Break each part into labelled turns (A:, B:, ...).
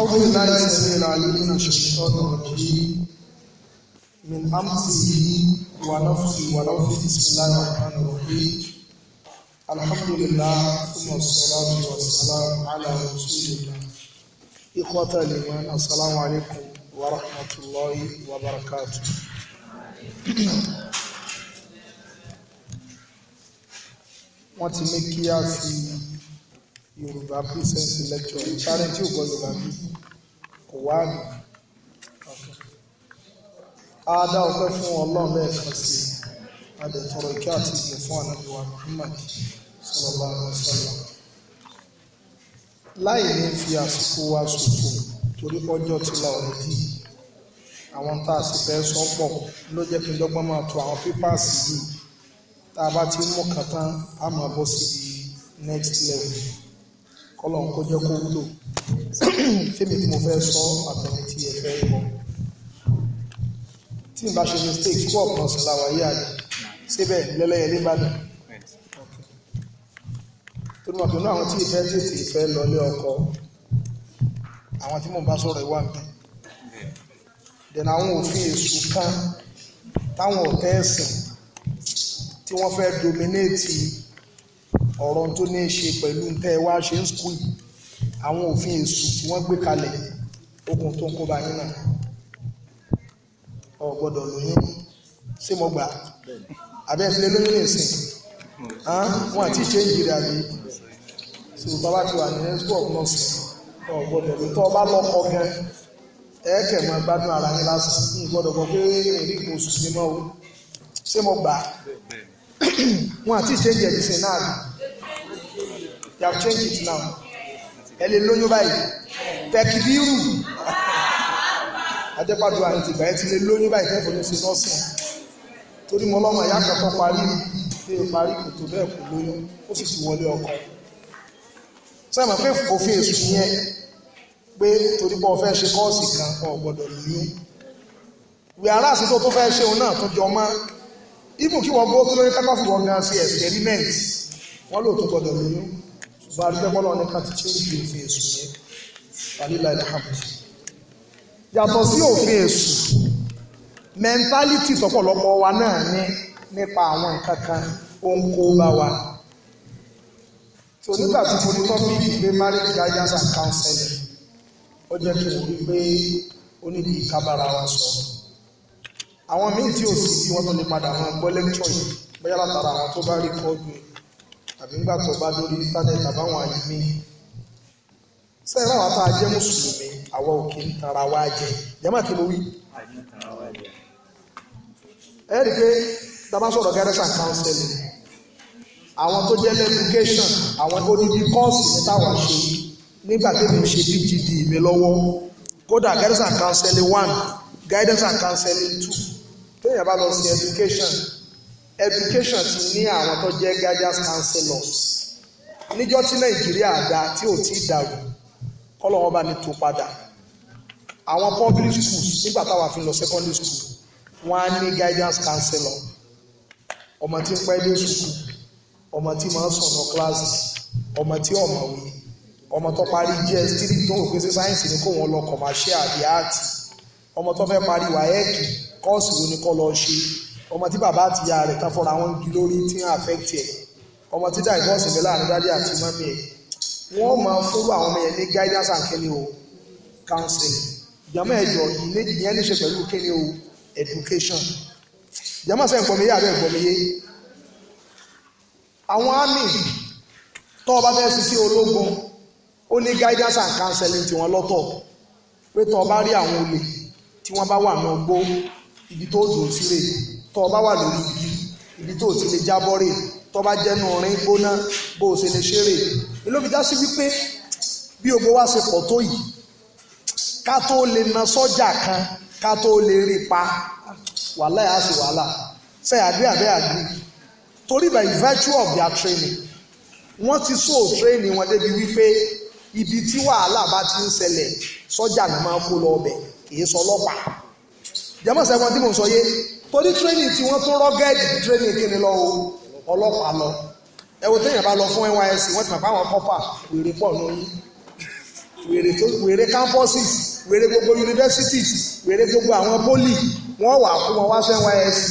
A: أعوذ بالله السميع العليم من الشيطان الرجيم من أمسه ونفسه ونفسه بسم الله الرحمن الرحيم الحمد لله ثم الصلاة والسلام على رسول الله إخوة الإيمان السلام عليكم ورحمة الله وبركاته wọ́n ti ní yorùbá present lecture sáré tí ò gbọ́ yorùbá bí kò wá mi. a dá ọpẹ́ fún ọlọ́run lẹ́ẹ̀kan sí i a tọrọ ìkẹ́ àti ìgbẹ́ fún ànábìwá muhammad sallallahu alaihi láì ní fi àsìkò wa ṣòfò torí ọjọ́ ti la ọ̀rẹ́ dì í àwọn tá a sì fẹ́ sọ pọ̀ ló jẹ́ kí n dọ́gbọ́n máa to àwọn pépàsì yìí tá a bá ti mú kàtá a máa bọ́ síbi next level kọ́lọ́hún kó jẹ́ kó wúlò fẹ́mi tí mo fẹ́ sọ àtẹ̀yìn tí ẹ fẹ́ wọ. tí n bá ṣe mistake kú ọ̀pọ̀ sí la wáyé àná síbẹ̀ lẹ́lẹ́yẹ nìbàdàn. tó ní ọ̀pọ̀ náà àwọn tí ìfẹ́ tètè ìfẹ́ lọlé ọkọ àwọn tí mo bá sọ̀rọ̀ ìwà mi. dẹ̀nà àwọn òfin èṣù kan táwọn ọ̀tẹ́ ẹ̀sìn tí wọ́n fẹ́ dominate ọ̀rọ̀ tó ní í ṣe pẹ̀lú tẹ́ ẹ wá ṣe ń skul àwọn òfin èṣù tí wọ́n gbé kalẹ̀ okùn tó ń kó ba yín náà ọ̀ gbọ́dọ̀ lóyún ṣé mo gbà abẹ́sílẹ̀ lóyún nìsín wọn àti ṣe ń jìrì àbí so bàbá ti wà ní school of nursing ọ̀ gbọ́dọ̀ lóyún tó ọba lọ́kọ̀ gan ẹ kẹ̀ mọ́ gbádùn ara yín lásán gbọ́dọ̀ gbọ́ pé èrí kò sùn sí mọ́ o ṣé mo gbà wọn àti ṣe ń jẹ̀dísìn náà They have changed it now ẹ lè lóyún báyìí tẹkibiru adépàdúrà ní ti bẹ̀rẹ̀ ti lè lóyún báyìí tẹ́fọ̀ ní sinú ọ̀sán torí mo lọ́mọ ìyá kan tó parí pé o parí kò tó bẹ́ẹ̀ kò lóyún ó sì ti wọlé ọkọ sọ ma pé òfin èsù yẹn pé torí bọ́ fẹ́ ṣe kọ́ọ̀sì kan ọ̀ gbọ́dọ̀ lóyún wíwárà àsìkò tó fẹ́ ṣe òun náà tó jọ mọ́ ibùkún kí wọ́n gbó tó lóyún kápá fún wọn gan sí experiment wọ́n lò tó gbọ́dọ̀ lóyún ṣùgbọ́n a dúpẹ́ bọ́lá ọ̀nìkan ti chéńjì òfin èṣù yẹn falila ilhamdu yàtọ̀ sí òfin èṣù mẹ́ńtálítì tọ́pọ̀lọpọ̀ wa náà ní nípa àwọn nǹkan kan ó ń kó bá wa so nígbà tí mo ní tọ́pìkì pé marriage guidance and counseling ó jẹ́ kí n rí pé ó níbi ìkábára wa sọ àwọn míì tí ò sí bí wọ́n tó lè padà máa gbọ́ lẹ́kítọ̀ yìí bóyá látara àwọn tó bá rí kọ́ọ̀dù yìí tàbí ńgbà tó bá lórí íńtánẹ́ẹ̀tì àbáwọn àyè mi sẹ́yìn àwọn tá a jẹ́ mùsùlùmí àwa ò kí ń tara wá jẹ jẹ́mọ́ kí mo wí. ẹ rí i pé dábà sọ̀rọ̀ gẹ́rẹ́sà kánsẹ́lì àwọn tó jẹ́ lẹ́dúkéṣàn àwọn odidi kọ́ọ̀sì ní táwọn ṣe nígbà tí mo ṣe PGD mi lọ́wọ́ kódà gẹ́rẹ́sà kánsẹ́lì one guidance and counseling two téèyàn bá lọ sí education education ti ní àwọn tó jẹ́ guidance counselors níjọ́ tí nàìjíríà dá tí ò tí ì dàrú kọ́lọ̀ wọn bá ní tó padà àwọn public schools nígbà táwa fi lọ secondary school wọ́n á ní guidance counselor ọmọ tí ń pẹ́ dé sùkúl ọmọ tí máa ń sọ̀nà kíláàsì ọmọ tí ọ̀mọ̀wé ọmọ tó parí gs3 tó ń pèsè sáyẹ́ǹsì ní kó wọn lọ commercial àbí áàtì ọmọ tó fẹ́ parí wáyẹ́ẹ̀kì e kọ́ọ̀sì wo ni kọ́ lọ ṣe ọmọ tí bàbá àti ìyá rẹ̀ kan fọra wọn jù lórí tí wọ́n affect ẹ̀ ọmọ tí divorce ń láàrin dádì àti mọ́mí ẹ̀ wọ́n máa fún àwọn ọmọ yẹn ní guidance and kíni o counseling ìjàmọ́ ẹ̀jọ̀ ìlédì yẹn ní ṣe pẹ̀lú kíni o education ìjàmọ́ sẹ́yìn pọ̀mìyé àbẹ́ pọ̀mìyé àwọn army tó o bá fẹ́ ológun ó ní guidance and counseling tiwọn lọ́tọ̀ pé tó o bá rí àwọn olè tí wọ́n bá wà ní ọgbó ibi tó dùn sílẹ̀ tó bá wà lórí ibi ibi tó ti lè jábọ́ rè tó bá jẹ́nu rin gbóná bó o ṣe lè ṣe rè sí wípé bí ogbó wá ṣe pọ̀ tó yìí ká tó lè na sọ́jà kan ká tó lè rí pa wàhálà yà á sì wàhálà ṣe àgbé àgbé àgbé torí by virtue of their training wọ́n ti so training wọn débi wípé ibi tí wàhálà bá ti ń ṣẹlẹ̀ sọ́jà ni máa kó lọ ọbẹ̀ kì í sọ ọlọ́pàá jẹ́mọ̀sẹ̀ wọn tí mò sọ yé torí training tí wọ́n tún rọ́gẹ́dì training kí ni lọ o ọlọ́pàá lọ ẹ wo téèyàn bá lọ fún NYSC wọ́n ti mọ̀ pé àwọn kọ́pà wèrè pọ̀ nù yín wèrè tó wèrè campuses wèrè gbogbo universities wèrè gbogbo àwọn poli wọ́n wà kó wọn wá sí NYSC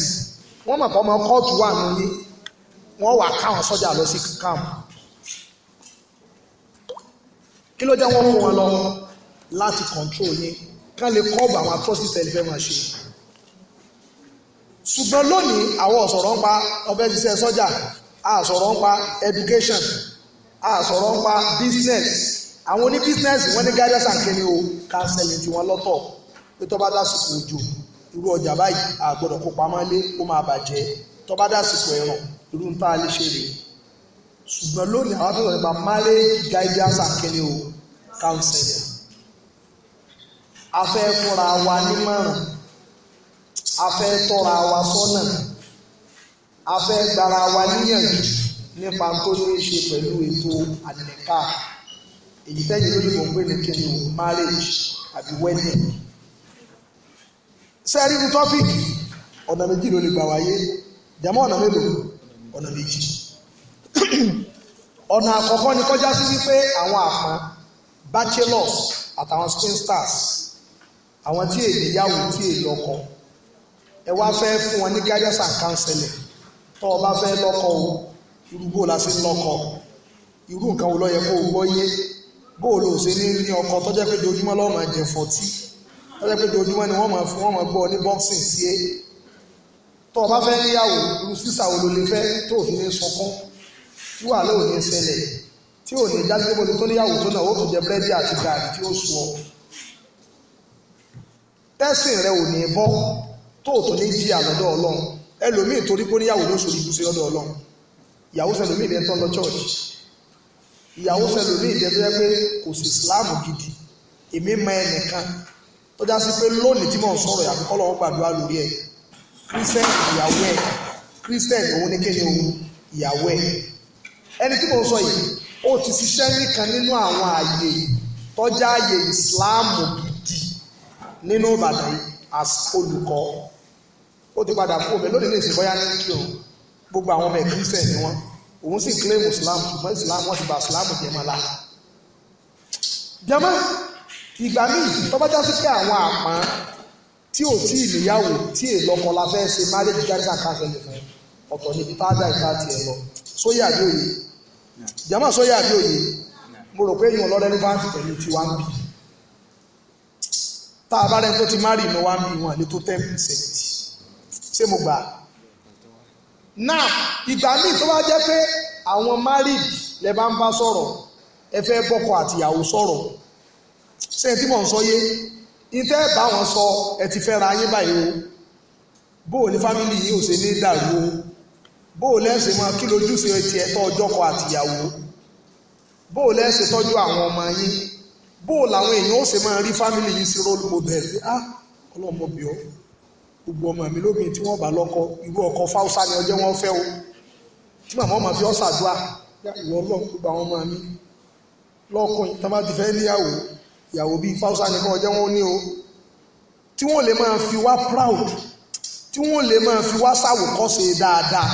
A: wọ́n mọ̀ pé ọmọ kóòtù wà nù yín wọ́n wà káwọn sọ́jà lọ sí camp kí ló jẹ́ wọ́n kó wọn lọ láti control yín kán lè kọ́ọ̀bù àwọn atrocities tẹ̀lé fẹ́ máa ṣe ṣùgbọ́n lónìí àwọn ọ̀sọ̀rọ̀ ń pa ọbẹ̀ ṣiṣẹ́ sọ́jà àṣọ̀rọ̀ ń pa education àṣọ̀rọ̀ ń pa business àwọn oní business wọ́n ní guidance and kini o counseling tiwọn lọ́tọ̀ pé tó bá dásìkò òjò irú ọjà báyìí àgbọ̀dọ̀ kó pamọ́ lé ó máa bàjẹ́ tó bá dásìkò ẹ̀rùn irú ń tá a lè ṣe rèé ṣùgbọ́n lónìí àwọn tó sọ nípa marriage guidance and kini o counseling afẹ́ fúnra wa nímọ̀ràn a fẹ́ tọ́ra wa sọ́nà a fẹ́ gbara wa níyànjú nípa tó ní í ṣe pẹ̀lú ètò àlẹ́ká èyí tẹ́yìn lóyìnbó ń pè ní kíni o marriage àbí wedding sẹ́ẹ̀rí ní tọ́pìkì ọ̀nà méjì ló lè gbà wáyé jàmọ́ ọ̀nà mélòó ọ̀nà méjì ọ̀nà àkọ́kọ́ ni kọjá sí wípé àwọn àpọn bachelors àtàwọn spinsters àwọn tí èyí yàwó tí èyí lọ́kọ ẹ wá fẹ́ fún wọn ní guidance and counseling tó o bá fẹ́ lọ́kọ o irúgbó la sí lọ́kọ irú nǹkan wo ló yẹ kó o gbọ́ yé bó o lò ṣe ní ní ọkọ tó jẹ́ pé dojúmọ́ lọ́wọ́ máa jẹ fọ́tí tó jẹ́ pé dojúmọ́ ni wọ́n máa fún wọ́n máa gbọ́ ní boxing sí é tó o bá fẹ́ níyàwó irú sísà wo ló lè fẹ́ tó o fi ní sọkún tí wàhálà ò ní ṣẹlẹ̀ tí ò ní jáde gbogbo tó níyàwó tó náà ó tún jẹ búrẹ́dì àti gàrí tí ó sùn ọ tẹ́sìn rẹ ò ní bọ́ tóòtò ní jí àlọ́dọ̀ ọlọ́run ẹlòmíì torí pé níyàwó ló ṣòro ìbùsẹ̀ lọ́dọ̀ ọlọ́run ìyàwó sẹlòmíì dẹ́ lọ church ìyàwó sẹlòmíì dẹ́ pé kò sí Islam gidi èmi mọ ẹnìkan tó já sí pé lónìí tí mò ń sọ̀rọ̀ yàtọ̀ kọ́ lọ́wọ́ gbàdúrà lórí ẹ̀ Christian ìyàwó ẹ̀ Christian òun ní kéde òun ìyàwó ẹ̀ ẹni tí mò ń sọ yìí ó ti ṣiṣẹ́ nìkan nínú àwọn Islam gidi nínú Ìbàdàn as olùkọ́ ó ti padà fún omi lónìí lè ṣe bóyá ní kí o gbogbo àwọn ọmọ ẹ̀ kírísẹ̀ ni wọ́n òun sì claim islam ṣùgbọ́n islam wọ́n ti bà islam jẹ́ mọ́ la. jẹ́mọ́ ìgbà míì tọ́bátá sí pé àwọn àpọ́n tí ò tí ì níyàwó tí è lọ́kọ la fẹ́ ṣe marriage garrison council fún ọ̀tọ̀ níbi táàdà ìta tiẹ̀ lọ sóyè àbí òye jẹ́mọ́ sóyè àbí òye mo rò pé èèyàn lọ́rẹ́ ní báńkì pẹ̀lú tiwa ń bì í tá a bá rẹ tó ti má rí inú wa ń bí wọn lè tó ten percent ṣé mo gbà. náà ìgbà míì tó bá jẹ́ pé àwọn married lè bá ń bá sọ̀rọ̀ ẹ fẹ́ bọ́kọ àtìyàwó sọ̀rọ̀ ṣé tí mò ń sọ yé ìtẹ́ bá wọn sọ ẹ ti fẹ́ ra yín báyìí o bó o ní fámìlì yìí ò ṣe ní dàrú o bó o lẹ́sìn mọ́ kí lójúṣe tiẹ̀ tọ́ ọjọ́kọ àtìyàwó bó o lẹ́sìn tọ́jú àwọn ọmọ yín bó o làwọn èèyàn ó ṣe máa rí fámìlì yìí sí role model ah ọlọ́mọ bí ọ gbogbo ọmọ mi lóbìnrin tí wọ́n bá lọ́kọ irú ọkọ fáwọsá ni ọjọ́ wọn fẹ́ o tí màmá ọmọ fi ọ́ ṣàdúrà ìwọ ọlọ́run gbogbo àwọn ọmọ mi lọ́kùnrin tí wọ́n bá ti fẹ́ níyàwó ìyàwó bíi fáwọsá ni kọ́ ọjọ́ wọn ní o tí wọ́n lè máa fi wá proud tí wọ́n lè máa fi wá ṣàwòkọ́ṣe dáadáa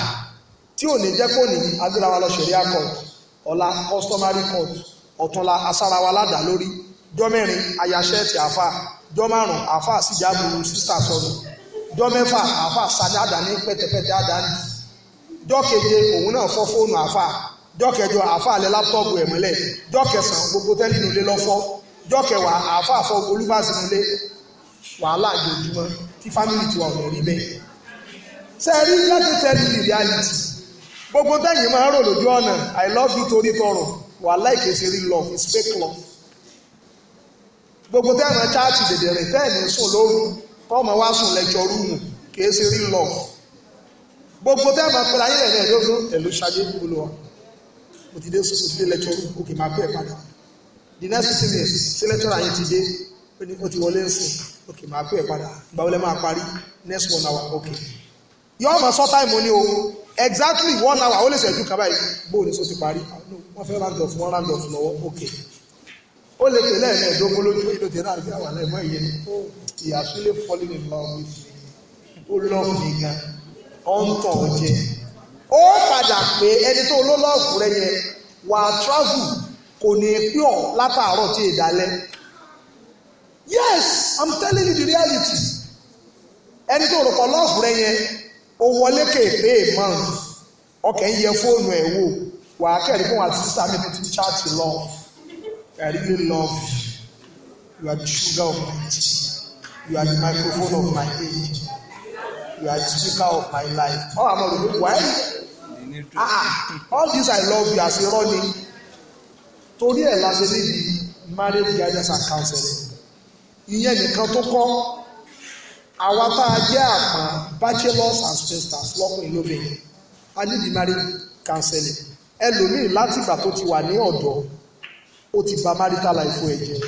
A: tí ò ní jẹ́ kó ní agbérawa lọ ṣẹ̀ríà court ọ̀la customary court ọ̀túnla asárawa ládàá lórí jọ mẹ́rin ayaṣẹ́ẹ̀tì àáfà jọ márùn àáfà síjà burú sísà sọnù jọ mẹ́fà àáfà sani àdáni pẹ́tẹ́pẹ́tẹ́ àdáni jọ keje òun náà fọ́ fóònù àáfà jọ kẹjọ àáfà lẹ láptọ́ọ̀bù ẹ̀ mọ́lẹ̀ jọ kẹsàn gbogbo tẹ́lẹ̀ nílé lọ́fọ́ jọ kẹwàá àáfà fọ́ olúfàsì nílé wàhálà ìjòjúmọ́ tí fámìlì tiwa ọ̀nà rí bẹ́ẹ̀ sẹ́ẹ̀rí láti tẹ́lẹ̀ ní reality gbogbo tẹ́yìn máa ń rò lójú ọ̀nà i love you torí tọrọ wàhálà ìkẹsẹ̀ rí love is fake love gbogbo tẹ́ẹ̀mọ chaati dèdèrè tẹ́ẹ̀mí sùn lóru kọ́ọ̀mọ wá sùn lẹ́jọ́ rúùmù kìí ṣe rí lọ gbogbo tẹ́ẹ̀mọ pẹ̀lú ayé rẹ̀ náà lóru ẹ̀lú ṣayé gbogbo wa mo ti dé sùn mo ti dé lẹ́jọ́ rúùmù òkè máa pẹ́ ẹ̀ padà the next thing is ṣé lẹ́jọ́ ayé ti dé ó ní ó ti wọlé ń sùn òkè máa pẹ́ ẹ̀ padà ìgbà máa parí next one hour ok yọ ọmọ sọ táìmù ní o exactly one hour ó lè ṣẹ́jú kan báyìí bóun ní so ti parí wọ́n fẹ́ round off one round off lọ́wọ́ okay ó lè tẹ̀lé ẹ̀mí ẹ̀dógún lójú ìlú tẹ̀lé àti àwọn ẹ̀mọ́ ìyẹn ìyá sílé fọ́lí ní lọ́wọ́ mi sí ó lọ́ọ̀ mi gan ọ̀ ń tọ̀ ọ́ jẹ ó padà pé ẹni tó ló lọ́ọ̀fù rẹ yẹn wà á travel kò ní pí ọ̀ látàárọ̀ tí ìdálẹ́ yes i'm telling you the reality ẹni tó rọpò lọ́ọ̀fù rẹ yẹn ó wọlé kéèpé month ọkẹ́ ń yẹ fóònù ẹ̀ wò wà á kẹ́rì fún wa sísá mi tó ti chaati lọ́ọ̀fù. I really love you. You are the sugar of my tea. You are the microphone of my age. You are the speaker of my life. Oh, I'm not good. Why? Ah, all this I love you as a running. Torí ẹ̀ la ṣe níbi marriage guidance and counseling. Ìyẹn nìkan tó kọ́ àwa tá a jẹ́ àpọ̀n bachelors and sisters lọ́kùnrin lóbìnrin. A níbi marriage counseling. Ẹlòmíì láti ìgbà tó ti wà ní ọ̀dọ́ ó ti ba marital life ẹ̀ jẹ́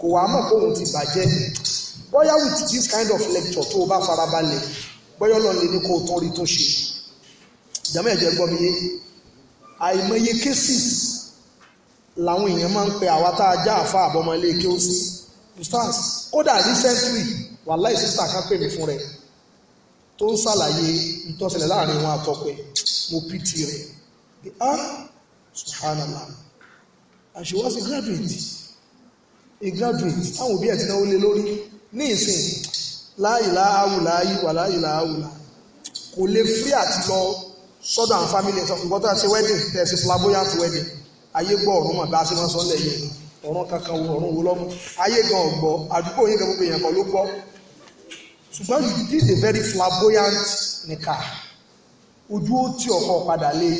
A: kò wá mọ̀ pé òun ti bàjẹ́ bóyá with this kind of lecture tó o bá farabalẹ̀ bóyá ọlọ́run lè ní kó o tán rí tó ṣe ìjàmọ́ ẹ̀jẹ̀ gbọ́ mi yé àìmọye cases làwọn èèyàn máa ń pe àwa tá a já àfa àbọ̀mọ́ ilé kí ó sí ustaz kódà recently wàláì sísà kan pè mí fún rẹ̀ tó ń ṣàlàyé ìtọ́sẹ̀lẹ̀ láàrin wọn àtọ́pẹ́ mo pt rẹ̀ ah subhanallah and she was a graduate a graduate táwọn òbí ẹ̀ ti náwó lé lórí ní ìsìn láàyè láàwù láàyè wà láàyè láàwù láàyè kò lè free àti lọ sọ́dọ̀ àwọn family ẹ̀ sọ nǹkan tó ṣe wedding tẹ̀ ṣe flamboyant wedding ayé gbọ́ ọ̀run mọ̀ bá a ṣe máa sọ lẹ́yìn ọ̀run kankan wo ọ̀run wo lọ́mú ayé gan ọ̀gbọ́ àdúgbò yín gbogbo èèyàn kan ló gbọ́ ṣùgbọ́n you did a very flamboyant nìkà ojú ó tì ọkọ̀ padà lé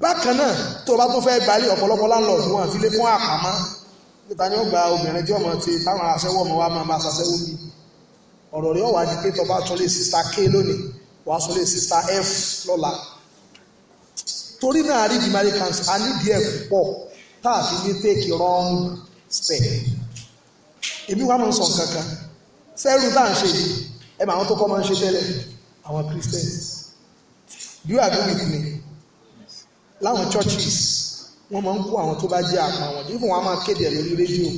A: bákan náà tó o bá tó fẹ́ gbalẹ̀ ọ̀pọ̀lọpọ̀ láńlọ́ọ̀dù wọn àfilé fún àpamọ́ níta ni ó gba obìnrin tí ọmọ ti táwọn aṣẹ́wó ọmọ wa máa máa ṣàṣẹ́wó bí ọ̀rọ̀ rẹ̀ wà ní pé tó bá tún lè sista k lónìí wàá tún lè sista f lọ́la torí náà a rí di marriage council a nídìí ẹ̀ pọ̀ tá a fi ní take wrong step èmi wàá máa ń sọ nǹkan kan sẹ́rù tá à ń ṣe yìí ẹ̀ máa wọn tó kọ́ máa ń ṣe tẹ́lẹ̀ àwọn Christians do you agree with me? láwọn churches wọ́n máa ń kó àwọn tó bá jẹ́ àpá wọn even wọn a máa kéde ẹ̀ lórí rédíò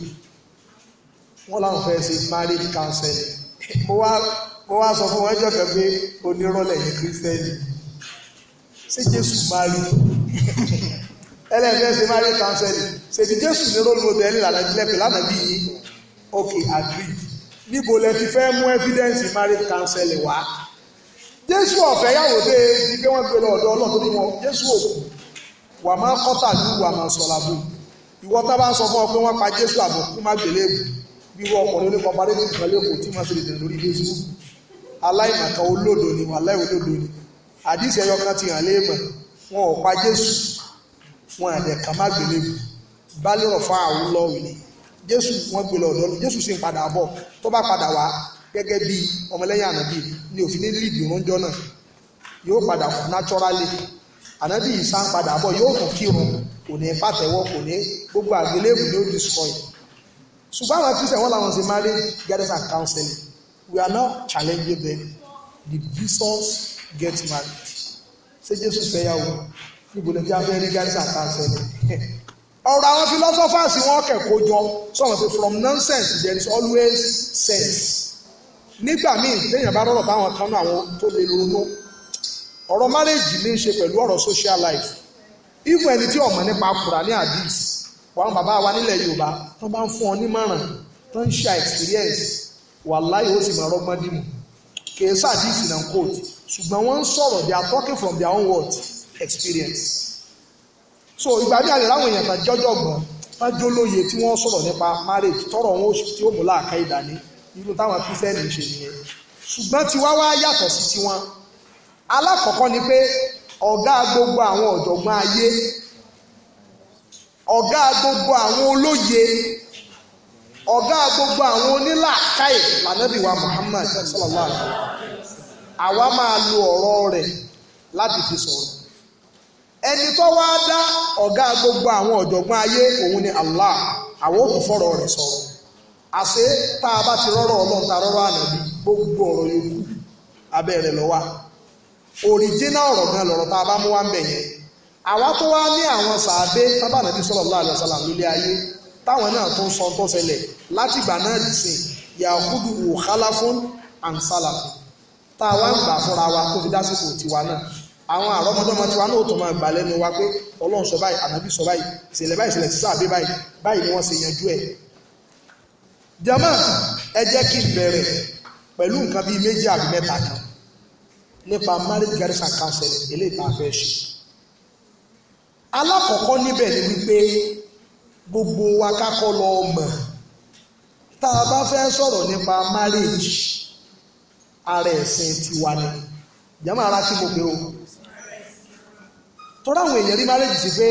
A: wọ́n láwọn fẹ́ ṣe marriage counseling mo wá mo wá sọ fún wọn ẹjọ́ kan pé onírọ́lẹ̀ ní kírísítẹ́nì ṣé jésù mari ẹlẹ́fẹ́ ṣe marriage counseling ṣèbí jésù ní role model lànà ìlẹ́pẹ̀ lánàá bí yìí ok agree níbo lẹ ti fẹ́ mú evidence marriage counseling wá jésù ọ̀fẹ́ yàwó dé ibi pé wọ́n gbé lọ ọ̀dọ̀ ọlọ́run tó ní wọn jésù òkú wà má kọ́tà ní wà má sọ̀làbù ìwọ tá bá ń sọ fún ọ pé wọ́n pa jésù àbùkù má gbélébù bí wọ́n ọkùnrin onípa parí ní ìkan lẹ́kọ̀ọ́ tí wọ́n ṣe lè dẹ̀ lórí jésù aláìmọ̀kan olódo ni wà láì olódo ni àdìsí ẹyọ kan ti hàn léèmọ̀ wọn ò pa jésù wọn àdẹ̀ kà má gbélébù balẹ̀ ọ̀fà àwùlọ̀ òní jésù wọn gbé lọ ọ̀dọ́ jésù sì ń padà bọ̀ tó bá padà wá gẹ́gẹ́ bí ọmọlẹ́yìn ànábì ni òfin ní líìdì oúnjọ náà yóò padà kù ànábì ìsá ń padà bọ̀ yóò tún kírun kò ní pàtẹ́wọ́ kò ní gbogbo àgbélébù yóò destroy ṣùgbọ́n àwọn christian wọn làwọn ṣe marriage guidance and counseling we are now challenging them the Jesus get married ṣé Jésù fẹ́ yà wò níbo lè fi afẹ́ rí guidance and counseling ọ̀rọ̀ àwọn philosophers wọn kẹ̀kọ́ jọ sọ̀rọ̀ pé from nonsense there is always sense nígbà míì téèyàn bá rọrọ̀ báwọn kan náà àwọn tó lè ronú ọ̀rọ̀ marriage ní í ṣe pẹ̀lú ọ̀rọ̀ social life even ẹni tí ọ̀mọ̀ nípa Kùránì àdìs wàá bàbá wa nílẹ̀ Yorùbá tó bá ń fún ọ nímọ̀ràn tó ń ṣe experience wàláyé ó sì máa rọ́gbọ́n dìmú kìí sàdísì náà quote ṣùgbọ́n wọ́n ń sọ̀rọ̀ they are talking from their own words experience so ìgbà bí alẹ́ láwọn èèyàn kan jọ́jọ́ gbọ́n wọ́n jó lóye tí wọ́n sọ̀rọ̀ nípa marriage tọrọ wọn tí ó mú láàka ìdání irú táwọn Kristẹni ń ṣe nìyẹn ṣùgbọ́n tiwa wá yàtọ̀ sí tiwọn alákọ̀ọ́kọ́ ni pé ọ̀gá gbogbo àwọn ọ̀jọ̀gbọ́n ayé ọ̀gá gbogbo àwọn olóye ọ̀gá gbogbo àwọn onílàákàyè lànàbí wa Muhammad sallallahu alaihi
B: wa
A: àwa máa lo ọ̀rọ̀ rẹ̀ láti fi sọ̀rọ̀ ẹni tó wá gbogbo àwọn ọ̀jọ̀gbọ́n ayé òun Allah àwọn fọ̀rọ̀ rẹ̀ sọ̀rọ̀ àṣé tá a bá ti gbogbo ọ̀rọ̀ yòókù original ọ̀rọ̀ gan lọ̀rọ̀ tá a bá mú wá ń bẹ̀ yẹn àwa tó wá ní àwọn sàábé tábànàbí sallallahu alaihi wasallam nílé ayé táwọn náà tó ń sọ tó ṣẹlẹ̀ látìgbà náà dì sìn yahudu wò khalafun and salafun tá a wá ń gbà fúnra wa tó fi dásìkò tiwa náà àwọn àrọ́mọdọ́mọ tiwa náà tó máa gbà lẹ́nu wa pé ọlọ́run sọ báyìí ànábì sọ báyìí ìṣẹ̀lẹ̀ báyìí ìṣẹ̀lẹ̀ sísá àbí báyìí báyìí ni wọ́n ṣe yanjú ẹ̀. jama ẹ jẹ́ kí n bẹ̀rẹ̀ pẹ̀lú nǹkan bíi méjì àbí mẹ́ta kan nípa marriage guidance and counseling eléyìí tá a fẹ́ ṣe alákọ̀ọ́kọ́ níbẹ̀ ni wípé gbogbo wa kákọ́ lọ mọ̀ tá a bá fẹ́ sọ̀rọ̀ nípa marriage ara ẹ̀sìn tiwa ni jàmọ́ ara tí mo pè o tọ́lá àwọn èèyàn rí marriage sí pé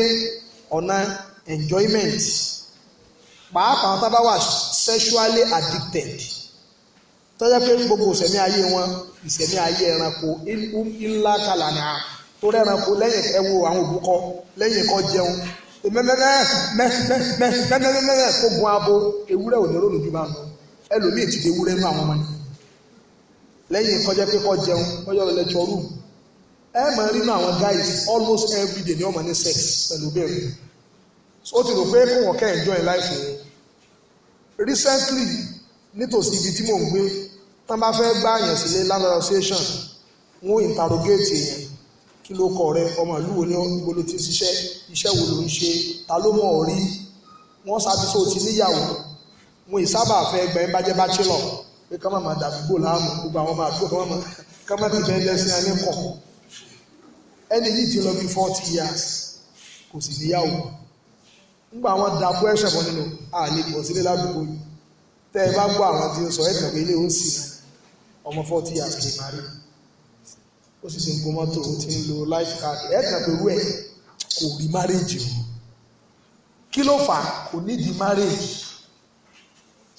A: ọ̀nà enjoyment pàápàá tá a bá wà sexually addicted tọ́jẹ́ pé gbogbo ìṣẹ̀mí ayé wọn ìṣẹ̀mí ayé ẹranko ńlá tó rẹranko lẹ́yìn ẹ àwọn òbúkọ lẹ́yìn kọ́ jẹun mẹ́mẹ́mẹ́mẹ́mẹ́mẹ́mẹ́mẹ́ àwọn nítòsí ibi tí mò ń gbé tán bá fẹ́ gbá àyàn sílé landlord association wọ́n interrogate èèyàn kí ló kọ rẹ ọmọ ìlú wo ni ibo ló ti ṣiṣẹ́ iṣẹ́ wo ló ń ṣe ta ló mọ̀ ọ́ rí wọ́n ṣàbíso ti níyàwó wọn ìsábà fẹ́ gbẹ̀ ń bájẹ́ bachelor pé ká má máa dàgbò láàmú gbogbo àwọn máa gbọ́ ká má ti bẹ́ẹ̀ lẹ́sìn ẹni kọ̀ ẹni yìí ti lọ bí forty years kò sì níyàwó nígbà wọn dàpọ̀ ẹ̀ṣẹ̀ bọ́ nínú àlejò sílé ládùúgbò yìí tẹ́ ẹ bá gbọ́ àwọn tí ó sọ ẹ̀tàn pé ilé ó sì ọmọ forty years kì í máa rí ó sì ti ń gun ó ti ń lo life card ẹ̀tàn pé wẹ̀ kò rí márèjì o kí ló fà kò nídìí márèjì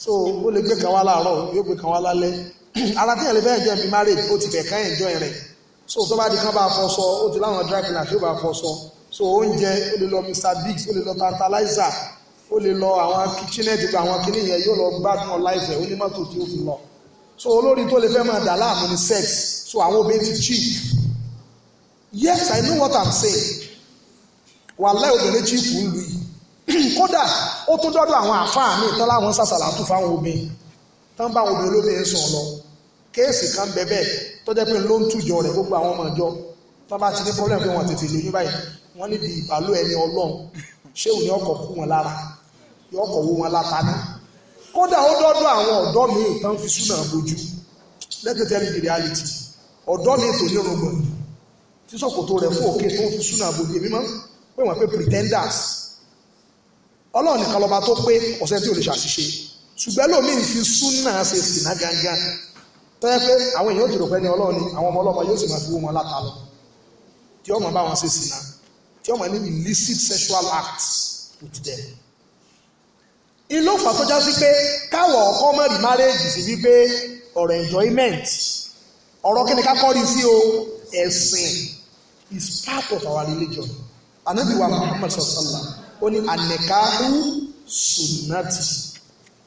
A: so ó lè gbé kan wá láàárọ̀ yóò gbé kan wá lálẹ́ ara tí ẹ̀lẹ́fẹ́ ẹ̀jẹ̀ fi márèjì ó ti fẹ̀ ká ẹ̀jọ́ rẹ̀ so tó bá di kán bá fọṣọ ó ti láwọn dry cleaner tí ó bá fọṣọ so oúnjẹ ó lè lọ Mr Biggs ó lè lọ Tantalizer ó lè lọ àwọn kitchenette gba àwọn kinní yẹn yóò lọ gbádùn ọláìfẹ́ ó ní mọ́tò tí ó fi lọ so olórí tó lè fẹ́ máa dà láàmú ni sex so àwọn obìnrin ti cheap yes i know what i'm saying wàhálà obìnrin cheap ń lu yìí kódà ó tún dọ́dọ̀ àwọn àfáà mi tán láwọn sàṣàlà tó fáwọn obìnrin tán bá àwọn obìnrin olóbìnrin sùn lọ kéèsì kan bẹ̀bẹ̀ tó jẹ́ pé ló ń tújọ rẹ̀ gbogbo àwọn ọmọ ìjọ tán bá ti ní problem pé wọ́n tètè lóyún báyìí wọ́n ní di ìbálò ẹni ọlọ́run ṣéwù ní ọkọ̀ kú wọn lára yọ ọkọ̀ wo wọn látaná kódà ó dọ́dọ̀ àwọn ọ̀dọ́ míì tán fi súnà bójú lẹ́kẹ̀tẹ́rì the reality ọ̀dọ́ míì tó ní orogún tí sọ̀kòtò rẹ̀ fún òkè tó fi súnà bójú èmi mọ́ pé wọ́n pé pretenders ọlọ́run nìkan lọ́ba tó pé ọ̀sẹ̀ tí ò lè ṣàṣìṣe ṣùgbọ́n lómìn fi súnà ṣe sìnà gangan tẹ́lẹ̀ pé àwọn èèyàn òjòrò pẹ́ ní ọlọ́run àwọn ọmọ ọlọ́mọ yóò sì máa fi wọ́n láta lọ tí ọmọ bá wọn ṣe sìnà tí ọmọ ní illicit sexual acts with them ilé òfà tó já sí pé káwọ̀ ọkọ mọ̀ rí márẹ́jì sí wípé ọ̀rọ̀ enjoyment ọ̀rọ̀ kí ni ká kọ́ rí sí o ẹ̀sìn is part of our religion anabi wa muhammad sallallahu ó ní anikahu sunnati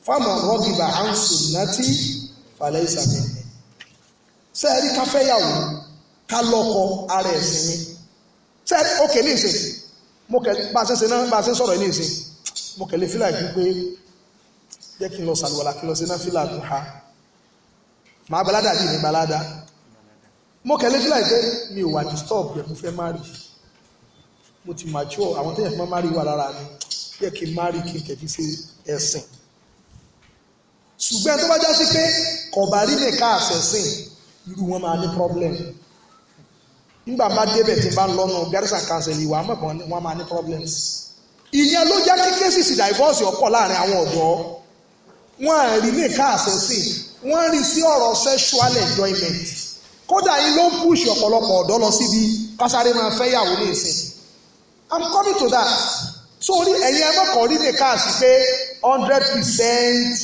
A: fáwọn rọ́gìbà à ń sunnati falẹ́ ìsàmì sẹ́ẹ̀rí káfẹ́yàwó ká lọ́kọ ara ẹ̀sìn mi sẹ́ẹ̀rí ókè ní ìsìn mo kẹ́ bá a ṣe ń sọ̀rọ̀ ní ìsìn mo kẹ̀lé fílà yìí pé jẹ́ kí n lọ sàlùwàlà kí lọ sí náà fílà dùn ha balada bí mi balada mo kẹ̀lé fílà yìí pé mi ò wà disturb yẹ mo fẹ́ marry mo ti mature àwọn tó yẹ fún marry wà lára mi yẹ kí n kí n sí ẹ̀sìn
B: ṣùgbọ́n tó bá já sí pé
A: kọ̀bárí lè ká àṣẹ̀sìn irú wọn máa ní problem nígbà bá débẹ̀ tí bá ń lọ́nà garrison council ìwà àmọ́ kan máa ní problems ìyẹn ló jẹ́ kí kéṣìṣì divorce ọ̀pọ̀ láàrin àwọn ọ̀dọ́ wọ́n rí nìkan àṣẹ̀sìn wọ́n rí sí ọ̀rọ̀ sexual enjoyment kódà yìí ló ń push ọ̀pọ̀lọpọ̀ ọ̀dọ́ lọ síbi kásáré máa fẹ́ yàwó ní ìsìn i'm coming to that so orí ẹ̀yin ẹ mọ̀kàn rí nìkan àṣì pé hundred percent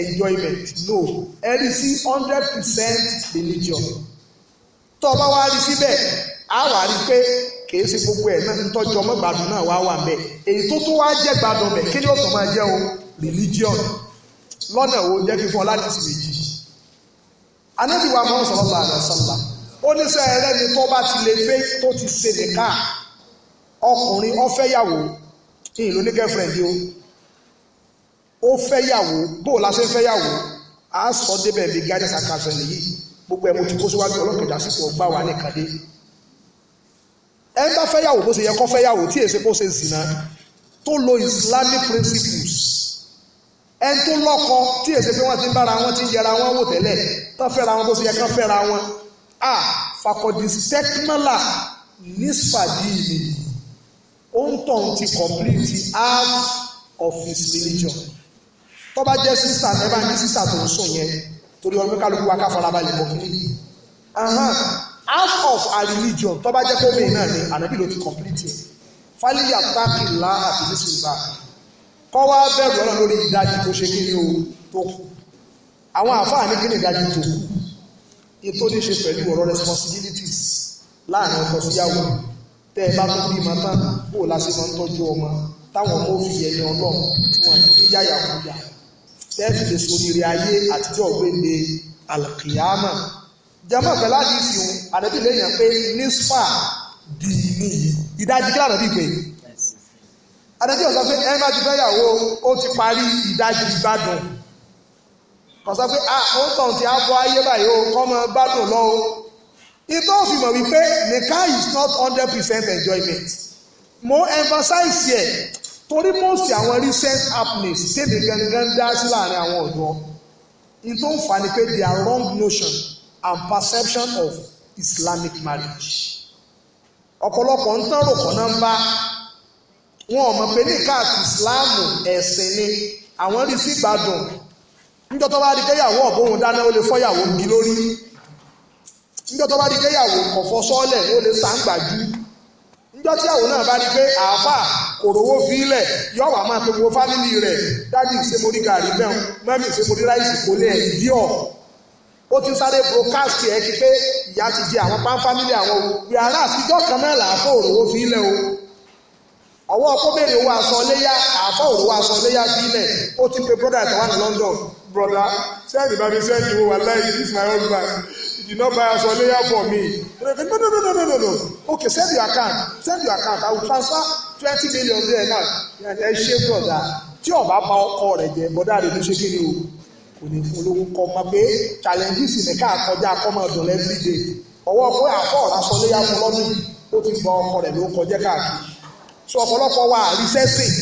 A: enjoyment no ẹ rí sí hundred percent religion tó o bá wá rí síbẹ̀ á wà rí pé kìí ṣe gbogbo ẹ̀ náà ntọ́jú ọmọ gbádùn náà wá wà mbẹ́ èyí tó tó wá jẹ́ gbádùn mbẹ́ kí ni ó tó máa jẹ́ o religion lọ́nà wo jẹ́ kí fún ọ láti sì méjì
B: Ànábì wa mọ́ sọ̀rọ̀ àná sọ̀rọ̀
A: ó ní sẹ́ ẹ̀rẹ́ ni tó bá ti lè fẹ́ tó ti ṣe nìka ọkùnrin ó fẹ́yàwó ìlú ní girlfriend o ó fẹ́yàwó bó o la ṣe fẹ́yàwó à á sọ débẹ̀ bí gájà sàkàṣẹ̀ nìyí gbogbo ẹ̀ mo ti kó síwájú ọlọ́kẹ̀dá sípò ọgbà wa nìkan dé ẹ bá fẹ́yàwó bó ṣe yẹ kó fẹ́yàwó tí èsè kó ṣe zìnà tó lo islamic principles ẹ tó lọ́kọ tí èsè pé wọ́n ti ń bára wọn ti ń yẹra wọn wò tẹ́lẹ̀ tán fẹ́ra wọn bó ṣe yẹ kán fẹ́ra wọn a fakọ̀dì sẹ́kímọ́là nísfàdí mi ó ń tàn ti complete half of his religion tó bá jẹ́ sísà ẹ bá ní sísà tó ń sùn yẹn torí ọdún kálukú wa ká farabalẹ̀ bọ̀ kí ni half of our religion tó bá jẹ́ pé obìnrin náà ni ànábì ló ti complete ẹ̀ fálílì àtàkì ńlá àti nísì ìgbà kọ́ wá bẹ̀rù ọ̀nà lórí ìdajì tó ṣe kíni o tó kù àwọn àfáà ní kíni ìdajì tó kù ètò ní ṣe pẹ̀lú ọ̀rọ̀ responsibilities láàrin ọkọ síyàwó tẹ́ ẹ bá tó bí màtá bó o láti máa ń tọ́jú ọmọ táwọn ọmọ òfin yẹn ní ọlọ́run tí wọ́n ti ní yáyà kúyà tẹ́ẹ̀fì lè sórí ire ayé àtijọ́ gbé jẹ́mọ́ pẹ̀lú àdìsí òun àdẹ́bí lẹ́yìn pé nísfà dì ní ìdájí kí lànà dìgbè àdẹ́bí ọ̀sán pé ẹ má ti fẹ́ yàwó ó ti parí ìdájí ìgbádùn kàn sọ pé a ah, ó tàn tí a bọ́ ayé báyìí ó kọ́ mọ gbádùn lọ o ìtọ́ òfin mọ̀ wípé nìkan is not hundred percent enjoyment mo emphasize here torí most àwọn recent happenings tèmi gangan dá sí láàrin àwọn ọ̀dọ́ ìtọ́ ń fà ní pé they are wrong notion and perception of Islamic marriage ọ̀pọ̀lọpọ̀ ń tán rò kọ́nà ń bá wọn ọmọ pé ní káàtì ìsìláàmù ẹ̀sìn ni àwọn rí sí ìgbádùn níjọ́ tó bá rí kéyàwó ọ̀bọ̀hún dáná ó lè fọ́yàwó lórí níjọ́ tó bá kéyàwó ọ̀fọ́ sọ́ọ̀lẹ̀ ó lè níjọ́ tí àwọn náà bá ó ti sáré broadcast ẹ̀ pé ìyá ti jẹ àwọn pánfámílì àwọn òwe ará àtijọ́ kan náà fi ilẹ̀ o ọwọ́ ọkọ béèrè owó aṣọ léyà fi ilẹ̀ ó ti pe brother wà ní London brother send mi baby send the owó aláì this my husband not buy aṣọ léyà for me no no no no no no no send your account send million there kò ní fún olówó kọ́ mọ́ pé challenges ní káàkọjá kọ́mọ ọ̀dùn every day ọwọ́ pé àfọ́ ọ̀rásọ léyà fún lọ́dún yìí ó ti gba ọkọ rẹ̀ ló kọjá káàkiri so ọ̀pọ̀lọpọ̀ wa àrísẹ́sìn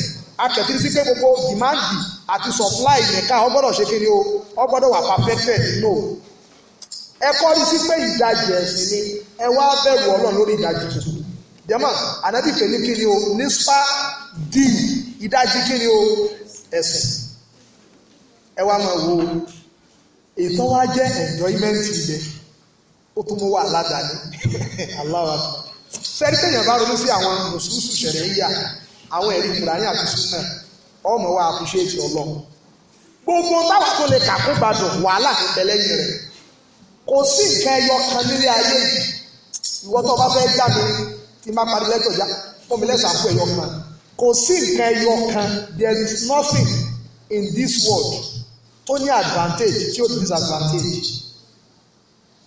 A: akẹ́tí sí pé gbogbo dìmáàdì àti supply nìka ọgbọ́dọ̀ ṣe kiri o ọgbọ́dọ̀ wà perfected no ẹ kọ́ rí sí pé ìdajì ẹ̀sìn ni ẹ wá bẹ̀rù ọlọ́run lórí ìdajì tuntun jẹ́mọ̀ ànábì pè ní kiri o nípa díì ìdajì kiri o ẹ wá máa wo ètò wa jẹ́ enjoyment ibẹ̀ ó tún mú wà ládàáni aláwa sẹ́ni tẹ̀yàn bá ronú sí àwọn mùsùlùmí ṣẹ̀rẹ̀ yíyà àwọn ẹ̀rí kùránì àti súnà ọmọ wa appreciate ọlọ́run gbogbo táwa tó lè kà kó gbádùn wàhálà ní bẹ̀lẹ́yìn rẹ̀ kò sí nǹkan ẹyọ kan nílé ayé yìí ìwọ tó bá fẹ́ já mi tí n bá parí lẹ́tọ̀ já fún mi lẹ́sàn-án fún ẹyọ kan kò sí nǹkan ẹyọ kan there is nothing in this world tó ní advantage tí ó disadvantage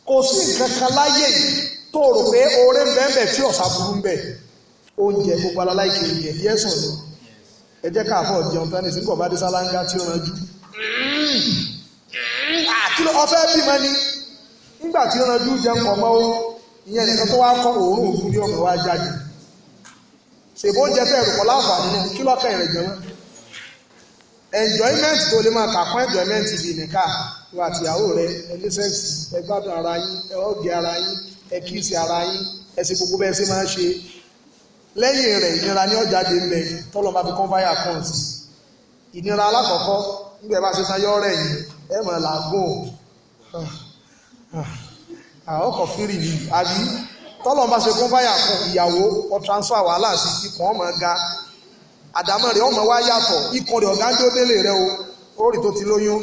A: kò sí nǹkan kan láyé yìí tó rò pé oore ń bẹ́ẹ̀ bẹ́ẹ̀ tí ọ̀sà burú ń bẹ́ẹ̀ oúnjẹ gbogbo aláìkè oúnjẹ díẹ̀ sọ̀rọ̀ ẹ jẹ́ ká àfọ̀ jẹun tán ní sí bọ̀ dé sálángá tí ó ranjú àkìlọ̀ ọ̀fẹ́ bímọ ni nígbà tí ó ranjú jẹun pọ̀ mọ́ ìyẹn nìkan tó wá kọ́ òórùn òkú ní ọ̀nà wá jáde ṣèbó oúnjẹ tẹ̀ rùpọ̀ láǹfààní náà kí lọ́kàn enjoyment tó lè máa kàkún enjoyment bíi nìka ìwà àtìyàwó rẹ ẹni sẹ́ẹ̀sì ẹ gbádùn ara yín ẹ ọ̀gẹ̀ ara yín ẹ kíìsì ara yín ẹ ṣe gbogbo bẹ́ẹ̀ ṣe máa ń ṣe lẹ́yìn rẹ̀ ìnira ní ọjà dé ń bẹ tọ́lọ́ máa fi kún fáyà kan sí ìnira alákọ̀ọ́kọ́ nígbà bá ṣe tán yọ rẹ̀ yìí ẹ mọ̀ làágùn ọkọ̀ fírì yìí àbí tọ́lọ́ máa ṣe kún fáyà kan ìyàwó ọ transfer wàhálà sí ikùn ọmọ ga àdámọ́ rẹ̀ ọmọ wa yàtọ̀ ikùn rẹ̀ ọ̀gá ń dó délé rẹ o ó rí tó ti lóyún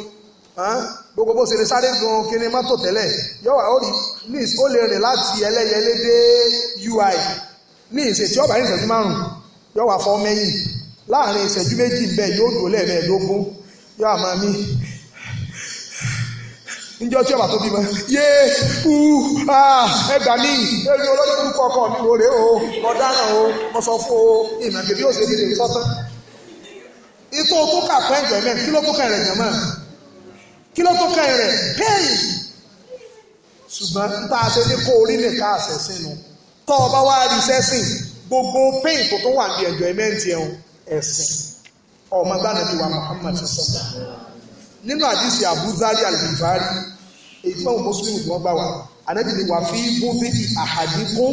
A: gbogbo bó ṣe lè sáré gan kíní mọ́tò tẹ́lẹ̀ yọ̀wá ó rí nis ó lè rìn láti ẹlẹ́yẹlé dé ui ní ìṣètí ọ̀bà ní ìṣẹ́jú márùn-ún yọ̀wá fọ́ mẹ́yìn láàrin ìṣẹ́jú méjì bẹ́ẹ̀ yóò dúró lẹ́ẹ̀mẹ́ẹ̀dógún yọ̀wá máa mí níjọ́ tí ọba tó bímọ yé u ẹgbà mí ẹni olóyún kúkú ọkọ mi wò rè o ọ̀daràn o mo sọ fún o ìmọ̀ bèbí òsè mi lè sọ́tán. ètò tó kà fún enjoyment kí ló tó kàn rẹ̀ jẹ̀mọ́ kí ló tó kàn rẹ̀ pain ṣùgbọ́n ṣe ní kó orí nìka àṣẹ̀sìn nu tọ́ ọba wa rí sẹ́sìn gbogbo pain tó tún wà ní enjoyment yẹn ẹ̀sìn ọmọ gbàdúrà wa Muhammad sọ̀tàn nínú àdìsí Abu Dhari èyí mọ̀ mùsùlùmí tí wọ́n gbà wá ànábì ni wà fi bóbi àhàdínkù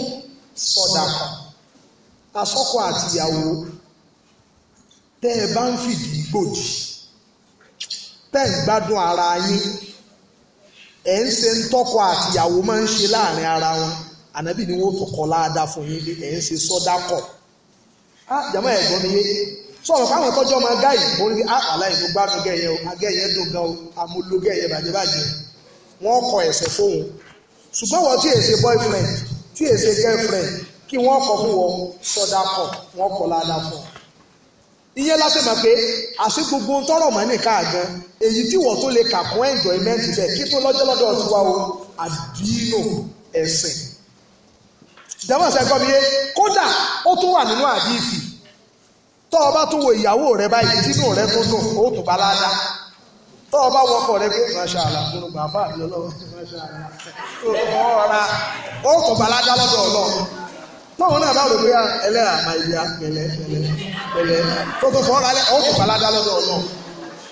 A: sọ̀dà asọ́kọ àtìyàwó tẹ́ ẹ bá ń fìdí gbòdì tẹ́ ẹ gbádùn ara yín ẹ̀ ń ṣe ń tọ́kọ àtìyàwó máa ń ṣe láàrin ara wọn ànábì ni wọ́n tọkọ láadáa fún yín bí ẹ̀ ń ṣe sọ́dà kọ̀ á jàmọ́ ẹ̀ gbọ́n mi yé sọ̀rọ̀ káwọn tọ́jú ọmọ agáyì orí aláìlú gbádùn gẹ̀yẹ o agẹ́yẹ dùn gan o amúlógẹ̀yẹ bàjẹ́ bàjẹ́ wọ́n kọ ẹ̀sẹ̀ fóun ṣùgbọ́n wọ́n tí è ṣe boyfriend tí è ṣe girlfriend kí wọ́n kọ fún wọn sọ́dà kọ wọ́n kọ ládàá fún iye lásán máa pé àṣẹ gbogbo tọrọ mọ nìkan àgán èyí tí wọ́n tó lè kà kún enjoyment bẹ kí tó lọ́jọ́ lọ́dọ̀ tiwa o àdínò ẹ̀sìn ìjọba ìṣẹgbọn mi yé kódà ó tún wà nínú àdìsí tọ́ ọ bá tún wo ìyàwó rẹ báyìí tínú rẹ tó dùn ó tún bá ládàá tọ́ ọba wọn kọ̀ rẹ pé masha Allah mo gbà fà mí lọ́wọ́ masha Allah ọ̀ra ó kò balada lọ́dọ̀ ọlọ́run táwọn náà bá rò pé ẹlẹ́ra máa ibi apẹ̀lẹ̀ pẹ̀lẹ̀ pẹ̀lẹ̀ tó tó fọ́ ọ̀ra ó kò balada lọ́dọ̀ ọlọ́run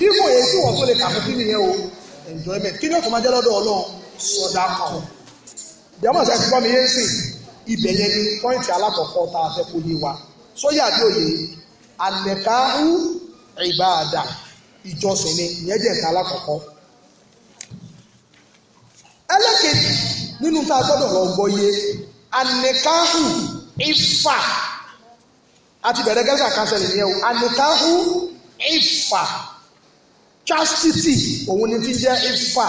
A: ipò èyí tí wọ́n tó lè kà kí nìyẹn o enjoyment kí ni ó tó máa jẹ́ lọ́dọ̀ ọlọ́run sọ̀dà kan jẹ́mọ̀ sẹ́ ti gbọ́ mi yé ìjọsìn ni ìyẹn jẹ́ nǹkan alákọ̀ọ́kọ́ ẹlẹ́kejì nínú tá a gbọ́dọ̀ lọ gbọ́ yé anìkáhù ìfà àti bẹ̀rẹ̀ gẹ́gẹ́ àkànṣẹ́lẹ̀ yẹn o anìkáhù ìfà chastity òun ni ti jẹ́ ìfà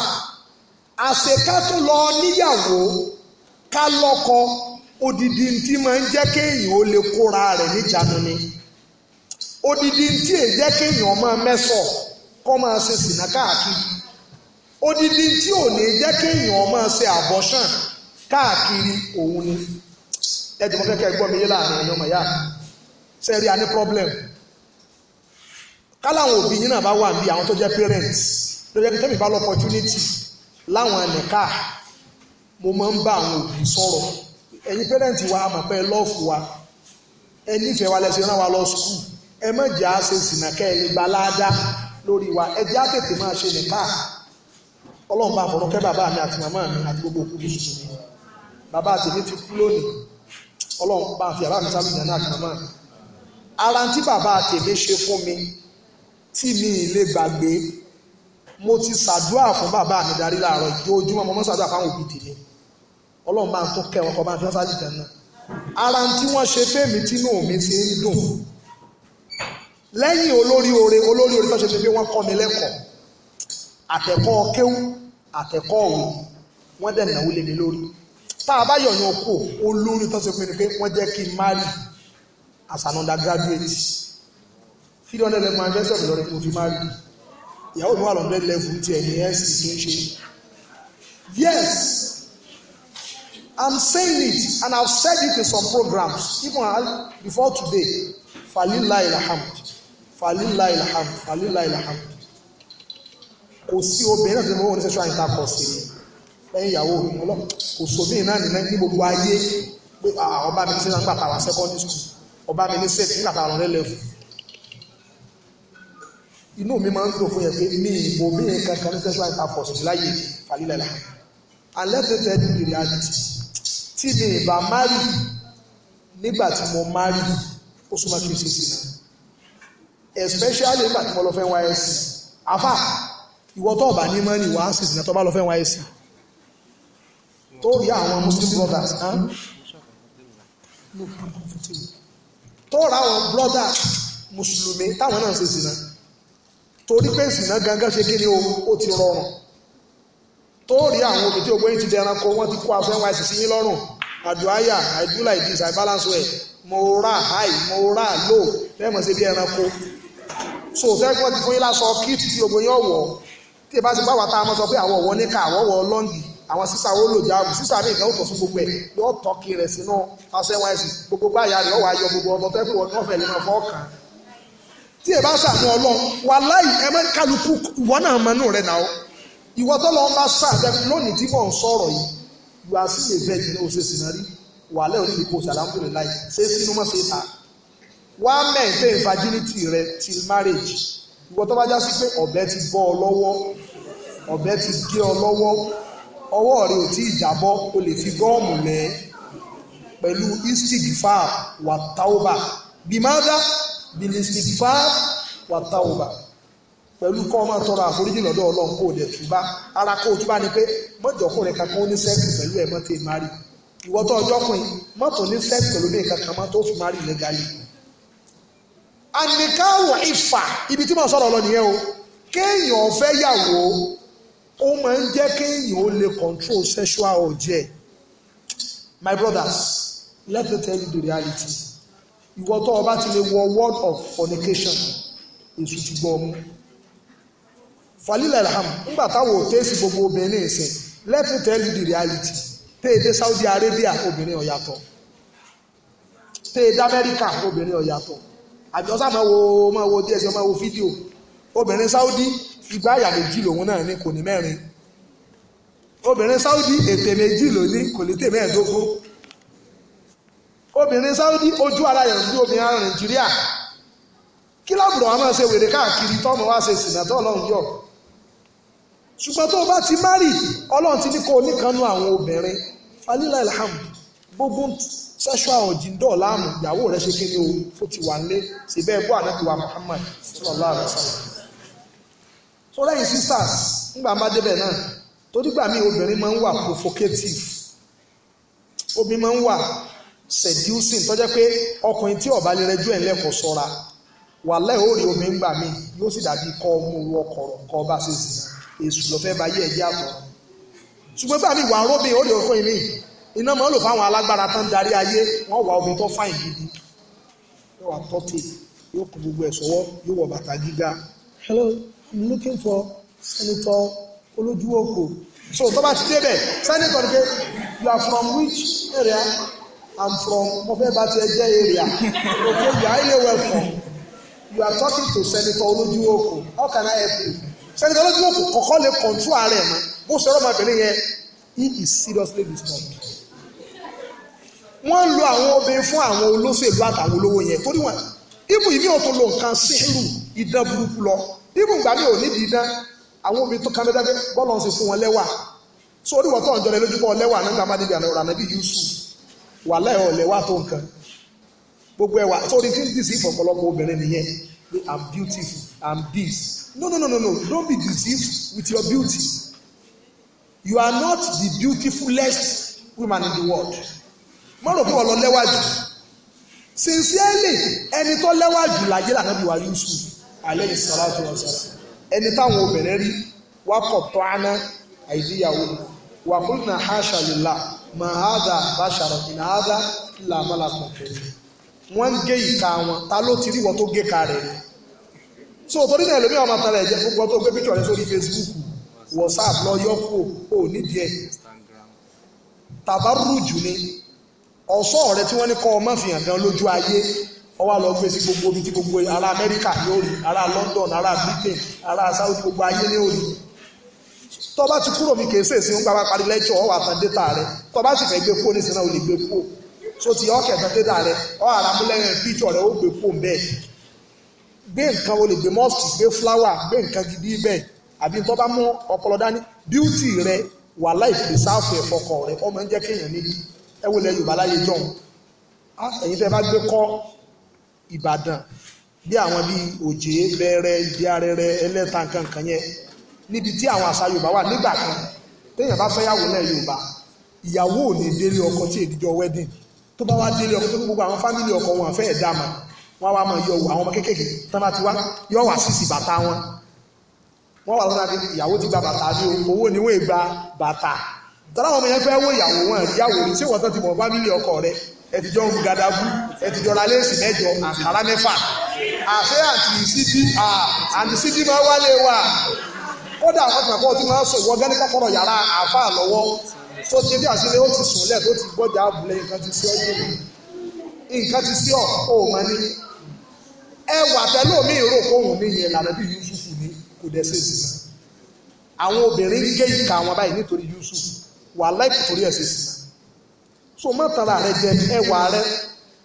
A: àṣekà tó lọ níyàwó ká odidi tí máa ń jẹ́ kéèyàn ó lè kóra rẹ̀ níjànú ni. jamani odidi ntí èjẹ́ kéèyàn máa mẹ́sọ̀ kọ́ máa ṣe sìnà káàkiri odidi ntí ò ní jẹ́ kéèyàn máa ṣe àbọ̀ṣàn káàkiri òun ni ẹ̀dùn mọ́ kẹ́kẹ́ gbọ́ mi yé láàrin ẹ̀yọ́ màyá sẹ́rí a ní problem káláwọn òbí yín náà bá wà níbi àwọn tó jẹ́ parents ló jẹ́ kí tẹ́mi bá lọ opportunity láwọn ẹ̀nìká mo máa ń bá àwọn òbí sọ̀rọ̀ ẹ̀yin parents wa àmọ̀pẹ́ lọ́ọ̀fù wa ẹ nífẹ̀ẹ́ wa lẹ́sìn rán wa lọ school ẹ má jẹ́ àṣẹ ìsìnà kẹ́ ẹ lè gba láàdá lórí wa ẹ jẹ́ àtètè máa ṣe nìpa ọlọ́run bá fọ̀rọ̀ kẹ́ bàbá mi àti màmá mi àti gbogbo òkú mùsùlùmí bàbá tèmi ti kú lónìí ọlọ́run bá fi àbá mi sábà ìdáná àti màmá mi ara tí bàbá tèmi ṣe fún mi tí mi ì lè gbàgbé mo ti ṣàdúrà fún bàbá mi darí láàárọ̀ ìjọ́júmọ́ mo mọ́ ṣàdúrà fáwọn òbí tèmi ọlọ́run bá ń tún kẹ́ wọn kọ́ bá ń fi ọ́n sáà ara tí wọ́n ṣe fẹ́mi tí inú mi ti ń dùn lẹ́yìn olórí oore olórí oore tó ṣe pé wọ́n kọ́ mi lẹ́kọ̀ọ́ àtẹ̀kọ́ kéwú àtẹ̀kọ́ òwe wọ́n dẹ̀ náwó lé mi lórí tá a bá yọ̀yàn kó olórí tó ṣe pé wọ́n jẹ́ kí n má rí as an undergraduate three hundred level investment lọ́rẹ́ kí n fi má rí ìyàwó mi wà lọ́ndẹ̀ level ti ẹ̀ ní ẹ̀sì kí n ṣe yes I'm saying it and I've said it in some programs even before today falillah ilhamd falila ilham falila ilham kò sí obìnrin náà tó ti mọ̀ wọ́n ní sexual intercourse ni lẹ́yìn ìyàwó ọlọ́ kò sóbìnrin náà nínú ní gbogbo ayé pé ah, ọba mi ti náà gbàtà wá secondary school ọba mi ní sèpì nígbàtà wà lọ́lẹ́ level inú mi máa ń dùn fún yẹn pé mi ìbò mi yẹn kankan ní sexual intercourse ti láyè falila ilham alẹ́ tó tẹ́ ní reality tí mi ìbá márì nígbà tí mo márì ó súnmọ́ kí n ṣe sí náà especially nígbà tí mo lọ fẹ́ nysc afa ìwọ tó ọba ní mọ́ni wàá sì sìnà tó bá lọ fẹ́ nysc tó rí àwọn muslim brothers tó ra àwọn brothers mùsùlùmí táwọn náà ṣe sìnà torí pé sìnà gangan ṣe kí ni ó ti rọrùn tó rí àwọn òbí tí ògbóyin ti di ẹranko wọ́n ti kó aṣọ nysc sí yín lọ́rùn àdúráyà I do like this I balance well mo ra high mo ra low lẹ́mọ̀ sí bí ẹranko so fẹ́ kí wọ́n ti fún yín lásọ kíìtì tí ogun yín ọ̀wọ́ tí ẹ bá ti bá wa tá a mọ̀ sọ pé àwọn ọ̀wọ́ ní ká àwọn ọ̀wọ́ lọ́ngì àwọn sísá wo lò jáàbù sísá mi ìkan òtò fún gbogbo ẹ̀ yóò tọ́kì rẹ̀ sínú aṣọ ẹ̀wọ̀n ẹ̀sìn gbogbo báyà rẹ̀ ọ̀wọ́ ayọ̀ gbogbo ọmọ tẹ́kù ọdún ọ̀fẹ́ lè máa fọ́ ọ̀kan tí ẹ bá ṣàánú ọlọ́run wà láì ẹ mọ́ kálukú ìwọ náà mọ́nú rẹ̀ náà ìwọ tó lọ́n bá ṣàbẹ̀ lónìí tí mò ń sọ̀rọ̀ yìí you are still a virgin ó ṣe sìnà rí wàhálẹ́ òní ìkó ṣàlámù wá maintain virginity rẹ till marriage ìwọ tó bá já sí pé ọ̀bẹ ti bọ́ ọ lọ́wọ́ ọ̀bẹ ti gé ọ lọ́wọ́ ọwọ́ rẹ ò tí ì jábọ́ o lè fi gọ́ọ̀mù lẹ̀ pẹ̀lú istigfar wa tauba bimada bil istigfar wa tauba pẹ̀lú kọ́ máa tọrọ àforíjì lọ́dọ̀ ọlọ́run kó o dẹ̀ túbá ara kó o túbá ni pé mọ́jọ́kùn rẹ̀ kankan ó ní sẹ́ẹ̀kì pẹ̀lú ẹ̀ mọ́tò ìmárì ìwọ́tọ̀ ọjọ́kùn mọ́tò ní sẹ́ẹ̀kì pẹ̀lú bí nǹkan kan mọ́tò ó fi márì lẹ́gàlì àníkáwò ìfà ibi tí mo sọ̀rọ̀ lọ nìyẹn o kéèyàn fẹ́ yàwó ó máa ń jẹ́ kéèyàn ó lè control sexual ọ̀jẹ̀ my brothers let me tell you the reality ìwọ tó o bá ti lè wọ word of fornication èso ti gbọ́ ọmú falilẹ̀ alham ńgbà táwọn ò tẹ́sí gbogbo obìnrin ìsìn let me tell you the reality téèdé Saudi Arabia obìnrin ó yàtọ̀ téèdé Amẹ́ríkà obìnrin ó yàtọ̀ àbí ọsàn máa wo máa wo díẹ̀ sí ọ máa wo fídíò obìnrin Saudi ìgbà àyà méjì lòun náà ní kò ní mẹ́rin obìnrin Saudi ètè méjì ló ní kò ní tè mẹ́ẹ̀ẹ́dógún obìnrin Saudi ojú ara yẹn ní obìnrin ara Nàìjíríà kí lábùrọ̀ àwọn máa ṣe wèrè káàkiri tọ́mọ wá ṣe sìnà tó ọlọ́run yọ ṣùgbọ́n tó o bá ti márì ọlọ́run ti ní kó o níkanú àwọn obìnrin falila alhamdu gbogbo sexual ọ̀jìndọ̀ láàmú ìyàwó rẹ̀ ṣe kíni o ó ti wà nílé ṣe bẹ́ẹ̀ bọ́ ànábì wa Muhammad sallallahu alaihi wasallam. so lẹ́yìn sisters ńgbà má débẹ̀ náà torí gbà mí obìnrin máa ń wà provocative obìnrin máa ń wà seducing tó jẹ́ pé ọkùnrin tí ọ̀bá lè rẹjú ẹ̀ lẹ́kọ̀ọ́ sọ́ra wàhálà ẹ̀ ó rí omi ńgbà mí yóò sì dàbí kọ́ ọmọ òru ọkọ̀ ọ̀rọ̀ nǹkan ọba ṣe sí iná máa lò fáwọn alágbára tán darí ayé wọ́n wà omi tó fáìn gidi yóò wà tọ́tì yóò kó gbogbo ẹ̀ sọ́wọ́ yóò wọ bàtà gíga hello i'm looking for senator olójúwòkò so tó bá ti débẹ̀ senator ni you are from which area i'm from mo fẹ́ bá tiẹ̀ jẹ́ area okay you are highly welcome you are talking to senator olójúwòkò how can i help you senator olójúwòkò kọ̀ọ̀kan lè control ààrẹ mọ́ bó ṣe ọlọ́mọbìnrin yẹn he is seriously disturbed wọ́n ń lo àwọn obìnrin fún àwọn olóṣèlú àtàwọn olówó yẹn torí wọn ibùn ìmí òtún lo nǹkan síhìrù ìdán burúkú lọ ibùn ìgbà mi ò nídìí ìdán àwọn obìnrin tó kàmẹ́dá pé bọ́ọ̀lù ọ̀sìn fún wọn lẹ́wà so oníwọ̀n tó ń jọrẹ lójú bọ́ọ̀ lẹ́wà nígbà má débi àlọ́ rànàbí Yusuf wà lẹ́yọ̀ lẹ́wà tó nǹkan gbogbo ẹwà sórí tí ń dìsí ọ̀pọ̀lọpọ̀ obìnrin nìyẹn I'm beautiful I'm this no no no no no don't be deceived with your beauty you are not the beautifulest woman in the world. má rò pé wọ́n lọ lẹ́wà sincerely ẹni tó lẹ́wà láyé lànàbí wa Yusuf alẹ́ ìsàlátù ọ̀sán ẹni táwọn obìnrin rí tó aná àìdíyàwó wàkúrúnà haṣàlélà mahada bashara ìnáhádá làmàlà kọ̀ọ̀kẹ́ wọ́n ń gé ìka wọn ta so torí náà lómi ẹ̀jẹ̀ fún gbé píkọ̀ sórí Facebook WhatsApp lọ yọ ọ̀ṣọ́ rẹ tí wọ́n ní kọ́ ọmọ fìyàn gan lójú ayé ọwọ́ lọ gbé sí gbogbo ibi tí gbogbo ará Amẹ́ríkà yóò rí ará London ará Britain ará South gbogbo ayé ní òní tó bá ti kúrò mi kì í ṣe èsì ń gbára parí lẹ́jọ́ ọ̀wà tán dẹ́ta rẹ tó bá sì fẹ́ gbé kúrò nísìnyá ò lè gbé kúrò tó ti ọ̀kẹ́ tán dẹ́ta rẹ ọ̀ àràmúlẹ́yìn píjọ rẹ ó gbé kúrò bẹ́ẹ̀ gbé nǹkan o lè gbé mọ́ọ̀sì gbé fúláwà gbé nǹkan gidi bẹ́ẹ̀ àbí tó bá mú ọpọlọ dání bíútì rẹ wà láì pèsè àfọ̀ ẹ̀fọ́kọ̀ rẹ ọmọ ń jẹ́ kéèyàn níbi ẹ wò lẹ Yorùbá láyé jọ ẹ̀yin tẹ́ bá gbé kọ́ Ìbàdàn bí àwọn bíi òjé bẹ̀rẹ̀ ìdí arẹrẹ ẹlẹ́ta kankan yẹn níbi tí àwọn àṣà Yorùbá wà nígbà kan téèyàn bá fẹ́ yàwó lẹ Yorùbá ìyàwó ò ní délé ọkọ tí èdìjọ wedding tó bá wá délé ọkọ tó gbogbo àwọn fámìlì ọkọ wọn fẹ́ ẹ̀dá mọ́ wọ́n wá máa yọ wò àwọn ọmọ kéékèèké tán bá ti wá yọ wà sísì bàtà wọn wọ́n wà lọ́nà ìyàwó ti gba bàtà ní owó ni wọ́n gba tọ́lá àwọn ọmọ yẹn fẹ́ wọ ìyàwó wọn ìyàwó rí tí wọ́n tán ti mọ̀ fámílì ọkọ rẹ ẹtìjọ́ ń gadabu ẹtìjọ́ ra léèsì mẹ́jọ àkàrà mẹ́fà àṣẹ àti sídí àti sídí máa wálé wa kódà àwọn ọmọ àpọ̀ tí máa sọ ìwọ gẹ́ni kọ́kọ́rọ̀ yàrá àáfà lọ́wọ́ tó ti bí àṣírí ó ti sùn lẹ̀ tó ti gbọ́jà àbúlé nǹkan ti sí ọ yé nǹkan ti sí ọ ò mọ ní ẹwà tẹ́lú mi mi yẹn lànà bí Yusuf ní kò dẹ́ sèzì àwọn obìnrin gé wà láìpẹ́ torí ẹ̀ sí sí so má tara rẹ jẹ ẹwà rẹ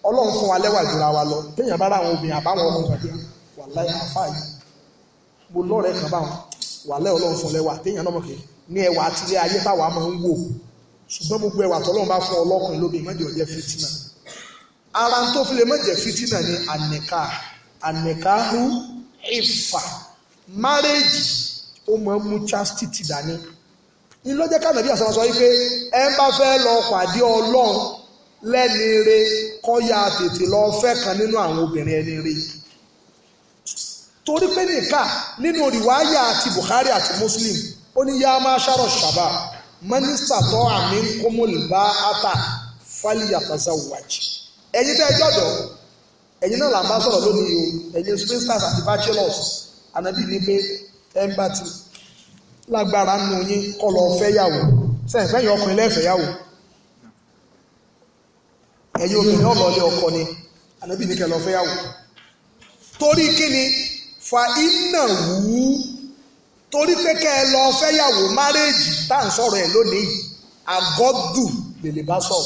A: ọlọ́run fún wa lẹ́wà jura wa lọ téèyàn bá ra àwọn obìnrin àbáwọn ọmọ ìgbàgbé wà láì àfà yìí mo lọ́rẹ̀ẹ́ kan báwọn wà lẹ́ ọlọ́run fún lẹ́wà téèyàn náà mọ̀ pé ní ẹwà àtìlẹ́ ayé táwa máa ń wò ṣùgbọ́n gbogbo ẹwà tọ́lọ́run bá fún ọlọ́kùnrin lóbi mọ́jọ jẹ́ fitina ara tó fi lè mọ́jẹ́ fitina ni ànìká ànìkáhu ìfà marriage ó máa ń mú chastity dání ìlọ́jẹ́ kànàbí àṣà sọ wípé ẹ ń bá fẹ́ lọ pàdé ọlọ́run lẹ́ni re kọ́ya tètè lọ fẹ́ kan nínú àwọn obìnrin ẹni re torí pé nìka nínú rìwáyà àti Bukhari àti Muslim ó ní yá máa ṣàrọ̀ ṣàbà mínísítà tó àmì ń kó mọ́lì ata fálì àtàzà wájì ẹ̀yin tẹ́ ẹ jọ̀dọ̀ ẹ̀yin náà là ń bá sọ̀rọ̀ lónìí o ẹ̀yin spinsters àti bachelors ànábì ní pé ẹ̀ ń bá ti lágbára nù yín kọ́ lọ fẹ́yàwó sẹ́yìn fẹ́yìn ọkùnrin lẹ́fẹ̀yàwó ẹ̀yin obìnrin ọ̀lọ́lẹ̀ ọkọ ni ànábì ní kẹ́ lọ torí kí fa iná wú torí pé kẹ́ ẹ lọ fẹ́yàwó márẹ́jì tá à ń sọ̀rọ̀ ẹ̀ lónìí yìí àgọ́dù lèlè bá sọ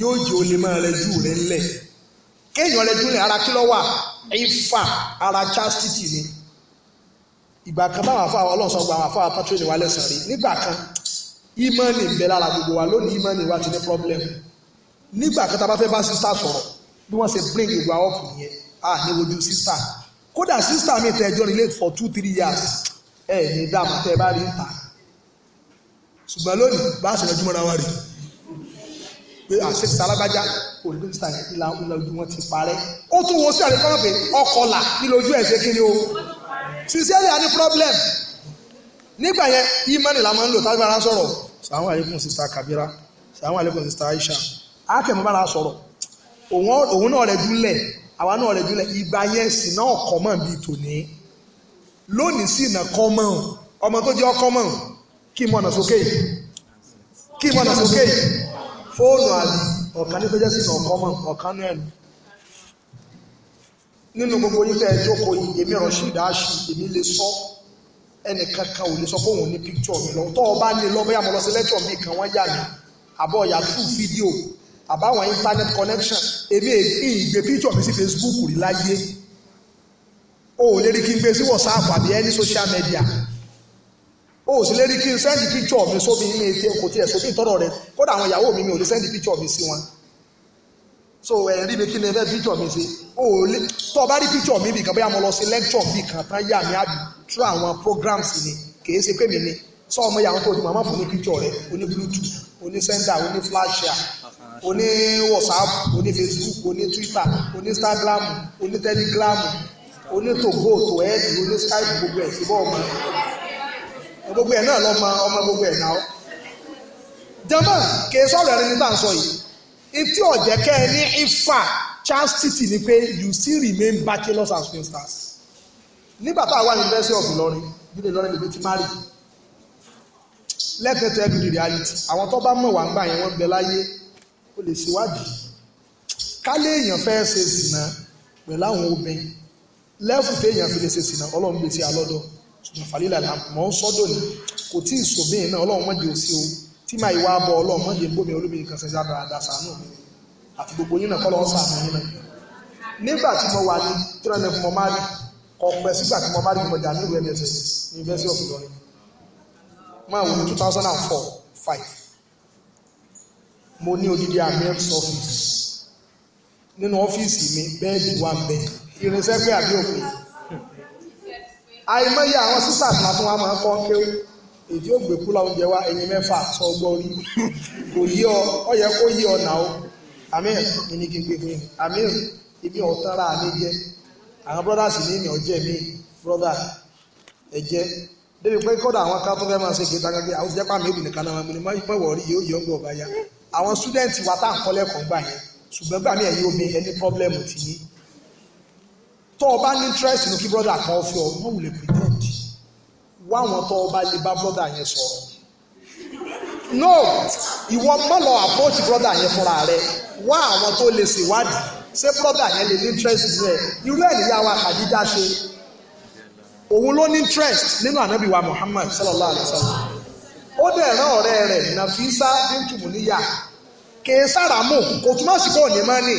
A: yóò jẹ́ olè máa rẹjú rẹ ńlẹ̀ kéèyàn rẹjú rẹ ara kí ló wà ifá ara chastity ni ìgbà kan báwọn afọ ọlọ́run sọ gba àwọn afọ àtọ́ tó lè wá lẹ́sàn rí nígbà kan ìmọ̀ọ́nì ń bẹ gbogbo wa lónìí ìmọ̀ọ́nì wa ti ní problem nígbà kan tá a bá fẹ́ bá sísá sọ̀rọ̀ bí wọ́n ṣe bring ìwà up nìyẹn a ní ojú sísá kódà sísá mi tẹ ẹjọ́ relate for two three years ẹ ní dààmú tẹ ẹ bá rí ń ta ṣùgbọ́n lónìí bá a ṣe lọ́jọ́ mọ́ra wa rí pé àṣẹ sísá alágbájá olùdó sísá yẹn ìlà sincerely a ní problem nígbà yẹn imani la máa ń lò tá a bára sọ̀rọ̀ sàwọn àlékún sista kabira sàwọn àlékún sista aisha A akẹ́mi bára sọ̀rọ̀ òun náà rẹ̀ dúnlẹ̀ àwa náà rẹ̀ dúnlẹ̀ ìgbà yẹn sì náà kọ́ mọ̀ bíi tòní lónìí sì náà kọ́ mọ̀ ọmọ tó jẹ́ ọkọ́ mọ̀ kí mọ̀nà sókè kí mọ̀nà sókè fóònù àlè ọ̀kan ní tó jẹ́ sí ọkọ́ mọ̀ ọ̀kan náà nínú gbogbo yín tẹ́ ẹ jókòó yìí èmi rọ̀ṣì dáṣì èmi lè sọ ẹnìkan ò lè sọ pé ní píkítọ̀ mi lọ tọ́ ọ bá ní lọ bóyá mo lọ sí lẹ́tọ̀ mi kan wọ́n yà mí àbọ̀ ọ̀yà true fídíò àbáwọn internet connection èmi ìgbé píkítọ̀ mi sí Facebook rí láyé o ò lè rí kí n gbé sí WhatsApp àbí ẹni social media o ò sì lè rí kí n sẹ́ndì píkítọ̀ mi sómi ní etí kò tiẹ̀ sómi ìtọ́rọ̀ rẹ kódà àwọn ìyàwó mi mi ò lè sẹ́ndì píkítọ̀ mi sí wọn so ẹ̀rí mi kí ni ẹ fẹ́ píṣọ̀ mi ṣe o ò lè tó o bá rí píṣọ̀ mi bìkan bóyá mo lọ sí lecture bì kan tán yà mí àbí through àwọn programs ni kìí ṣe pé mi ni sọ ọmọ yàrá kó o di màmá fún ní píṣọ̀ rẹ oní bluetooth oní sender oní flasher oní whatsapp oní facebook oní twitter oní instagram oní telegram oní togo toed oní skype gbogbo ẹ̀ síbọ̀ ọmọ gbogbo ẹ̀ náà lọ́mọ ọmọ gbogbo ẹ̀ náà jama kìí sọ̀rọ̀ ẹ̀rín ní tà ń sọ yìí etí ọ̀jẹ̀ kẹ́ ẹ ní ifa chastity ni pé you still remain bachelors and spinsters nígbà tá a wà ní university of Ìlọrin jíde lọ́rẹ́ mi ti marry let me tell you the reality àwọn tó bá mọ̀ wá ń gbà yẹn wọ́n bẹ láyé ó lè ṣèwádìí kálé èèyàn fẹ́ ṣe sìnà pẹ̀lú àwọn obìnrin lẹ́fù téèyàn fi lè ṣe sìnà ọlọ́run gbèsè alọ́dọ̀ ṣùgbọ́n fàlílà làmọ́ sọ́dọ̀ ni kò tí ì sòmíì náà ọlọ́run mọ̀jẹ̀ òsì o. tí màá ìwà abọ ọmọ mọdé gbómi olómi nǹkan ṣẹṣẹ àdáradá sànú mi àti gbogbo yín náà kọ́ lọ́wọ́ sànú yín náà nígbà tí mo wà ní tí wọ́n fi mọ ọ̀pẹ sígbà tí mo rí ìmọ̀jà University of Ilorin máa wò ní two thousand and four five mo ní odidi amir office nínú ọ́fíìsì mi èdè ògbè oúnjẹ wa ẹyin mẹ́fà sọ gbọ́ rí kò yí ọ ọ yẹ kó yí ọ nà ó amir ẹni kí n amir ibi ọ̀tán mi jẹ àwọn brothers ní ìmì ọjẹ́ mi brother ẹ̀jẹ̀ débi pé kọ́dà àwọn ká tó fẹ́ ṣe kéta gẹ́gẹ́ àwọn ti jẹ́ pàmì ìbùnìkan náà wọn ni wọ̀ rí yóò yọ̀ ń gbọ̀ báyà àwọn student wa tá à ń kọ́ lẹ́kọ̀ọ́ gbà yẹn ṣùgbọ́n gbà mí ẹ̀yin omi ẹni problem ti yín tó o bá ní interest nù kí brother kan fi ọ wá àwọn tó ọba lè bá brọ́dà yẹn sọ̀rọ̀ no ìwọ mọ́ lọ approach brother yẹn fúnra rẹ wá àwọn tó lè ṣèwádìí ṣé brọ́dà yẹn lè ní interest rẹ irú ẹ̀ níyàwó àkàdídá ṣe òun ló ní interest nínú ànábì wa Muhammad sallallahu alayhi wa sallam ó dẹ̀ rán ọ̀rẹ́ rẹ̀ nàfíìsá bíntùmù níyà kèé sàràmù kò túmọ̀ sí kò ní mọ́nì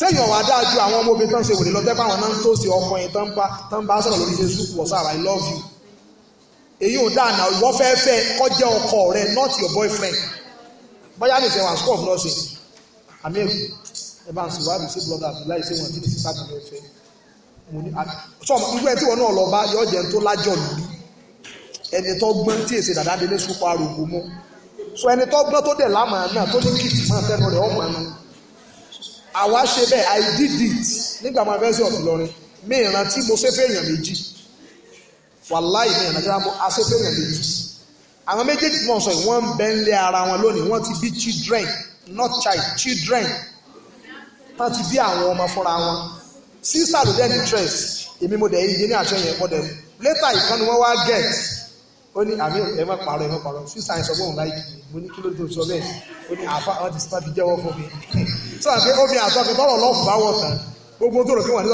A: sẹ́yìn ọ̀wà dáa ju àwọn ọmọ obìnrin tó ń ṣe wòlé lọ́tẹ́ báwọn náà ń tó ṣe ọkùnrin tó ń bá sọ̀rọ̀ lórí Facebook WhatsApp I love you èyí ò dáa náà ìwọ fẹ́ fẹ́ kọjá ọkọ rẹ not your boyfriend bóyá nìfẹ́ wà school of nursing àmì ẹ̀kú ẹ bá ń sọ wàá bìí sí blọga àbíláyé sí wọn títí sí sábà fẹ́ fẹ́ mo ní sọ ma irú ẹ tí wọn náà lọ bá yọ jẹ tó lájọ lórí ẹni tó gbọ́n tí èsì dàda délé sùpọ̀ arògbò mọ́ sọ ẹni tó gbọ́n tó dẹ̀ lámà náà tó ní kìtì máa tẹnu rẹ̀ ọmọ náà àwa ṣe bẹ́ẹ̀ I did it nígbà máa fẹ́ sí ọ̀tún lọ́rin mi ìrántí mo ṣe fẹ́ èèyàn méjì wàláì ní nàìjíríà mọ asẹ́fẹ́ yẹn lè tù sí àwọn méjèèjì tí wọ́n sọ yìí wọ́n ń bẹ́ ń lé ara wọn lónìí wọ́n ti bí children not child children wọ́n ti bí àwọn ọmọ fúnra wọn sísà ló dẹ́ ní tress èmi mo dẹ̀ iye ní àṣẹ yẹn mọ́dẹ̀ létà ìkan ni wọ́n wá get ó ní àmì ẹ̀ má parọ́ ẹ̀ má parọ́ sísà yẹn sọ fún òun láì kì í mo ní kí ló dé sọ bẹ́ẹ̀ ó ní àfa àwọn ti sọ fi jẹ́wọ́ fún mi sọ àti obìnrin àtọ́kẹ́ tọ́rọ̀ lọ́ọ̀fù bá wọ̀ tán gbogbo tó rò kí wọ́n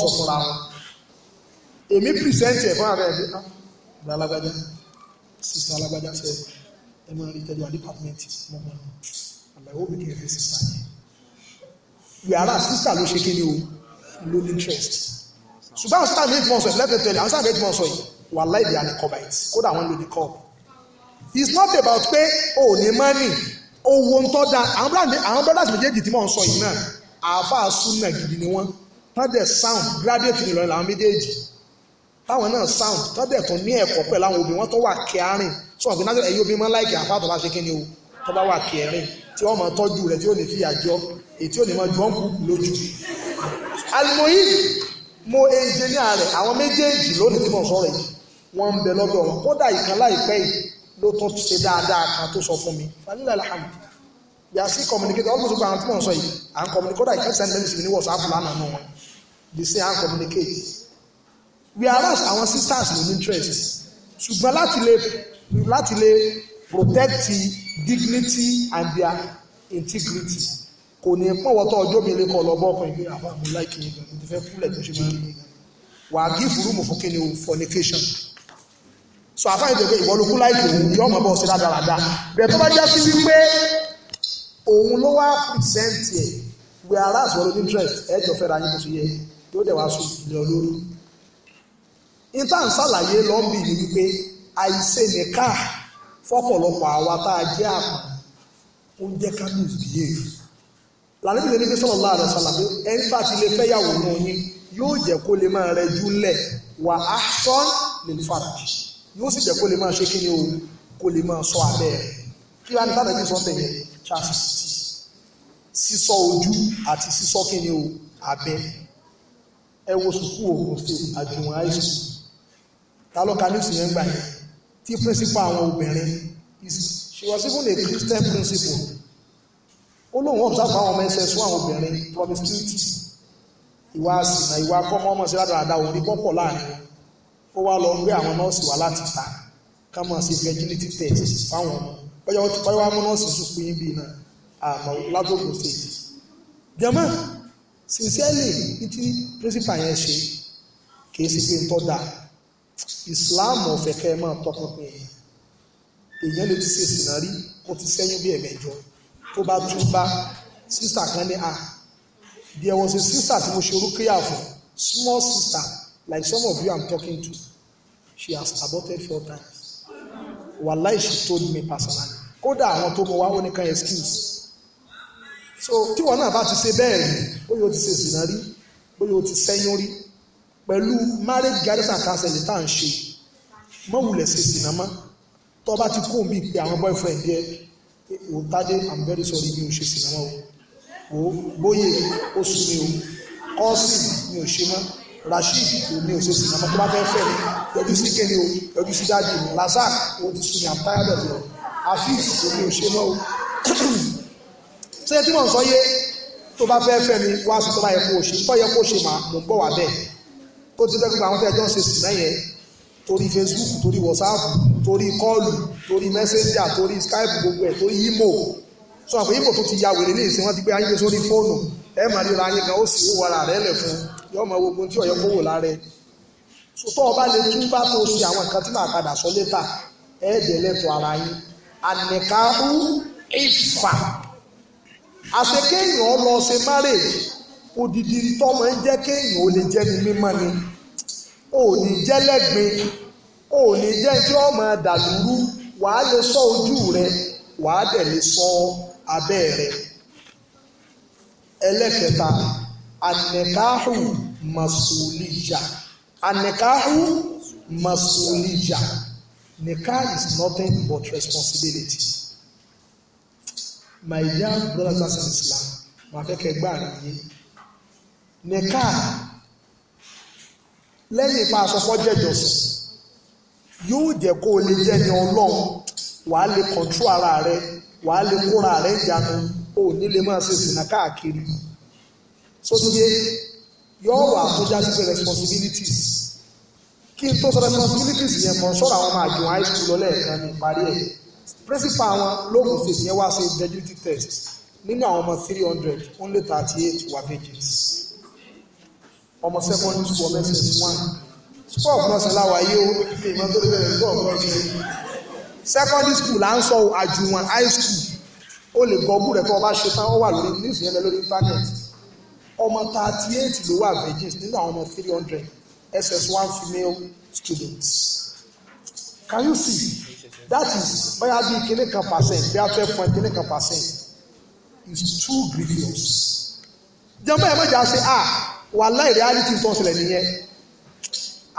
A: ti sọ èmi pìrìsẹ́ǹtì ẹ̀ fún ààrẹ ẹ̀ ah ìgbà alágbájá sísá alágbájá fẹ́ ẹ máa rí tẹ́lẹ̀ àdìpàtmẹ́ǹtì mo máa àlàyé òbí kìí fẹ́ sísá yẹn yàrá sísá ló ṣe kéde o ló ní interest
B: ṣùgbọ́n àwọn sáà méjì mọ̀ sọ yìí
A: lẹ́fẹ̀ẹ́ tẹ̀lé àwọn sáà méjì mọ̀ sọ yìí wà láì di àníkọ̀bàìtì kódà wọ́n lò ní kọ́ọ̀bù it's not about pé o ò ní money owó ń tọ́ da àwọn brothers méjèèjì tí mò ń sọ yìí náà àáfàá súnà gidi ni wọ́n tán dẹ̀ sound graduate ni lọ́yìn làwọn méjèèjì táwọn náà sound tó dẹ̀ tún ní ẹ̀kọ́ pẹ̀lú àwọn obìnrin wọn tó wà kẹrin sọ pé náà ẹ̀yin obìnrin máa ń láìkì àfáà tó bá ṣe kíni o tó bá wà kẹrin tí wọ́n máa tọ́jú rẹ̀ tí ò ní fi àjọ ètí ò ní máa ju ọ́n kú lójú. alimoyi mo engineer rẹ̀ àwọn méjèèjì lónìí tí mo sọ̀rọ̀ yìí wọ́n ń bẹ lọ́dọ̀ wọn kódà ìkan láìpẹ́ yìí ló tún ṣe dáadáa kan tó sọ fún mi falila alhamdu yasi communicate almost gbogbo àwọn tí mo sọ yìí à ń communicate kódà ìkẹ́sì ẹni mẹ́rin sì ní wọ́ọ̀sì àbúlá nànú wọn the same à ń communicate We whereas our sisters ló interest ṣùgbọ́n láti lè láti lè protect dignity and their integrity kò ní pọ̀ wọ́tọ̀ ọjọ́ mi lè kọ́ lọ bọ́ ọkùnrin bíi àbá mi láìkí yẹn mo ti fẹ́ kúlẹ̀ tó ṣe máa ń wà á give room fún kíni o fornication so àfáà yìí tẹ̀gbẹ́ ìwọ́lùkú láìkí òun yọ ọmọ bọ̀ ṣe dáadáa bẹ́ẹ̀ tó bá jẹ́ sí wípé òun ló wá present ẹ̀ whereas wọ́n lo interest ẹ̀ jọ fẹ́ra yín bó ṣe yẹ yóò dẹ̀ wá sùn ìlẹ̀ olórí níta ń ṣàlàyé lọ́ọ̀bì ni wípé àìṣe nìka fọ́pọ̀lọpọ̀ àwa tá a jẹ́ àpà ó ń jẹ́ ká misbehave làlẹ́bí lè ní bí sọ́lọ́lá rẹ̀ sàlàbí ẹni bá ti lè fẹ́yàwó náà yín yóò jẹ́ kó lè máa rẹjú lẹ̀ wà á sọ lè fara yóò sì jẹ́ kó lè máa ṣe kí ni o kó lè máa sọ abẹ́ rẹ̀ kí wàá ní tàbí bí sọ́tẹ̀ yẹn charles sísọ ojú àti sísọ kí ni o abẹ́ ẹ wo sùkúù ògùn state àjùmọ̀ high ta ló ka news yẹn gbà yẹn tí principal àwọn obìnrin she was even a Christian principal ó lóun observe àwọn ọmọ ẹsẹ̀ sún àwọn obìnrin promiscuity ìwà àsìnà ìwà akọ́mọ́ ọmọ sí ládàáda òní pọ́pọ̀ láàrin ó wá lọ gbé àwọn nọ́ọ̀sì wá láti ta ká máa ṣe virginity test fáwọn ọmọ bọ́yọ̀ bọ́yọ̀ wá mú nọ́ọ̀sì sùkú yín bíi náà àmọ́ ládògùn stage jẹ́mọ́ sincerely ní ti principal yẹn ṣe kì í sì pé ń tọ́ dáa Islam ọ̀fẹ́ kẹ́ ẹ máa tọpinpin èèyàn èèyàn lè ti ṣe ìsìnà kó ti sẹ́yìn bí ẹ̀mẹ́jọ tó bá tún bá sísà kan ní a there was a sister tí mo ṣe orúkẹ́yà fún small sister like some of you I'm talking to she has aborted four times wàláì she told me personally kódà àwọn tó mọ wá ó ní kan excuse so tí wọn náà bá ti ṣe bẹ́ẹ̀ rí bóyá o ti ṣe ìsìnà rí bóyá o ti sẹ́yìn rí pẹ̀lú marriage guidance and counseling tá à ń ṣe mọ́ wulẹ̀ ṣe sìnà mọ́ tó o bá ti kó mi pé àwọn boyfriend yẹ o tade i'm very sorry mi ò ṣe sìnà mọ́ o o bóyè oṣù mi o kọ́ọ̀sì mi ò ṣe mọ́ rasheed kò ní oṣù sìnà mọ́ tó bá fẹ́ fẹ́ mi yọjú sí kéde o yọjú sí dáàdi mi razak o ti sùn ní i'm tired of you afis kò ní oṣù mọ́ o ṣé tí mò ń sọ yé tó bá fẹ́ fẹ́ mi wá sí tó kó o ṣe tó yẹ kó o ṣe mà mo gbọ́ wà bẹ́ẹ̀ ó ti dẹ́gbẹ́ àwọn tẹ́jọ́ ń ṣe sùn mẹ́yẹn torí Facebook torí WhatsApp torí kọ́ọ̀lù torí Messenger torí Skype gbogbo ẹ̀ torí imo sọ àpò imo tó ti ya wèrè ní ìsìn wọn ti gbé ayé sórí fóònù ẹ mà ríra ayé kan ó sì wó wàrà rẹ lẹ̀ fún yọ ọmọ gbogbo tí ọ̀yọ́ kó wò lára ẹ̀ sọtọ́ ọba lè tún bá tó ṣe àwọn nǹkan tí màá padà sọ létà ẹ̀ẹ́dẹ̀ lẹ́tọ̀ ara yín ànìkàrú ìfà
B: àṣekẹ́yìn lọ
A: ṣe marriage odidi tọ́mọ ń jẹ́ kéèyàn ò lè jẹ́ ni mímọ́ ni ò ní jẹ́ lẹ́gbin ò ní jẹ́ tí ọmọ dàlúrú wàá lè sọ ojú rẹ wàá dẹ̀ lè sọ abẹ́ rẹ ẹlẹ́kẹta anẹ̀káhù masuliya anẹ̀káhù masuliya nikah is nothing but responsibility my young brothers and sisters ma fẹ́ kẹ́ gbáà nìyí nìka lẹ́yìn ipa àsọpọ̀ jẹ̀jọ̀sìn yóò jẹ́ kó o lè jẹ́ ni ọlọ́run wàá lè kọ̀ntró ara rẹ wàá lè kóra rẹ ìjánu o ò ní lè máa ṣe ìsìnà káàkiri sótíye yóò wà tó jáde pé responsibilities kí n tó sọ responsibilities yẹn mọ sọ́ra àwọn ọmọ àjò high school lọ́lẹ́ẹ̀kan ní ìparí ẹ̀ principal wọn lóògùn fèsì yẹn wá ṣe integrity test nínú àwọn ọmọ three hundred only thirty eight were virgins ọmọ secondary school ọmọ ss one sport náà ṣe láwàáyé o mi ìmọ̀ tó bẹ̀rẹ̀ sport náà ṣe secondary school là ń sọ àjùwọ̀n high school ó lè gbọ́ búrẹ̀ tó o bá ṣe tán ó wà lórí news yẹn lórí internet ọmọ thirty eight ló wà virgins nínú àwọn ọmọ three hundred ss one female students can you see that is bóyá bíi kíní kan percent bí a twelve point kíní kan percent is too grievous jẹ́ báyìí mọ̀jà ṣe ah wàláì reality tó ṣẹlẹ̀ nìyẹn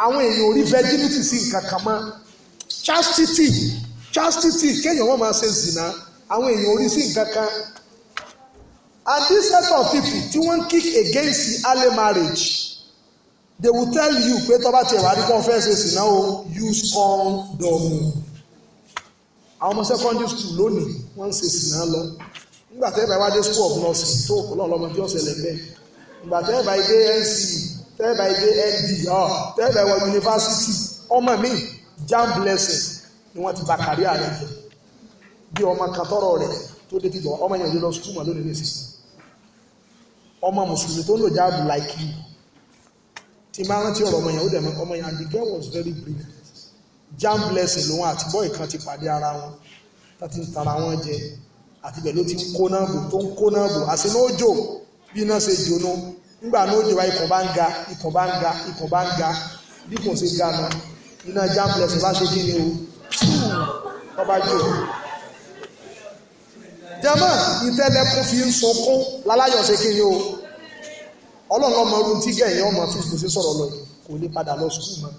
A: àwọn èèyàn ò rí virginity sí nǹkan kan mọ́ chastity chastity kéèyàn wọ́n máa ṣe zina àwọn èèyàn ò rí sí nǹkan kan and this set of people tí wọ́n kick against the early marriage they will tell you pé tọ́ba tiẹ̀ wá rí kọ́ fẹ́ ṣe zina o use condom àwọn ọmọ secondary school lónìí wọ́n ń ṣe zina lọ nígbà tẹ́ ẹ bá wá dé school of nursing tó kọ́ lọ́ọ́ lọ́mọ tí ó ìgbà tẹ́ẹ̀bà ìdé nc tẹ́ẹ̀bà ìdé nd tẹ́ẹ̀bà ìwọ yunifásitì ọmọ mi jam blessing ni wọ́n ti ba kárí ààrẹ jẹ bí ọmọ katọ́rọ̀ rẹ̀ tó dé ti jọ ọmọ yẹn yóò lọ sukùl mọ́ lónìí nísìsiyìí ọmọ mùsùlùmí tó ń lò jáàbù like you tí máa rántí ọ̀rọ̀ ọmọ yẹn ó dẹ̀ ọmọ yẹn and the girl was very brilliant jam blessing lòun àti bọ́ọ̀ kan ti pàdé ara wọn láti tara wọn jẹ àti bẹ̀ ló ti ń kó náà bò tó ń kó náà bò àṣẹ náà jò bí náà ṣe jóná nígbà náà ó dé wa ikùn bá ń ga ikùn bá ń ga ikùn bá ń ga bí kò ṣe ga náà iná jambles bá ṣe kí ni o ọba jò jama ìtẹ́lẹ̀kùn fi ń sunkún láláyọ̀ ṣe kí ni o ọlọ́run ọmọ ọdún tí gẹ̀yìn ọmọ fífi sí sọ̀rọ̀ lọ kò lè padà lọ sùkúù mọ́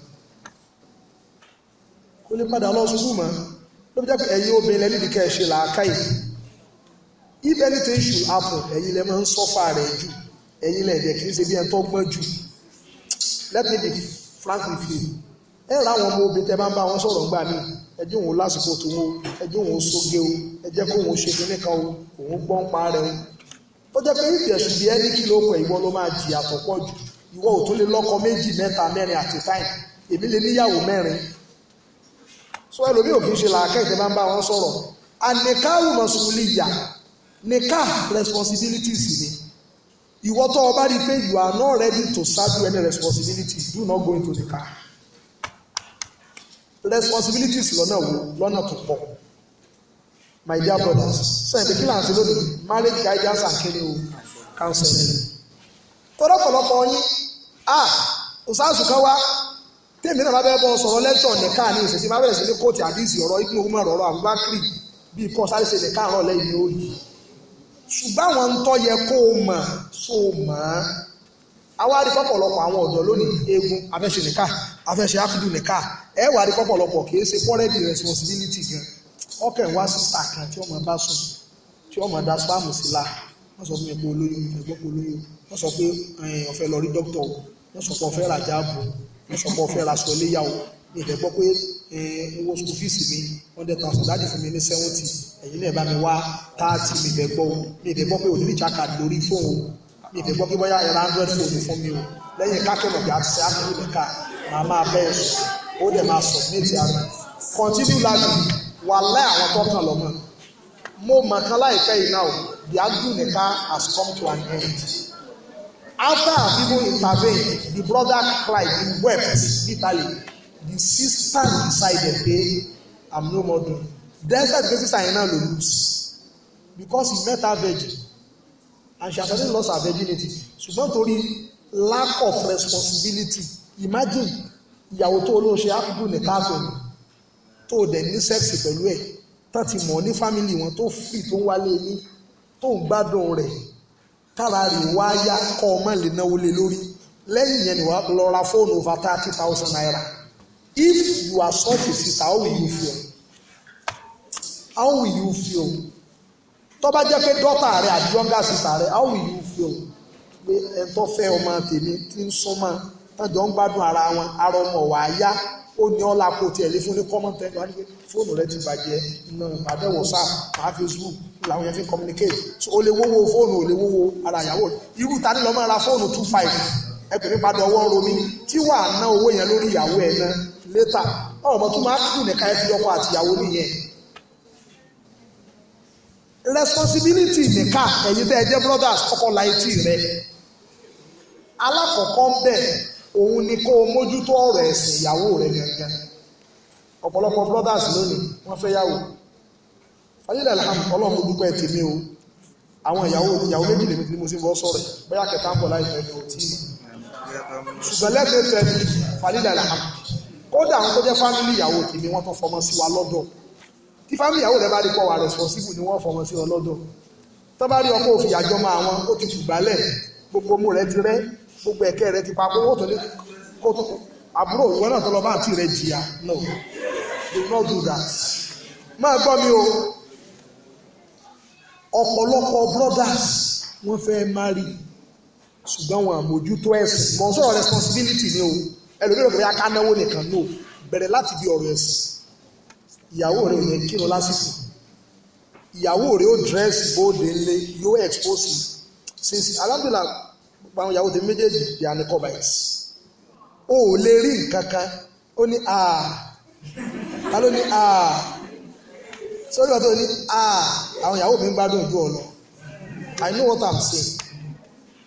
A: kò lè padà lọ sùkúù mọ́ ló fi jẹ́ pé ẹ̀yin obìnrin lẹ́ni ìdíkẹ́ ṣe làákàyè if anything should happen ẹ̀yin lẹ́ máa ń sọ́fà rẹ̀ jù ẹ̀yin lẹ́ẹ̀dẹ̀ kì í ṣe bí ẹ̀ ń tọ́ jù let me be frank with you ẹ láwọn ọmọ obìnrin tẹ bá ń bá wọn sọ̀rọ̀ gbà mí ẹjẹ́ òun lásìkò tó wo ẹjẹ́ òun sóge o ẹjẹ́ kó òun ṣe kíní kan o òun gbọ́n pa rẹ o ó jẹ́ pé ìbẹ̀sùn bíi ẹni kí ló pẹ̀ ìwọ ló máa jìyà tó pọ̀ jù ìwọ ò tún lè lọ́kọ méjì mẹ́ta mẹ́rin àti táì èmi lè níyàwó mẹ́rin so ẹlòmíì ò kì í ṣe làákẹ́ ìtẹ́ bá ń bá wọn sọ̀rọ̀ àníkáwù mọ̀sùlùmí yà níká responsibilities ni ìwọ tó o bá rí i pé you are not ready to saddle any responsibility do not go into the car responsibilities lọ́nà wo lọ́nà tó pọ̀ my dear brothers sẹ́yìn pé kí là ń ṣe lónìí marriage guidance and kele o counseling tọ́lọ́pọ̀lọpọ̀ yín ah òṣàṣù kan wá tèmi náà bá bẹ́ẹ̀ bọ́ sọ̀rọ̀ lẹ́tọ̀ nìka ní ìṣẹ̀ṣẹ̀ bá bẹ̀rẹ̀ sí ní kóòtù àdìsí ọ̀rọ̀ ibùdó ọ̀rọ̀ àbúbákírì bíi kọ́ sáré ṣe nìka àárọ̀ lẹ́yìn ní òòyì ṣùgbọ́n àwọn ń tọ́ yẹ kó o mọ̀ so mọ̀ ọ́ awárí pọ̀pọ̀lọpọ̀ àwọn ọ̀dọ́ lónìí eegun afẹ́ṣe nìka afẹ́ṣe ákùdù nìka ẹ wà rí pọ̀pọ̀lọpọ̀ kì í ṣe fọ́rẹ́dì responsibility gan ọkẹ́ wá sísà kan tí ọmọ bá sùn tí ọmọ da spáàmù sí la wọ́n sọ fún mi olóyún ìfẹ́ olóyún wọ́n sọ pé ọ̀fẹ́ lọ rí dókítà wọ́n sọ pé ọ̀fẹ́ rajà bò wọ́n sọ pé ọ̀fẹ́ raṣọ bí ìdẹ gbọ́ pé owó school fees mi hundred thousand dáàdì fún mi ní seventy ẹ̀yin náà bá mi wá thirty mi ìdẹ gbọ́ mi ìdẹ gbọ́ pé òní ìjà kà lórí fóònù mi ìdẹ gbọ́ pé bóyá ẹ̀rọ hundred fóònù fún mi o lẹ́yìn kákẹ́rọ̀ bí a ti ṣe àbúrò nìka màá máa bẹ́ẹ̀ ó dẹ̀ máa sọ̀ ní ti ara continue láti wà láì àwọn tó kàn lọ́mọ mo mọ̀ kan láìpẹ́ yìí náà the agri nìka has come to an end after our people intervened the brother cried he wept bitterly the sister decided pay, i'm no more doing despite the sister yẹn náà lose because he met her virgin and she actually lost her virginity So ṣùgbọ́n torí lack of responsibility imagine ìyàwó tó olóṣè àkùkù ní káàkiri tó dẹ̀ ní sẹ́ẹ̀sì pẹ̀lú ẹ̀ tó ti mọ̀ ní fámìlì wọn tó fì tó ń wálé yín tó ń gbádùn rẹ̀ kára rè wá yá kọ́ ọ má lè náwó lé lórí lẹ́yìn yẹn ni wàá lọ ra fóònù over thirty thousand naira if you are such a sister how will you feel how will you feel tó bá jẹ́ pé daughter rẹ àti younger sister rẹ how will you feel pé ẹ tó fẹ́ ọmọ tèmi tí ń súnmọ́ tọ́jọ́ ń gbádùn ara wọn ara ọmọ wà á yá ó ní ọ́ lápò tiẹ̀ lé fún ní common ten wá ní pé fóònù rẹ ti bàjẹ́ iná ìpàdé whatsapp máa facebook làwọn yẹn fi communicate so o lè wówó fóònù o lè wówó ara ìyàwó irú ta ni lọ́mọ ra fóònù two five ẹ pè mí padà ọwọ́ ń ro mi tí wàá ná owó yẹn lórí ìyàwó ẹ̀ náà later ọmọ tó máa kú nìkan ẹtì ọkọ àtìyàwó nìyẹn responsibility nìkan ẹ̀yin tẹ́ ẹ jẹ́ brothers kọ́kọ́ la etí rẹ alákọ̀ọ́kọ́ ń bẹ̀ òun ni kó o mójútó ọ̀rọ̀ ẹ̀sìn ìyàwó rẹ gangan ọ̀pọ̀lọpọ̀ brothers lónìí wọ́n fẹ́ yàwó ayílẹ̀ alham ọlọ́run dúpẹ́ tèmi o àwọn ìyàwó ìyàwó méjì lèmi tí mo sì bọ́ sọ̀rọ̀ bóyá kẹta ń bọ̀ láìpẹ́ ní òtí ṣùgbọ́n lẹ́tẹ̀ẹ́ tẹ̀lé falílẹ̀ alham kódà àwọn tó jẹ́ fámìlì ìyàwó tèmi wọ́n tó fọmọ sí wa lọ́dọ̀ tí fámìlì ìyàwó rẹ bá rí pọ̀ wà responsible ni wọ́n fọmọ sí ọ lọ́dọ̀ tó bá rí ọkọ̀ òfin àjọ máa wọn ó ti kù gbálẹ̀ gbogbo mú rẹ ti rẹ gbogbo ẹ̀kẹ́ rẹ ti pa kó tó lé kó tó àbúrò ìwọ náà tó lọ bá àǹtí rẹ jìyà no do not do that máa gbọ́ mi o ọ̀pọ̀lọpọ̀ brothers wọ́n fẹ́ marry ṣùgbọ́n wọn àmójútó ẹ̀sìn mọ̀ sọ̀rọ̀ responsibility ni o ẹlòmíràn bóyá ká náwó nìkan no bẹ̀rẹ̀ láti bí ọ̀rọ̀ ẹ̀sìn ìyàwó rẹ̀ ò ní kírun lásìkò ìyàwó rẹ̀ ó dress bóde ńlé yóò expose you since alhamdulillah gbogbo àwọn ìyàwó tèmi méjèèjì di anicobites o ò lè rí nǹkan kan ó ní aa ta ló ní aa sórí ọ̀tọ̀ ní aa àwọn ìyàwó mi ń gbádùn ojú ọ lọ I know what I'm saying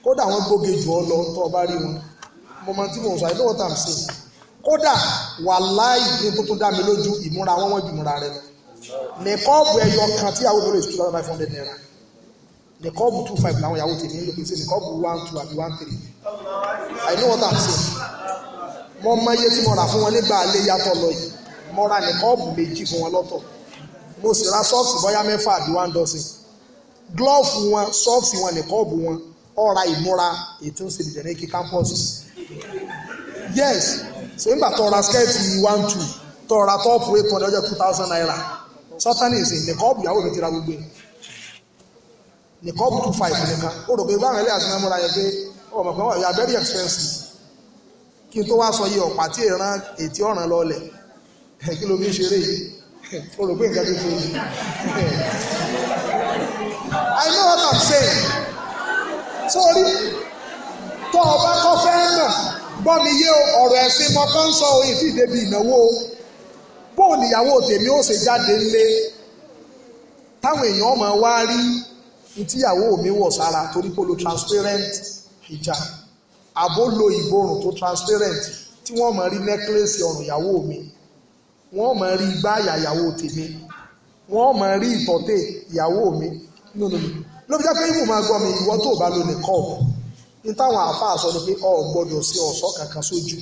A: kódà wọ́n gbóge jù ọ lọ tó o bá rí wọn mo mọ sọ I know what I'm saying kódà wàláì ní tó tó dá mi lójú ìmúra wọn wọn jùmúra rẹ nìkọ́ọ̀bù ẹyọ kan tí àwọn olóòtú two thousand five hundred naira nìkọ́ọ̀bù two five làwọn ìyàwó tèmi ń lò pé ṣe nìkọ́ọ̀bù one two àbí one three I know what I'm saying mo mọ iye tí mo rà fún wọn nígbà alẹ́ yàtọ̀ lọ yìí mo ra nìkọ́ọ̀bù méjì fún wọn lọ́tọ̀ mo sì ra sọ́ọ̀sì bọ́yá mẹ́fà àbí one dozen glove wọn sọ́ọ̀sì wọn nìkọ́ọ̀bù wọn ọra ìmúra ètò ìsèlérèkì campus yes so nígbà tó ra skẹ́ẹ̀tì one two tó top tọ́ọ̀pù eight hundred two thousand naira sọ́tánì ìsìn nìkọ́ọ̀bù ìyàwó mi gbogbo nìkọ́ọ̀bù two five nìkan ó rò pé báwọn ẹlẹ́yà sí mẹ́múra yẹn pé ọmọ pẹ̀lú very expensive kí n tó wá sọ ọ̀pá tí ìran ètí ọ̀ràn kí o nǹkan I know what I'm saying. sórí tó o bá kọ́ fẹ́ mọ̀ gbọ́ mi yé ọ̀rọ̀ ẹ̀sìn mọ́ kán sọ ìfi ìdèbí ìnáwó bóun níyàwó tèmi ó ṣe jáde ńlé táwọn èèyàn máa wá rí ntíyàwó mi wọ̀ sára torí pé lo transparent hijab àbó lo ìborùn tó transparent tí wọ́n máa rí necklace ọrùn ìyàwó mi wọ́n máa rí igbá àyà ìyàwó tèmi wọ́n máa rí ìtọ́tẹ̀ ìyàwó mi no no no ló fi jẹ́ pé ibù máa gbọ́ mi ìwọ tó bá lo nìkọ́ ní táwọn àáfàá sọ ni pé o gbọ́dọ̀ sí ọ̀ṣọ́ kankan sójú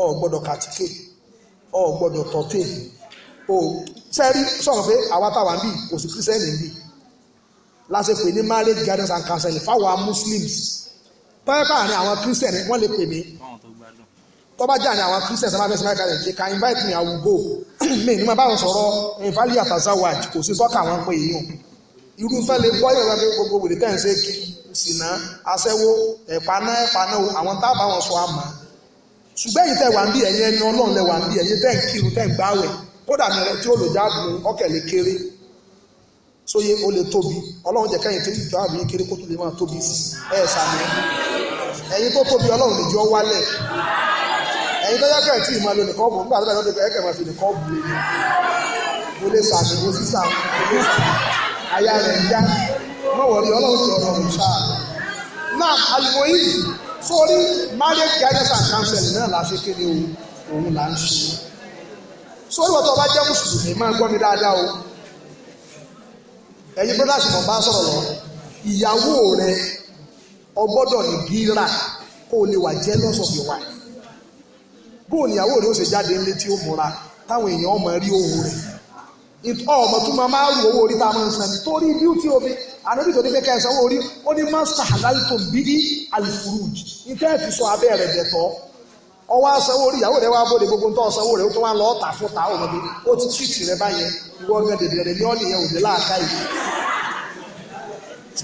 A: o gbọ́dọ̀ kàtíkè o gbọ́dọ̀ tọ́tè o sẹ́rí sọ̀rọ̀ pé àwa táwa ń bì kò sí kírísẹ́nì ń bì lásìkò ní marriage guidance and counseling fáwọn muslims tọ́yẹ́ káàrin àwọn kírísẹ́nì wọ́n lè pè mí tọ́ba jà ní àwọn christians ọmọ abẹ́sẹ̀ mẹ́ta rẹ̀ can invite me i go mi ní ma bá wọn sọ̀rọ̀ invalid atazawa kò sí sọ́kà wọn pé èèyàn irú fẹ́ lè gbọ́ yọ̀rọ̀ pé gbogbo wèrè tẹ̀ ń ṣe kí sìnà aṣẹ́wó ẹ̀paná ẹ̀paná àwọn táàbà wọn sọ àmà ṣùgbọ́n èyí tẹ̀ wà ń bí ẹ̀yẹ ẹni ọlọ́run lẹ̀ wà ń bí ẹ̀yẹ tẹ̀ ń kírun tẹ̀ ń gbáwẹ̀ kódà mi rẹ tí ó lò jáàbù ọkẹ̀lẹ̀ kéré sóye ó lè tóbi ọlọ́run jẹ́ kẹ́yìn tó lè jáàbù yín kéré kó tó lè máa tóbi sí ẹ̀ sàmì ẹ̀yin tó tóbi ọlọ́run lè jọ wálẹ̀ ẹ̀yin tó yẹ́kẹ̀ tí ìmọ̀ lónìí kọ́ọ̀bù nígbà tó bá yọ̀ lónìí kẹ́kẹ́ máa fi nìkọ́ọ̀bù lè ní mo lè sàmì mo sì sàmì mo lè sàmì. àyà rẹ̀ já wọ́n wọ̀ rí ọlọ́run ti ọ̀rọ̀ ìṣá. náà àlùkò yìí sórí marriage guidance and counseling náà la ṣe kéde o òun là ń ṣe. sórí wọ́n tó jẹ́ mùsùlùmí máa gbọ́ mi dáadáa o ẹ̀yin brothers mọ̀ bá sọ̀rọ̀ lọ ìyàwó rẹ o ní gíra kó o lè wà ìyàwó rẹ ó ṣe jáde nílé tí ó múra táwọn ọmọ tó máa máa rú owó orí tá a máa ń san ni torí bíútì omi ànábì tó ní pé kẹsàn owó orí ó ní mọ́sítà àdáyìtò bídí àlùfùrùjì ní tẹ́ẹ̀fì sọ abẹ́ rẹ̀ dẹ̀tọ́ ọwọ́ asanwó orí ìyàwó rẹ̀ wá bóde gbogbo nǹkan ọ̀sanwó rẹ̀ ó tó wá lọ ọ̀tà fún ta ọmọ mi ó ti tíìtì rẹ̀ báyẹn ìwọ ọ̀gbẹ́ dèdè rẹ̀ ní ọ́ nìyẹn òde láàká yìí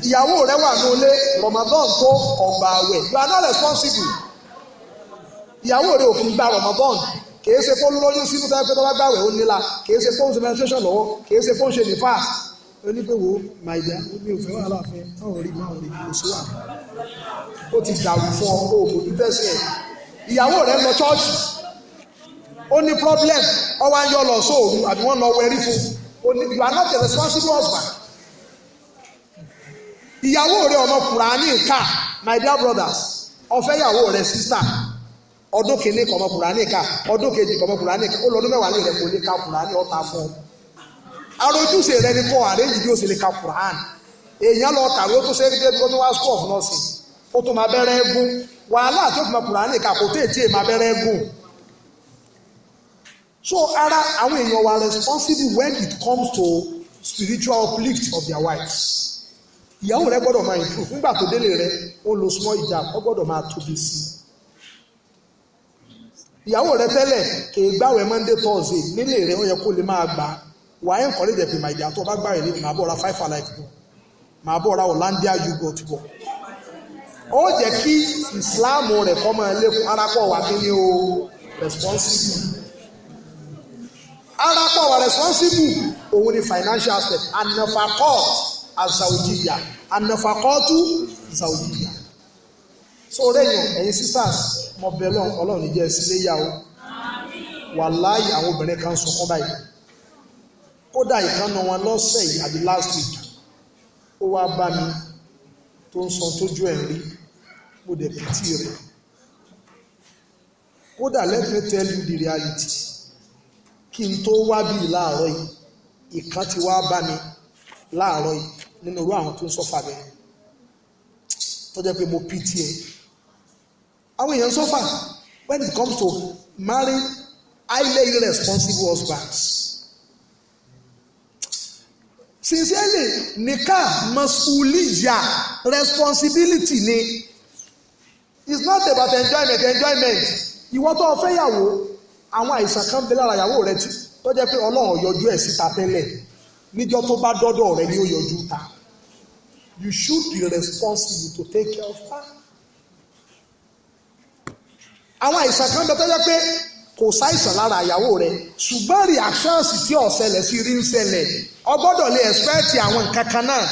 A: ìyàwó rẹ̀ wà ní ilé Ramadan tó ọgbà àwẹ̀ you are not responsible ìyàwó rẹ̀ òfin gba Ramadan kìí ṣe fún lóyún sínú tó yẹ pé tó bá gbàwẹ̀ ó nílà kìí ṣe fún menstruation lọ́wọ́ kìí ṣe fún ṣe ní fast onígbèwò màìdá omi ò fẹ́ wà láàfin táwọn orí máa rí kò sí wà ó ti dàrú fún ọ kó o kò ní tẹ̀sí ẹ̀ ìyàwó rẹ lọ chọ́ọ̀chì ó ní problem ọwọ́ ayé ọ lọ sóòrù àbí wọ́n lọ wẹrí fún you are not the responsible husband ìyàwó rẹ ọmọ kùránì ká my dear brothers ọ̀fẹ́ ìyàwó rẹ sister ọdún kìíní kọmọ kùránì ká ọdún kejì kọmọ kùránì ká ó lọ ọdún mẹ́wàá lè rẹ kò ní ka kùránì ọta fún ọ arójúṣe rẹ ni kọ àrẹ́yìn bí ó sì lè ka kùránì èèyàn lọ kàwé ó tún ṣe é débi ó wá school of nursing ó tún máa bẹ̀rẹ̀ ẹ̀gún wàhálà tó fi ká kò tètè máa bẹ̀rẹ̀ ẹ̀gún so ara àwọn èèyàn wà responsible when it comes to spiritual uplift of their wives ìyàwó rẹ gbọ́dọ̀ máa improve nígbà tó délé rẹ ó lo small hijab ó gbọ́dọ̀ máa tóbi sí ìyàwó rẹ tẹ́lẹ̀ kì í gbàwẹ̀ monday thursday nílé rẹ ó yẹ kó lè máa gbà wà á encourage dẹ̀pẹ̀ my dear tó o bá gbàwẹ̀ lẹ́nu màá bọ̀ ra five alive bọ̀ màá bọ̀ ra Hollandia yogurt bọ̀ ó jẹ́ kí Islam rẹ̀ kọ́ máa lékun arápọ̀ wà kí ni o responsible arápọ̀ wà responsible òun ni financial aspect anafakọ́t azawujiya anafakọ́tù azawujiya so rẹ́yìn ẹ̀yin sisters mo bẹ̀ lọ́n ọlọ́run níjẹ́ sílé yá o wàláhì àwọn obìnrin kan sunkún báyìí kódà ìkànnà wọn lọ́sẹ̀ yìí àbí last week ó wá bá mi tó ń sọ tójú ẹ̀ rí mo dẹ̀ pìtì rẹ̀ kódà let me tell you the reality kí n tó wá bíi láàárọ̀ yìí ìkan ti wá bá mi láàárọ̀ yìí nínú irú àwọn tó ń sọ fàbẹ́ tó pé mo pìtì ẹ̀ àwọn èèyàn sọ́fà when it comes to marrying highly irresponsible husbands. sincerely nìkan masuliya responsibility ni is not about enjoyment enjoyment ìwọ tó o fẹ́ yàwó àwọn àìsàn kan bẹ lára yàwó rẹ tó jẹ́ pé ọlọ́run yọjú ẹ̀ síta tẹ́lẹ̀ níjọ́ tó bá dọ́dọ̀ rẹ ni ó yọjú ta you should be responsible to take care of her. àwọn àìsàn kan bẹ tọ́jọ́ pé kò sáìsàn lára àyàwó rẹ ṣùgbọ́n reactions tí ọ̀sẹ̀lẹ̀ sí rí ń ṣẹlẹ̀ o gbọ́dọ̀ lè expect àwọn nǹkan kan náà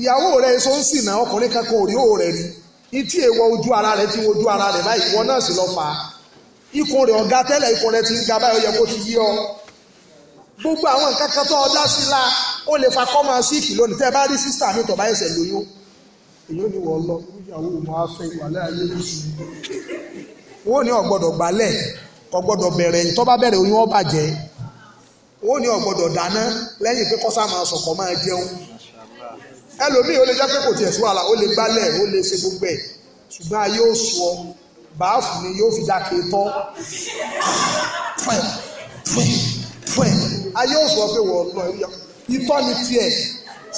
A: ìyàwó rẹ sọ ń sìnà ọkùnrin kan kan ò ni etí èèwọ̀ ojú ara rẹ ti wojú ara rẹ báyìí ìwọ náà sì lọ fà á ikùn rẹ ọ̀gá tẹ́lẹ̀ ikùn rẹ ti ń ga báyìí ó yẹ kó ti yí ọ gbogbo àwọn nǹkan kan tó ọdá sí la ó lè fa kọ́ máa sí ìkìlónì tẹ́ bá rí mi bá ẹsẹ̀ lóyún èyí ò ní wọ lọ ìyàwó mo á fẹ́ ìwàlẹ́ ayé lóṣù wọn ò ní ọ̀gbọ́dọ̀ gbálẹ̀ ọ̀gbọ́dọ̀ bẹ̀rẹ̀ ní tó bá bẹ̀rẹ̀ oyún ó bàjẹ́ wọn ò ní ọ̀gbọ́dọ̀ dáná lẹ́yìn pé kọ́sá máa sọ̀kọ́ máa jẹun ẹlòmíì ó lè jẹ́ pé kò tiẹ̀ sí wàhálà ó lè gbálẹ̀ ó lè ṣe gbogbo ẹ̀ ṣùgbọ́n ayé ò sọ báàfù ni yóò fi dáke tọ́ ayé ò sọ pé wọ́n lọ ìtọ́ ni tiẹ̀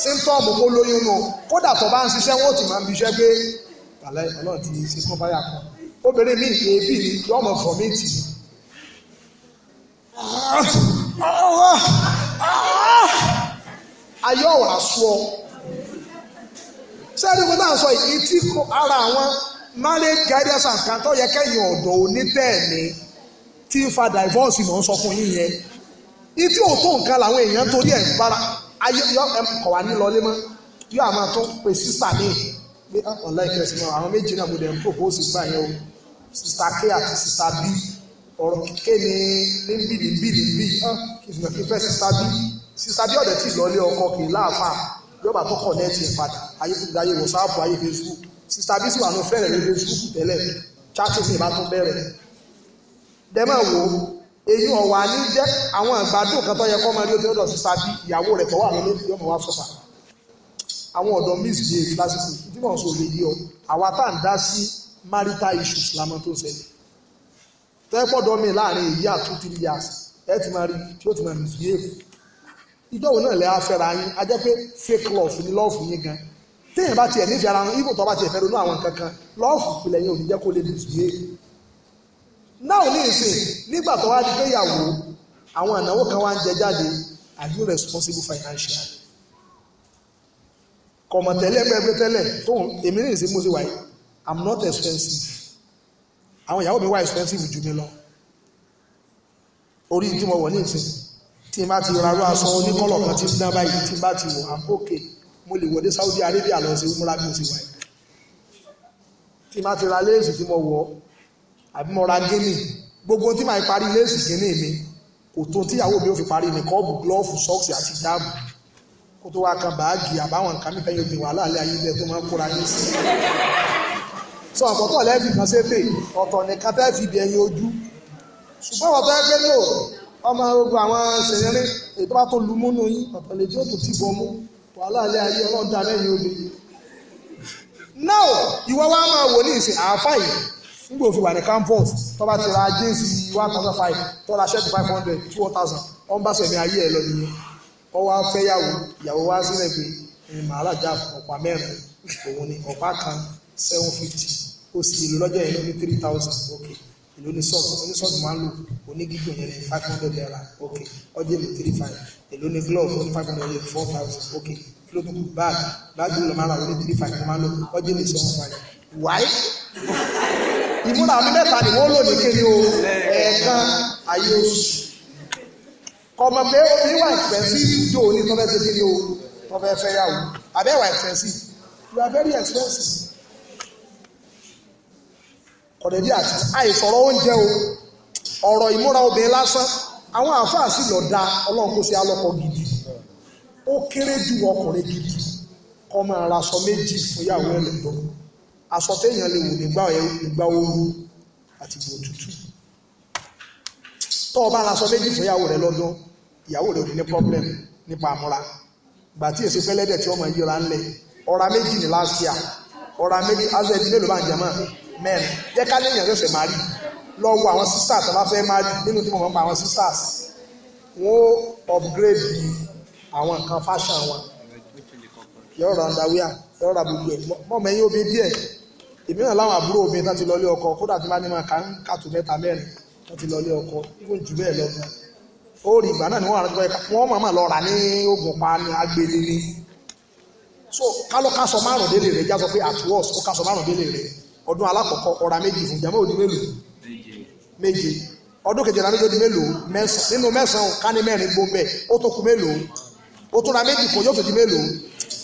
A: síntọ́ọ̀mù kó lóyún nù kódà tó bá ń ṣiṣẹ́ wọ́n ti máa ń biṣẹ́ pé àlẹ́ ọlọ́ọ̀tì ní ṣe fún báyà kan obìnrin mi èébì ni yọmọ fọmíìtì ni. ayé ọ̀rọ̀ aṣọ sẹ́ni mo náà sọ yìí tí ara àwọn marriage guidance and kanto yẹ kẹ́yìn ọ̀dọ́ onítẹ̀ẹ̀mí tí ń fa divorce mọ̀ ń sọ fún yín yẹn ìtí òótọ́ nǹkan làwọn èèyàn torí ẹ̀ ń bára ayé yọ kọ̀ wá ní lọlé mọ́ yọ àmọ́ tó pè sísà mi pé ọ̀la ìkẹsì náà àwọn méjì náà mo dẹ̀ ń propose gbà yẹn o sísà k àti sísà b ọ̀rọ̀ kéke ni ní bìrì bìrì bì kí n fẹ́ sísà b sísà b ọ̀dẹ̀ tí lọlé ọkọ kì í láàfà yọba tó kọ̀ nẹ́ẹ̀tì ẹ̀ padà ayé ayé wọ̀sáàpù ayé Facebook sísà b sì wà ní fẹ́rẹ̀ ní Facebook tẹ́lẹ̀ chatting ní ìbátan bẹ̀rẹ̀ dẹ́mọ̀ wo èyí ọ̀wà ní jẹ́ àwọn ìgbádùn kan tó yẹ kọ́ máa rí ọdún ọdọ̀ sísá bí ìyàwó rẹ̀ tó wà lọ́lọ́ ìdí ọmọ wa sọ́fà àwọn ọ̀dọ́ miss james lásìkò tí wọ́n sọ lè yí ọ àwa tá à ń dá sí marital issues lamọ́ tó ń ṣẹlẹ̀ tẹ́pọ̀dọ́ mi láàrin èyí à two three years ẹ ti máa rí tí ó ti máa miss james ìjọ́wò náà lẹ́ afẹ́ra yín a jẹ́ pé fake love ni love yín gan téèyàn bá tiẹ̀ nífẹ̀ẹ́ ara wọn ibò tó bá tiẹ̀ fẹ́ ronú àwọn kankan love ìpìlẹ̀ yẹn ò ní jẹ́ kó lè miss james náà ní ìsìn nígbà tó wá di pé ìyàwó àwọn ànáwó kan wá ń jẹ jáde are you responsible financially kọ̀mọ̀tẹ́lẹ̀ pẹ́ẹ́pẹ́tẹ́lẹ̀ tó èmi ní ìsìn mo ti wáyé i'm not expensive àwọn ìyàwó mi wá expensive jù mí lọ orí tí mo wọ̀ ní ìsìn tí n bá ti rárá aṣọ oníkọ́lọ̀ kan tí ń dán báyìí tí n bá ti wọ̀ i'm okay mo lè wọlé Saudi Arabia lọ sí umrah bí o ti wáyé tí n bá ti ra léèsì tí mo wọ̀ àbí mo ra géèmì gbogbo tí màá parí léèsì kìíní mi kò tó tíyàwó mi ò fi parí ní kọ́ọ̀bù glọ́ọ̀fù sọ́ọ̀sì àti dáàbù kó tó wá kan báàgì àbáwọn nǹkan mi tẹ́yìn obìnrin wà láàlẹ́ ayé bẹ́ẹ̀ tó máa ń kóra yín sí i sọ ọ̀pọ̀tọ̀ lẹ́ẹ̀fì kan ṣépè ọ̀tọ̀ nìkan tẹ́ẹ̀ fi ibi ẹyin ojú ṣùgbọ́n ọ̀tọ̀ ẹgbẹ́ lò ọmọ ogun àwọn ṣèlérí ètò bá tó lu múnú yín ọ̀tọ̀ lè tí ó tó tì bọ́ mú wà láàlẹ́ ayé ọlọ́ọ̀dà lẹ́yìn obìnrin náà ìwọ wa máa wò ní ìsìn àáfà yìí nígbà òfin wà ní campus tó bá ti ra jeans one thousand five tó ra shirt five hundred two thousand wọ́n bá sẹ̀mí ayé ẹ̀ lọ nìyẹn wọ́n wá fẹ́yàwó ìyàwó wá sílẹ̀ pé ẹ̀yìn màálà já ọ̀pá mẹ́rin òun ni ọ̀pá kan seven fifty ó sì èlò lọ́jọ́ yẹn ní three thousand okay èlò ní sọ́ọ̀sì onísọ́ọ̀sì máa ń lò onígígùn yẹn ní five hundred naira okay ọjọ́ èlò three five èlò ní glove ní five hundred naira four thousand okay lóbi báàgì báàgì ló máa ń ra oní three five ló máa ń lò ọjọ́ èlò seven five why ìmúra mẹ́ta ni wọ́n lò ní kéde o ẹ̀ẹ̀kan ayé oṣù kọmọ pé obìnrin wà expensive jò ní tọ́fẹ́ ṣe kéde o tọ́fẹ́ fẹ́ yàwó abẹ́ wà expensive you are very expensive kọ̀dẹ̀dí àti àìsọ̀rọ̀ oúnjẹ o ọ̀rọ̀ ìmúra obìnrin lásán àwọn àáfàá sì lọ da ọlọ́run kó ṣe alọ́kọ̀ gidi ó kéré ju ọkùnrin gidi kọ́ máa raṣọ méjì fún yàwó ẹlẹ́dọ̀ọ́ aṣọ téèyàn lè wò nígbà ìgbà ooru àti ìgbà òtútù tó o bá laṣọ méjì fún ìyàwó rẹ lọ́dún ìyàwó rẹ ò ní ní problem nípa àmúra gbà tí èsì pẹ́lẹ́dẹ̀ tí ọmọ yíyọra ńlẹ̀ ọ̀ra méjì ní last year ọ̀ra méjì aṣọ ẹbí mélòó bá ń jẹmọ́ mẹ́rin jẹ́ ká léèyàn ṣẹ̀ṣẹ̀ máa rí lọ́wọ́ àwọn sisters tó bá fẹ́ máa rí nínú tí mo mọ̀ pa àwọn sisters wọ́n upgrade àwọn nǹkan fashion wọn yọ̀ọ̀ra underwear yọ̀ọ̀ra gbogbo ẹ̀ mọ̀mọ́ ẹ̀yìn obì díẹ̀ èmi náà láwọn àbúrò mi tán ti lọ lé ọkọ kódà tí máa ní máa kàn kàtó mẹ́ta mẹ́rin tán ti lọ lé ọkọ even jù bẹ́ẹ̀ lọ gan ó rí ìgbà náà ni wọ́n rà nípa wọ́n máa máa lọ rà ní oògùn pa ní agbèrè ni so kálọ́ kásọ márùn délé rẹ̀ já sọ pé at worst ó kásọ márùn délé rẹ̀ ọdún alákọ̀ọ́kọ́ ọ̀rà méjì fún ìjàmbá òdi mélòó méje ọdún kejìlá méjì òdi mélòó mẹ́sàn nínú mẹ́sàn ká ní mẹ́rin gbó bẹ́ẹ̀ ó tó kù mélòó ó tó ra méjì kò yóò tó di mélòó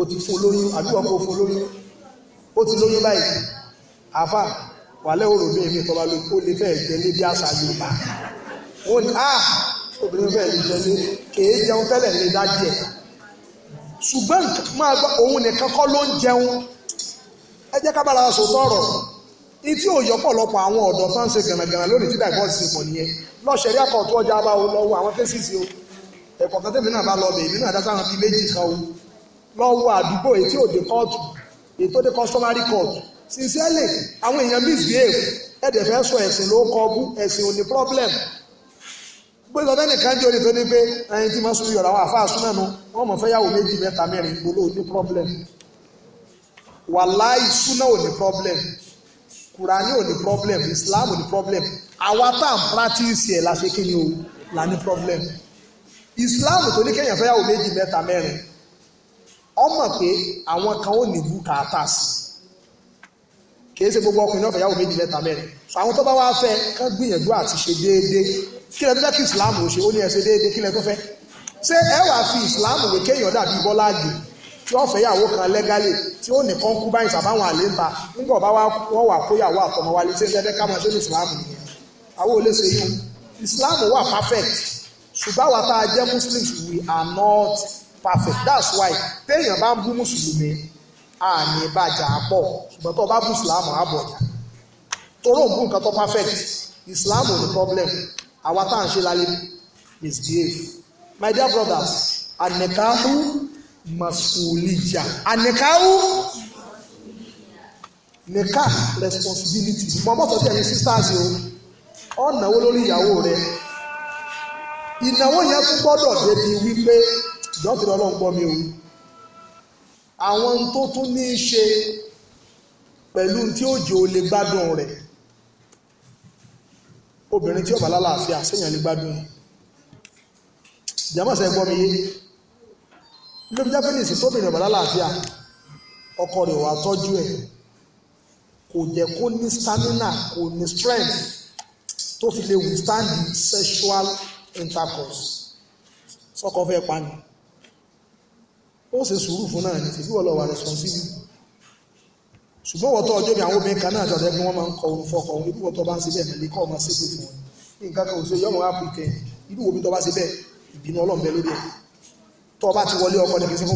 A: o ti fún olóyún àbí wọn kò fún olóyún ó ti lóyún báyìí àfà wàlẹ́ òrò bí èmi tọ́ba ló ó lè fẹ́ẹ́ jẹ ní bí àṣà Yorùbá ó ní à ah, obìnrin fẹ́ẹ́ lè jẹ ní kèé jẹun tẹ́lẹ̀ lè dá jẹ ṣùgbọ́n máa gbọ́ òun nìkan kọ́ ló ń jẹun ẹ jẹ́ ká bára sọ tọ̀rọ̀ etí òòyọ́ pọ̀lọpọ̀ àwọn ọ̀dọ́ tó ń ṣe gànàgànà lónìí tí dàgbọ́sì pọ̀ nìyẹn lọ́ọ̀ṣẹ̀rí àkọ́ọ̀tù ọjà bá lọ́wọ́ àwọn fésìsì o ẹ̀kọ́ kan tẹ̀mí náà bá lọ bẹ̀ èmi náà dá sáwọn bíi méjì kan o lọ́wọ́ àdúgbò èyí tí ò dé kóòtù èyí tó dé customary court sincerely àwọn èèyàn misbehave ẹ̀dẹ̀ fẹ́ sọ ẹ̀sìn ló kọ́ bú ẹ̀sìn ò ní problem gbé lọ bẹ́ẹ̀ nìkan jẹ́ orí tó ní pé ẹni tí wọ́n sún yọ̀rọ̀ àwọn àfáà sún mẹ́nu wọ́n mọ̀ fẹ́ yàwó méjì mẹ́ta mẹ́rin gbolo ní problem wàláì súná ò ní problem kùránì ò ní problem islam ò ní problem àwa tá à ń practice ẹ̀ la ni o là ní problem islam tó ní kéèyàn fẹ́ yàwó méjì mẹ́ta mẹ́rin ọmọ pé àwọn kan ó ní bùkátà sí i kì í ṣe gbogbo ọkùnrin náà fẹ́yàwó méjì mẹ́ta mẹ́rin so àwọn tó bá wá fẹ́ kán gbìyànjú àti ṣe déédéé kí lẹ tó fẹ́ kí islam ò ṣe ó ní ẹ ṣe déédéé kí lẹ tó fẹ́ ṣé ẹ wà fi islam wé kéèyàn dàbí bọ́lá àgbè tí wọ́n fẹ́yàwó kan lẹ́gálè tí ó ní concubines àbáwọn àléǹta nígbà ọba wọn wà kóyàwó àtọmọ wálé ṣé ṣẹ́fẹ́ ká máa ṣe ní islam nìyẹn àwọn ò lè ṣe yìí islam wà perfect ṣùgbọ́n àwa tá a jẹ́ muslims we are not perfect that's why téèyàn bá ń bú mùsùlùmí àmì ìbàjá pọ̀ ṣùgbọ́n tó o bá bú ìsìláàmù àbọ̀jà toró bú nǹkan tó perfect ìsìláàmù ni problem àwa tá à ń ṣe lálẹ́ misbehave my dear brothers anikahu masuliya anikahu nika responsibility mo bọ́ sọ sí ẹ̀yin sisters o ọ̀nàwó lórí ìyàwó rẹ ìnáwó yẹn gbọ́dọ̀ débi wípé dọ́tìrì ọlọ́run gbọ́ mi o àwọn tó tún ní í ṣe pẹ̀lú tí ó jẹ́ o lè gbádùn rẹ̀ obìnrin tí ó bá lálàáfíà séèyàn lè gbádùn rẹ̀ jàmọ́sẹ̀ gbọ́ mi yé lóbi jápẹ́nìsì tóbìnrin ọ̀bà lálàáfíà ọkọ rẹ̀ wà tọ́jú ẹ̀ kò jẹ́ kó ní stamina kò ní strength tó fi lè withstand sexual intercourse sọkọ fẹ́ pa ni ó se sùúrù fún náà ní tìbí wọ́n lọ wà responsible ṣùgbọ́n wọ́n tọ́ ọjọ́ bí àwọn obìnrin kan náà jọ dẹ́gbẹ́ wọ́n máa ń kọ ohun fọkọ ohun irú wọn tó bá ń ṣe bẹ́ẹ̀ mẹ́lẹ́ kọ́ ọmọ sípò fún ní nǹkan kan òṣèlú yọmọ wá pìtẹ́ irú omi tó bá ṣe bẹ́ẹ̀ ìbínú ọlọ́run lórí ẹ̀ tó o bá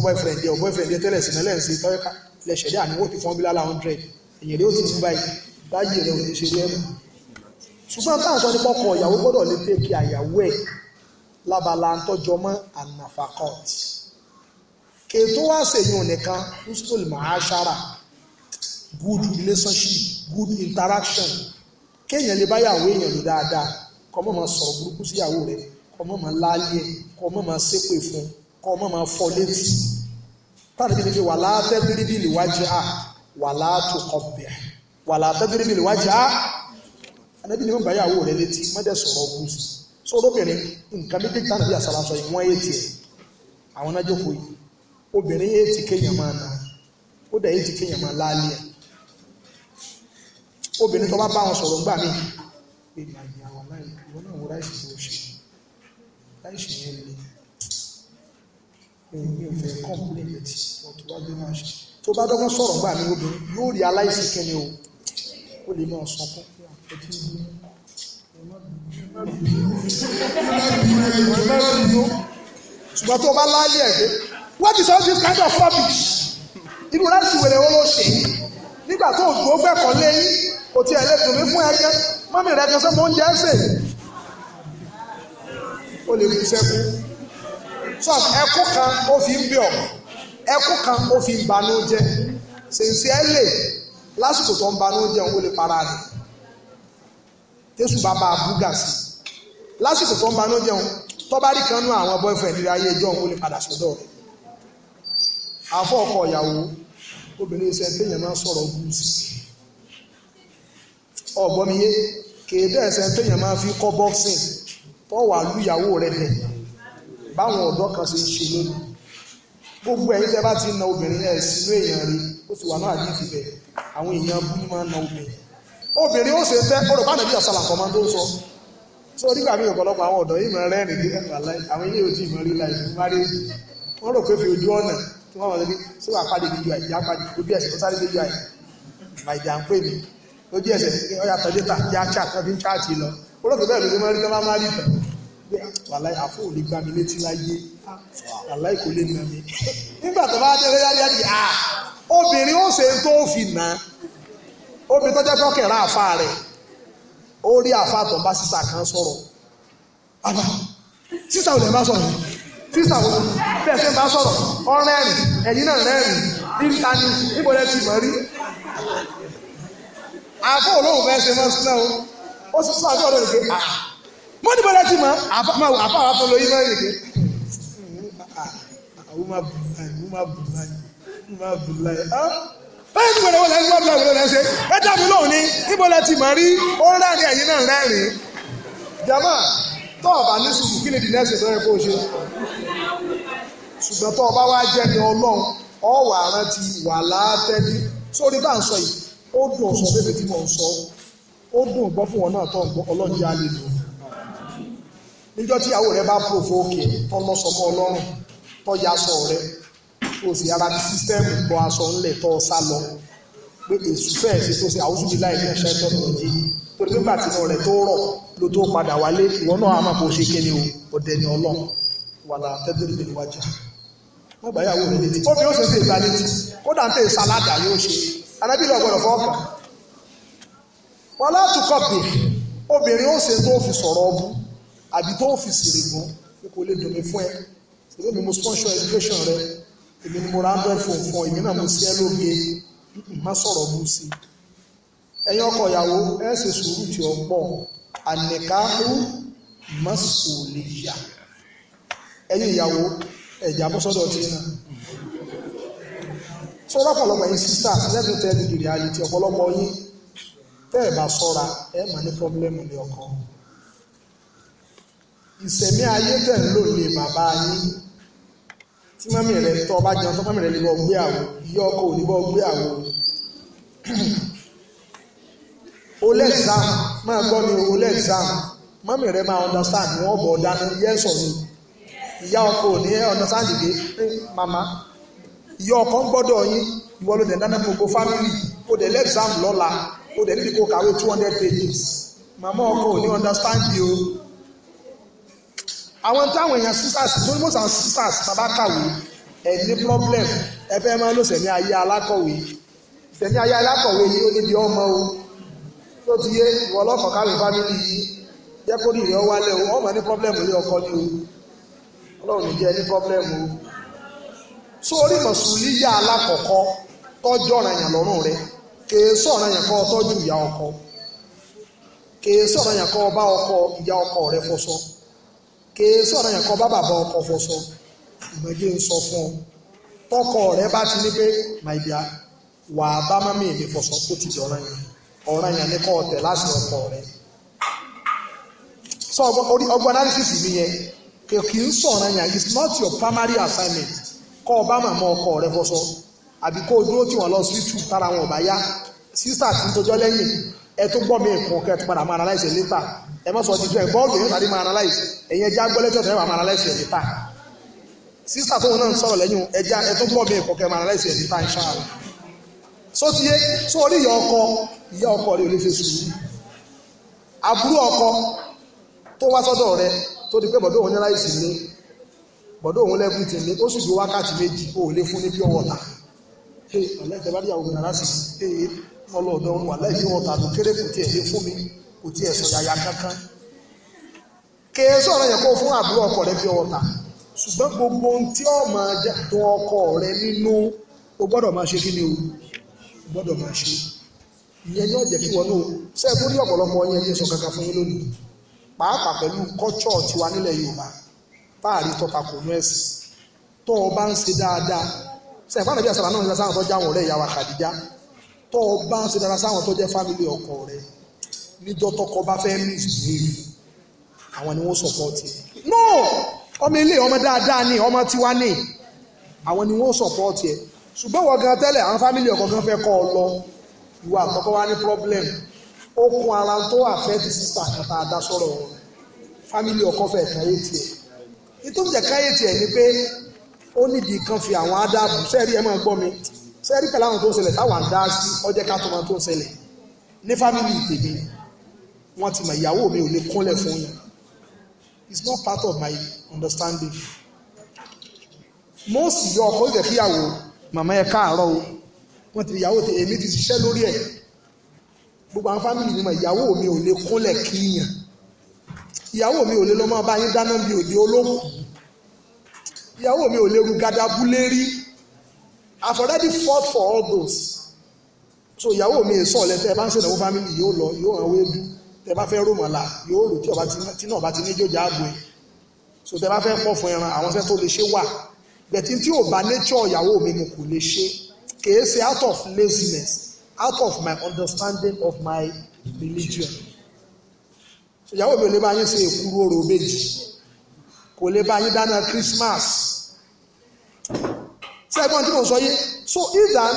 A: boyfriend yẹ boyfriend yẹ tẹ́lẹ̀ sínú ẹlẹ́sìn tọ́yọ́ká lẹ́sẹ̀ dé àníwò ti fún ọbí lálá hundred èyàn rẹ̀ ó ti fún báyìí láyé rẹ̀ ò ní ṣe rí ẹ̀mọ́ ṣùgbọ́n táà sọ ní pọ́kọ ìyàwó gbọ́dọ̀ lè tẹ́ ètò wá sèyìn nìkan husnul ma'ashara good relationship good interaction kéèyàn lè báyàwó èèyàn lò dáadáa kọ́ mọ́ máa sọ̀rọ̀ burúkú síyàwó rẹ̀ kọ́ mọ́ máa láálé ẹ̀ kọ́ mọ́ máa ṣépè fún kọ́ mọ́ máa fọ́ létí táàdé bíi ní wà látẹ́ bíríbí lìwájú à wà látò kọ̀bẹ̀ wà látẹ́ bíríbí lìwájú à ẹnẹ́bí ni wọ́n báyàwó rẹ̀ létí mọ́dẹ̀ sọ̀rọ̀ ọkùnrin sọ́dọ́bìnrin nǹkan méjèèjì táàdé bíi obìnrin yẹn ti kéèyàn máa nà ó dẹ̀ yẹn ti kéèyàn máa láàlẹ́ ẹ̀ obìnrin tó bá bá wọn sọ̀rọ̀ ńgbà mí pé màá yà wà ìwọ náà wọ láìsí tó ṣe láìsí yẹn lè mi ò fẹ́ kọ́ńpìlẹ̀tì ọ̀tún bá gbé máa ṣe tó bá dọ́gbọ́n sọ̀rọ̀ ńgbà mí obìnrin yóò rí aláìsí kẹ́ni o ó lè máa sọ fún pé àpótí ṣùgbọ́n tó bá láàlẹ́ ẹ̀ what is all this kind of rubbish irú láti wèrè wọn ló ṣe nígbà tó ògbó gbẹ̀kọ́ léyìn kò tiẹ̀ lẹ́tùn mí fún ẹgẹ́ mọ́mí rẹ̀ kan sọ́mọ́ oúnjẹ ẹ̀sẹ̀ ó lè kú sẹ́kù so ẹkú kan ó fi ń bẹ̀ ọ́ ẹkú kan ó fi ń banú jẹ́ sèǹsì ẹ̀ lè lásìkò tó ń banú jẹ́ òun ó lè para rẹ̀ tẹ́sù bá bá a bú gà sí lásìkò tó ń banú jẹ́ òun tọ́bárí kan nú àwọn boyfriend rí ayé ẹjọ́ òun ó lè padà sọ́dọ̀ rẹ̀ afọ ọkọ ìyàwó obìnrin ṣe téèyàn máa sọ̀rọ̀ gúúsì ọ̀gbọ́miyé kéde ẹ̀sẹ̀ téèyàn máa fi kọ́ boxing tọ́wà lúyàwó rẹ lẹ̀ báwọn ọ̀dọ́ kan ṣe ń ṣe lónìí gbogbo ẹ̀yin tẹ́ bá ti na obìnrin ẹ̀ sínú èèyàn rí ó ti wà náà àdí àwọn na obìnrin obìnrin ó ṣe máa tó sọ sọ nígbà míì ọ̀pọ̀lọpọ̀ àwọn ọ̀dọ́ rẹ́rìn-ín àwọn ilé ìmọ̀ rí láì fún rò pé tí wọ́n wọ́n lọ bí ṣé wàá pàdé bí ui yá pàdé ojú ẹsẹ̀ ó sáré bí ui my dear pé mi lójú ẹsẹ̀ ọ̀yà tọ́jú tà yá chat wọ́n fi ń chat lọ olóògbé bẹ́ẹ̀ ló ṣe máa rí tọ́lá máa rí tẹ̀ pé wàláì àfọ ò lè gbá mi létí láyé wàláì kò lè nà mí nígbà tó bá dé lórí adìyẹ à obìnrin ó ṣe tó fi nà obìnrin tó jẹ́ kọ́kẹ̀rẹ́ àfa rẹ̀ ó rí àfa tó ń bá sísà kan sọ̀rọ̀ àbá sísà ò lè má sọ̀rọ̀ sísà wo bẹ́ẹ̀ ṣe ń bá sọ̀rọ̀ ọ̀rẹ́rìn ẹ̀yin náà rẹ́rìn níta ni níbo lẹ ti mọ̀ rí. àfọ olóhùn fẹ́ ṣe mọ́ sílẹ̀ o ó sì sọ àfọ olóhùn pé mo níbo lẹ ti mọ̀ àfọ àwọn afọ olóyún náà yìí uma bulai uma bulai uma bulai ah báyìí níbo lẹ́wọ́ lẹ́sẹ̀ wọ́n bulai wọ́n lẹ́sẹ̀ ẹ dábìí lóhùn ní níbo lẹ ti mọ̀ rí ó ń rẹ́rìn ẹ̀yin náà rẹ́rìn jama tó o bá ní sùúrù kí ni the next ìtọ́jú kó o ṣe ṣùgbọ́n tó o bá wá jẹ́ ni ọlọ́run ọ wà rántí wà látẹ́bí sórí bá ń sọ yìí ó dùn sọ bébè tí mo ń sọ ó dùn gbọ́ fún wọn náà tó ń ọlọ́run jẹ́ alẹ́ lò níjọ́ tí ìyàwó rẹ bá pòfo òkè tọ́mọ sọmọ ọlọ́run tọ́jà sọ rẹ tó sì yára bí sísítẹ́ẹ̀mù bọ aṣọ ńlẹ̀ tọ́ ọ sá lọ pé èsù fẹ́ẹ̀ sí tó ṣe àwùjọ mi láì ẹ̀ṣẹ́ tọ́nà òní torí pé gbàtí náà rẹ̀ tó rọ̀ ló tó padà wálé ìwọ náà á máa bó ṣe kéde o ọ̀dẹ ni ọlọ́run wà láà tẹ́tẹ́rì lè wájà wọ́n gbà yàwó mi létí obìnrin ó ṣe ṣe ìgbà létí kódà ń tẹ̀ sàládà yóò ṣe anábìlì ọ̀gbọ̀dọ̀ fọ́ọ̀kà wọ́n látúkọ̀ pé obìnrin ó ṣe tó fi sọ̀rọ̀ ọbú àbí tó fi sìrìgbọ́ pé kò lè dùnmí fún ẹ èmi mo sponsor education rẹ èmi ni mo ra hundred phone fún ọ èmi náà mo ṣe é lóge má sọ̀rọ̀ mú sí ẹ̀yin ọkọ ìyàwó ẹ ṣe sùúrù tí ó pọ̀ ànìkáhù mọ́sùlìyà ẹ̀yin ìyàwó ẹ̀jà bọ́sọ́dọ̀ tí náà tó lọ́pọ̀lọpọ̀ yín sísá lẹ́dùn tẹ́ ẹ̀dùn ìrìn àlè tí ọ̀pọ̀lọpọ̀ yín tẹ́ ẹ̀ bá sọ́ra ẹ̀ mà ní pọ́blẹ́mù ní ọkọ ìsẹ̀mí ayé tẹ̀ ń lò lè bàbá yín tí mọ́mí rẹ̀ tọ́ bá jẹun tó mọ́mí rẹ̀ lè bọ́ gbé àwò ìyá ọkọ ò ní bọ́ gbé àwò ole exam maa gbọ́ mi exam rẹ maa understand ni wọ́n bọ̀ ọ̀dà yẹ́ sọ̀rọ̀ ìyá ọkọ ò ní understand gé mama ìyá ọkọ ń gbọ́dọ̀ yín ìwọ ló dẹ̀ dáná gbogbo family o dẹ̀ lé exam lọ́la o dẹ̀ níbi kó kàwé two hundred pages mama ọkọ ò understand o àwọn táwọn èèyàn sisters tóní sisters bàbá kàwé problem ẹ fẹ́ máa ayé alákọ̀wé ìsẹ̀mí ayé alákọ̀wé yìí ó níbi ọmọ o tó ti yé ìwọ ọlọ́kọ̀ káwé fámìlì yìí jẹ́ kó nìyẹn wálẹ̀ o ọmọ ní pọ́blẹ́mù ilé ọkọ ni o ọlọ́run jẹ́ ní pọ́blẹ́mù o so orí alákọ̀ọ́kọ́ tọ́jú ọ̀ràn yàn lọ́rùn rẹ kèé yàn kọ́ tọ́jú ọkọ kèé sọ̀ràn yàn kọ́ bá ọkọ ìyá ọkọ rẹ fọṣọ kèé sọ̀ràn yàn kọ́ ọkọ fọṣọ ń sọ ọ tọkọ rẹ bá ti ní pé wà á bá mọ́mí mi fọ̀sọ̀ tó ti di ọ̀ràn yẹn ọ̀ràn yẹn ni láti ọkọ rẹ̀ so ori analysis mi yẹn kì í sọ̀ràn yẹn it's not your primary assignment kọ́ ọ bá màmá ọkọ rẹ̀ fọ̀sọ̀ àbí kó o dúró tí lọ sí tù tára wọn bá yá sísà tí lẹ́yìn ẹ tó gbọ́ mi nǹkan kẹ́ ẹ tó padà ti ẹ so ti yé so orí ìyá ọkọ ìyá ọkọ rẹ ò lè fi sùúrù àbúrò ọkọ tó wá sọ́dọ̀ rẹ tó di pé bọ̀dọ̀ òun ní láìsí ilé bọ̀dọ̀ òun lẹ́bù tẹ̀lé ó sì ju wákàtí méjì ó lè fún ní pure water ṣe ọ̀lẹ́tẹ̀ bá díyàwó mi rárá sí ṣe é ọlọ́ọ̀dọ́ wà láì pure water tó kéré kò tiẹ̀ lé fún mi kò tiẹ̀ sọ yàyà kankan kèé sọ̀rọ̀ yẹn kó fún àbúrò ọkọ rẹ pure water ṣùgbọ́n gbogbo ohun tí ọmọ tó ọkọ rẹ nínú o gbọ́dọ̀ máa ṣe kí ni o gbọ́dọ̀ máa ṣe ìyẹn ní ọ̀jẹ̀ kí wọn náà ṣe é torí ọ̀pọ̀lọpọ̀ yẹn yé sọ kankan fún yín lónìí pàápàá pẹ̀lú kọ́tsọ̀ tiwa nílẹ̀ Yorùbá táàrí tọ́ta kò ní ẹ̀sìn tó o bá ń ṣe dáadáa ṣe ìpàdé bí àṣàlà náà ń sáwọn tó já ọ̀rẹ́ ìyá wa Kàdíjá tó o bá ń ṣe dáadáa sáwọn tó jẹ́ fámìlì ọkọ rẹ níjọ́ tọkọ bá fẹ́ misbehave àwọn ni wọ́n sọ̀pọ̀tì no ọmọ ilé ọmọ ni ọmọ tiwa ni ni wọ́n sọ̀pọ̀tì ṣùgbọ́n wọ́n gan tẹ́lẹ̀ àwọn fámìlì ọkọ gan fẹ́ kọ́ ọ lọ ìwà àkọ́kọ́ wa ní problem ó ara tó wà fẹ́ ti sísà kàtà àdá wọn fámìlì ọkọ fẹ́ káyé tiẹ̀ nítorí jẹ́ káyé ni pé ó nídìí kan fi àwọn adáàbò sẹ́ẹ̀rí ẹ̀ máa gbọ́ mi sẹ́ẹ̀rí pẹ̀lú àwọn tó ń ṣẹlẹ̀ táwọn àdá sí ọjẹ́ ká tó ń ṣẹlẹ̀ ní fámìlì ìtèmi wọ́n ti mọ̀ ìyàwó mi ò lè kúnlẹ̀ fún yín it's not part of my understanding most ìyá ọkọ ìjẹ́kíyàwó màmá ẹ káàárọ̀ o wọ́n ti ìyàwó ti èmi ti ṣiṣẹ́ lórí ẹ̀ gbogbo àwọn fámìlì mi mọ̀ ìyàwó mi ò lè kúnlẹ̀ kíyàn ìyàwó mi ò lè lọ́mọ bá yín dáná bí òde olóhùn ìyàwó mi ò lè ru gadabu lérí I've already fought for all those so ìyàwó mi èso ọ̀lẹ́ tẹ́ ẹ bá ń ṣèlérò fámìlì yóò lọ yóò hàn wéédú tẹ́ ẹ bá fẹ́ rọmọlà yóò rò tí náà bá ti ní jòjà ààbò ẹ̀ so tẹ́ ẹ bá fẹ́ pọ̀ fún ẹran àwọn sẹ́ tó lè ṣe wà bẹ̀tí tí ò bá nature ìyàwó mi mo kò lè ṣe kìí ṣe out of laziness out of my understanding of my religion ìyàwó mi ò lè bá yín ṣe èkuru orò méjì kò lè bá yín dáná Christmas sẹ́gbọ́n tí mo sọ yé so either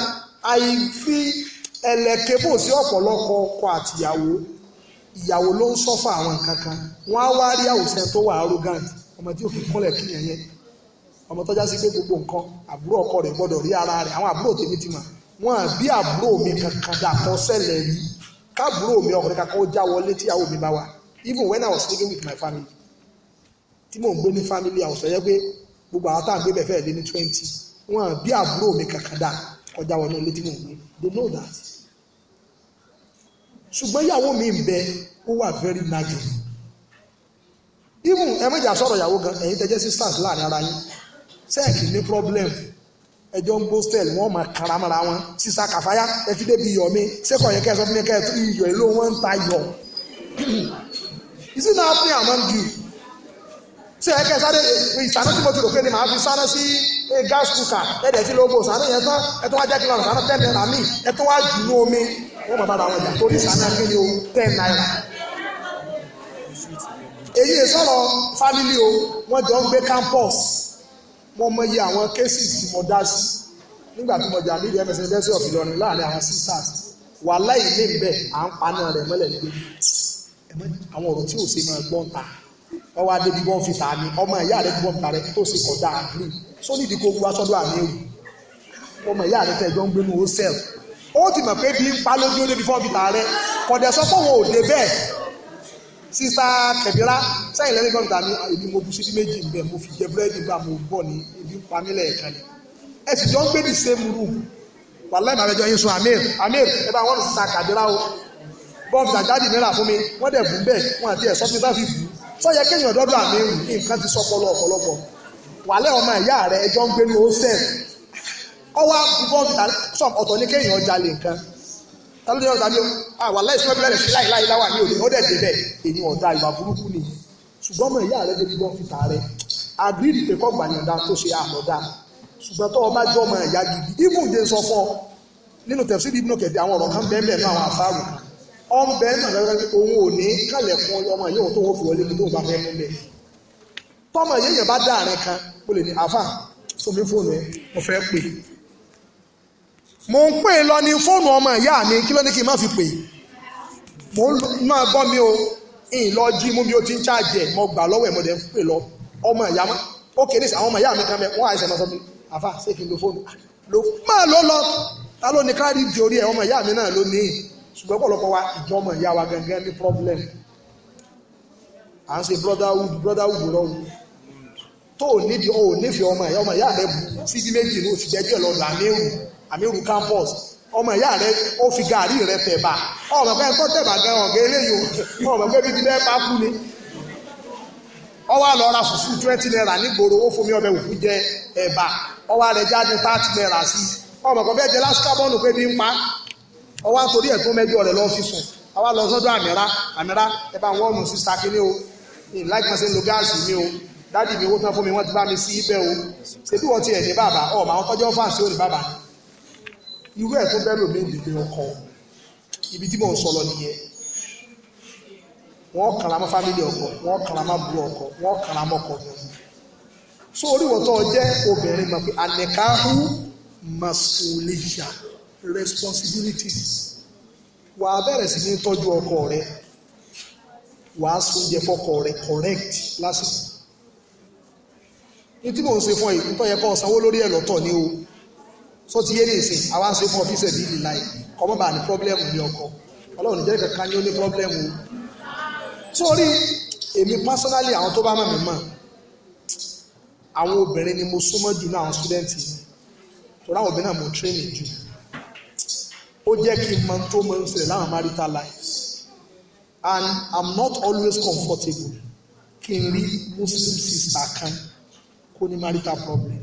A: àìfi ẹlẹ́kẹ́ bò sí ọ̀pọ̀lọpọ̀ ọkọ àtìyàwó ìyàwó ló ń sọ́fà àwọn kankan wọ́n á wá rí àwòsàn tó wà arrogant ọmọ tí òfin kí yẹn yẹn ọmọ tọ́já sí pé gbogbo nǹkan àbúrò ọkọ rẹ̀ gbọ́dọ̀ rí ara rẹ̀ àwọn àbúrò tèmi ti mọ̀ wọn àbí àbúrò mi kankan dàtọ̀ sẹ́lẹ̀ rí káàbúrò mi ọkùnrin kankan ó já wọlé tíyàwó mi bá wà even when I was living with my family tí mò ń gbé ní family house ọ̀yẹ́ pé gbogbo àwọn tá à ń gbé bẹ̀ fẹ́ẹ̀ lé ní twenty wọn àbí àbúrò mi kankan dà kọjá wọnú ilé tí mò ń gbé they know that ṣùgbọ́n ìyàwó mi ń bẹ ó wà very nagging even ẹ méjì àsọ̀rọ̀ ìyàwó gan ẹ̀yin tẹ́jẹ́ sisters láàrin ara yín sẹ́ẹ̀kì ní problem ẹjọ́ ń gbóstẹ̀lì wọ́n máa kara mara wọn sísá kàfáyà ẹ ti débi iyọ̀ mi sẹ́kọ̀ yẹ kẹ́sọ́ fún mi kẹ́ẹ̀tọ́ iyọ̀ èlò wọn ń ta iyọ̀ ìsìn náà pín àmọ́ jù sí ẹ̀kẹ́ sáré ìṣáná tí mo ti rò pé ni màá fi sáná sí eh, gas cooker ẹ̀dẹ̀ tí lóògùn sáná yẹn tán ẹ̀ tó wá jẹ́ kí lọ́rùn sáná ten naira míì ẹ̀ tó wá jù ní omi wọ́n bàbá ra àwọn ìjà tó ní sáná kí ni o ten naira èyí sọ̀rọ̀ fámílì o wọ́n jọ ń gbé campus mo mọyì àwọn kéésì tí mo dá sí nígbà tí mo jà ní ìdí ms university of Ìlọrin láàrin àwọn sisters wàhálà ìlé ńbẹ à ń paná rẹ mọ́lẹ̀ nígbè àwọn ọ̀rọ̀ tí ò ṣe máa gbọ́n ta wọ́n wá débi wọ́n fi tà ní ọmọ ìyá rẹ̀ gbọ́n ta rẹ̀ tó ṣe kọjá àgbè sónídìí kó wá sọ́dọ̀ àmì ewu ọmọ ìyá rẹ̀ tẹ̀ jọ ń gbénu hostel ó ti mọ̀ pé bí ń pa lójú ó débi fọ́ọ̀fì tà rẹ̀ kọ̀dẹ̀ sọ pé òun bẹ́ẹ̀ sísá kẹbíra sẹ́yìn lẹ́yìn gbọ́dọ̀ tàbí èmi mo bu síbi méjì nbẹ mo fi jẹ búrẹ́dì gbà mo bọ̀ ní ibi pamílẹ̀ ẹ̀kan ni ẹ sì jọ ń gbé the same room wàhálà ìmọ̀ àbẹjọ yín sun amir amir ẹ bá wọn sísá kẹbíra o bọ́ọ̀mù tàjáde mìíràn fún mi wọ́n dẹ̀ bù ń bẹ̀ wọn àti ẹ̀ sọ́fin bá fi bù ú sọ́yẹ kéèyàn dọ́dọ̀ àmì nǹkan ti sọpọlọ ọ̀pọ̀lọpọ̀ wàhálà ọmọ ìyá rẹ ẹjọ́ ń gbé ní hostel ọwọ́ àbúkọ́ ọ̀tọ̀ ní kéèyàn jalè nǹkan tálódé ọ̀dà ni àwa láì sọ́ọ́ bẹ̀rẹ̀ sí láìláì láwà ní òde ó dẹ̀ dé bẹ̀ èyí ọ̀dà ìwà burúkú ni ṣùgbọ́n mọ̀ ìyá rẹ̀ débi gbọ́n fi tà rẹ̀ àgbìrì pé kọ́ gbàyànjá tó ṣe àmọ̀dá ṣùgbọ́n tó ọba jọ́ ọmọ ìyá gidi ibùn jẹ́ sọ fún ọ nínú tẹ̀sí ibùn kẹ̀dẹ̀ àwọn ọ̀rọ̀ kan bẹ́ẹ̀ bẹ́ẹ̀ náà àwọn àfáàrù ọ̀n bẹ́ẹ̀ náà òun ò ní kálẹ̀ fún ọmọ yóò tó wọ́n fi wọlé tó bá fẹ́ mú bẹ́ẹ̀ tọ́mọ yẹn yẹn bá dá àárín kan ó lè ní àfà sómi fóònù ẹ mo fẹ́ pè mo ń pè lọ ní fóònù ọmọ ìyá mi kí ló ní kí n má fi pè mo máa gbọ́ mi o ìlọ jí mú mi ó ti ń ṣáàjì ẹ̀ mo gbà lọ́wọ́ ẹ̀ mo dẹ̀ ń pè lọ ọmọ ìyá mọ́ ó kéré sí àwọn ọmọ ìyá mi kan mẹ́ wọ́n àìsàn máa sọ mi àfà ṣé kí n lo fóònù ah, lo máa ló lọ ta ló ní káàdì di orí ẹ̀ ọmọ ìyá mi náà ló ní ṣùgbọ́n ọ̀pọ̀lọpọ̀ wa ìjọ ọmọ ìyá wa gangan ní problem à ń ṣe brotherhood brotherhood rọrùn tó ò nídìí ò nífẹ̀ẹ́ ọmọ ìyá ọmọ ìyá rẹ bu síbi méjì ní òsì jẹ́jọ́ lọ làmírù àmírù campus ọmọ ìyá rẹ ó fi gàárì rẹ tẹ̀bà ọmọ pé tó tẹ̀bà gan ọ̀gá eléyìí ọmọ pé bíbí bẹ́ẹ̀ bá kú ni ọwọ́ àlọ́ ra fùfú twenty naira nígboro ó fún mi ọbẹ̀ òfú jẹ ẹ̀bà ọwọ́ rẹ jáde thirty naira sí ọmọ kan fẹ́ẹ́ jẹ lásìkò bọ́ọ̀nù pé bí ń pa ọwọ́ àtòrí ẹ̀ tó mẹ́jọ rẹ̀ lọ́ọ́ fi sùn àwa lọ sọ́dọ̀ àmìrá àmìrá ẹ bá wọ́ọ̀nù sísá kínní o ní láìpẹ́ sí lo gáàsì mi o dádì mi owó tán fún mi wọ́n ti bá mi sí ibẹ̀ o ṣètò wọ́n ti ẹ̀ ní bàbá ọ̀ màá tọ́jú ọ́fà sí òní bàbá ni irú ẹ̀ tó bẹ́ẹ̀ lòmí ìdílé ọkọ ibi tí mò ń sọ lọ nìyẹn wọ́n kàrà mọ́ fámìlì ọkọ wọ́n kàrà mọ́ àbúrò ọkọ wọ́n kàrà mọ́ ọkọ mi so oríwọ̀tọ́ jẹ́ obìnrin mọ̀ pé àlẹ́káhù masuliya responsibilities wà á bẹ̀rẹ̀ sí ní tọ́jú ọkọ rẹ wà á sóúnjẹ fọkọ rẹ correct lásìkò ní tí mò ń ṣe fún ẹ̀ nítorí ẹ̀kọ́ sanwó lórí ẹ̀ lọ́tọ̀ ni o so ti yé ní ìsìn àwa ń ṣe fún ọfíìsì bíi ìlà yìí kọ́mọ́ bá ní pọ́blẹ́mù ní ọkọ ọlọ́run ìjẹ́ kankan ní ó ní pọ́blẹ́mù sórí èmi personally àwọn tó bá mọ̀ mí mọ̀ àwọn obìnrin ni mo súnmọ́ jù náà àwọn student yìí torí àwọn obìnrin náà mo train jù ó jẹ́ kí n mọ tó mọ ń ṣẹlẹ̀ láwọn marital life, and i'm not always comfortable kí n rí muslim sister kan kó ní marital problem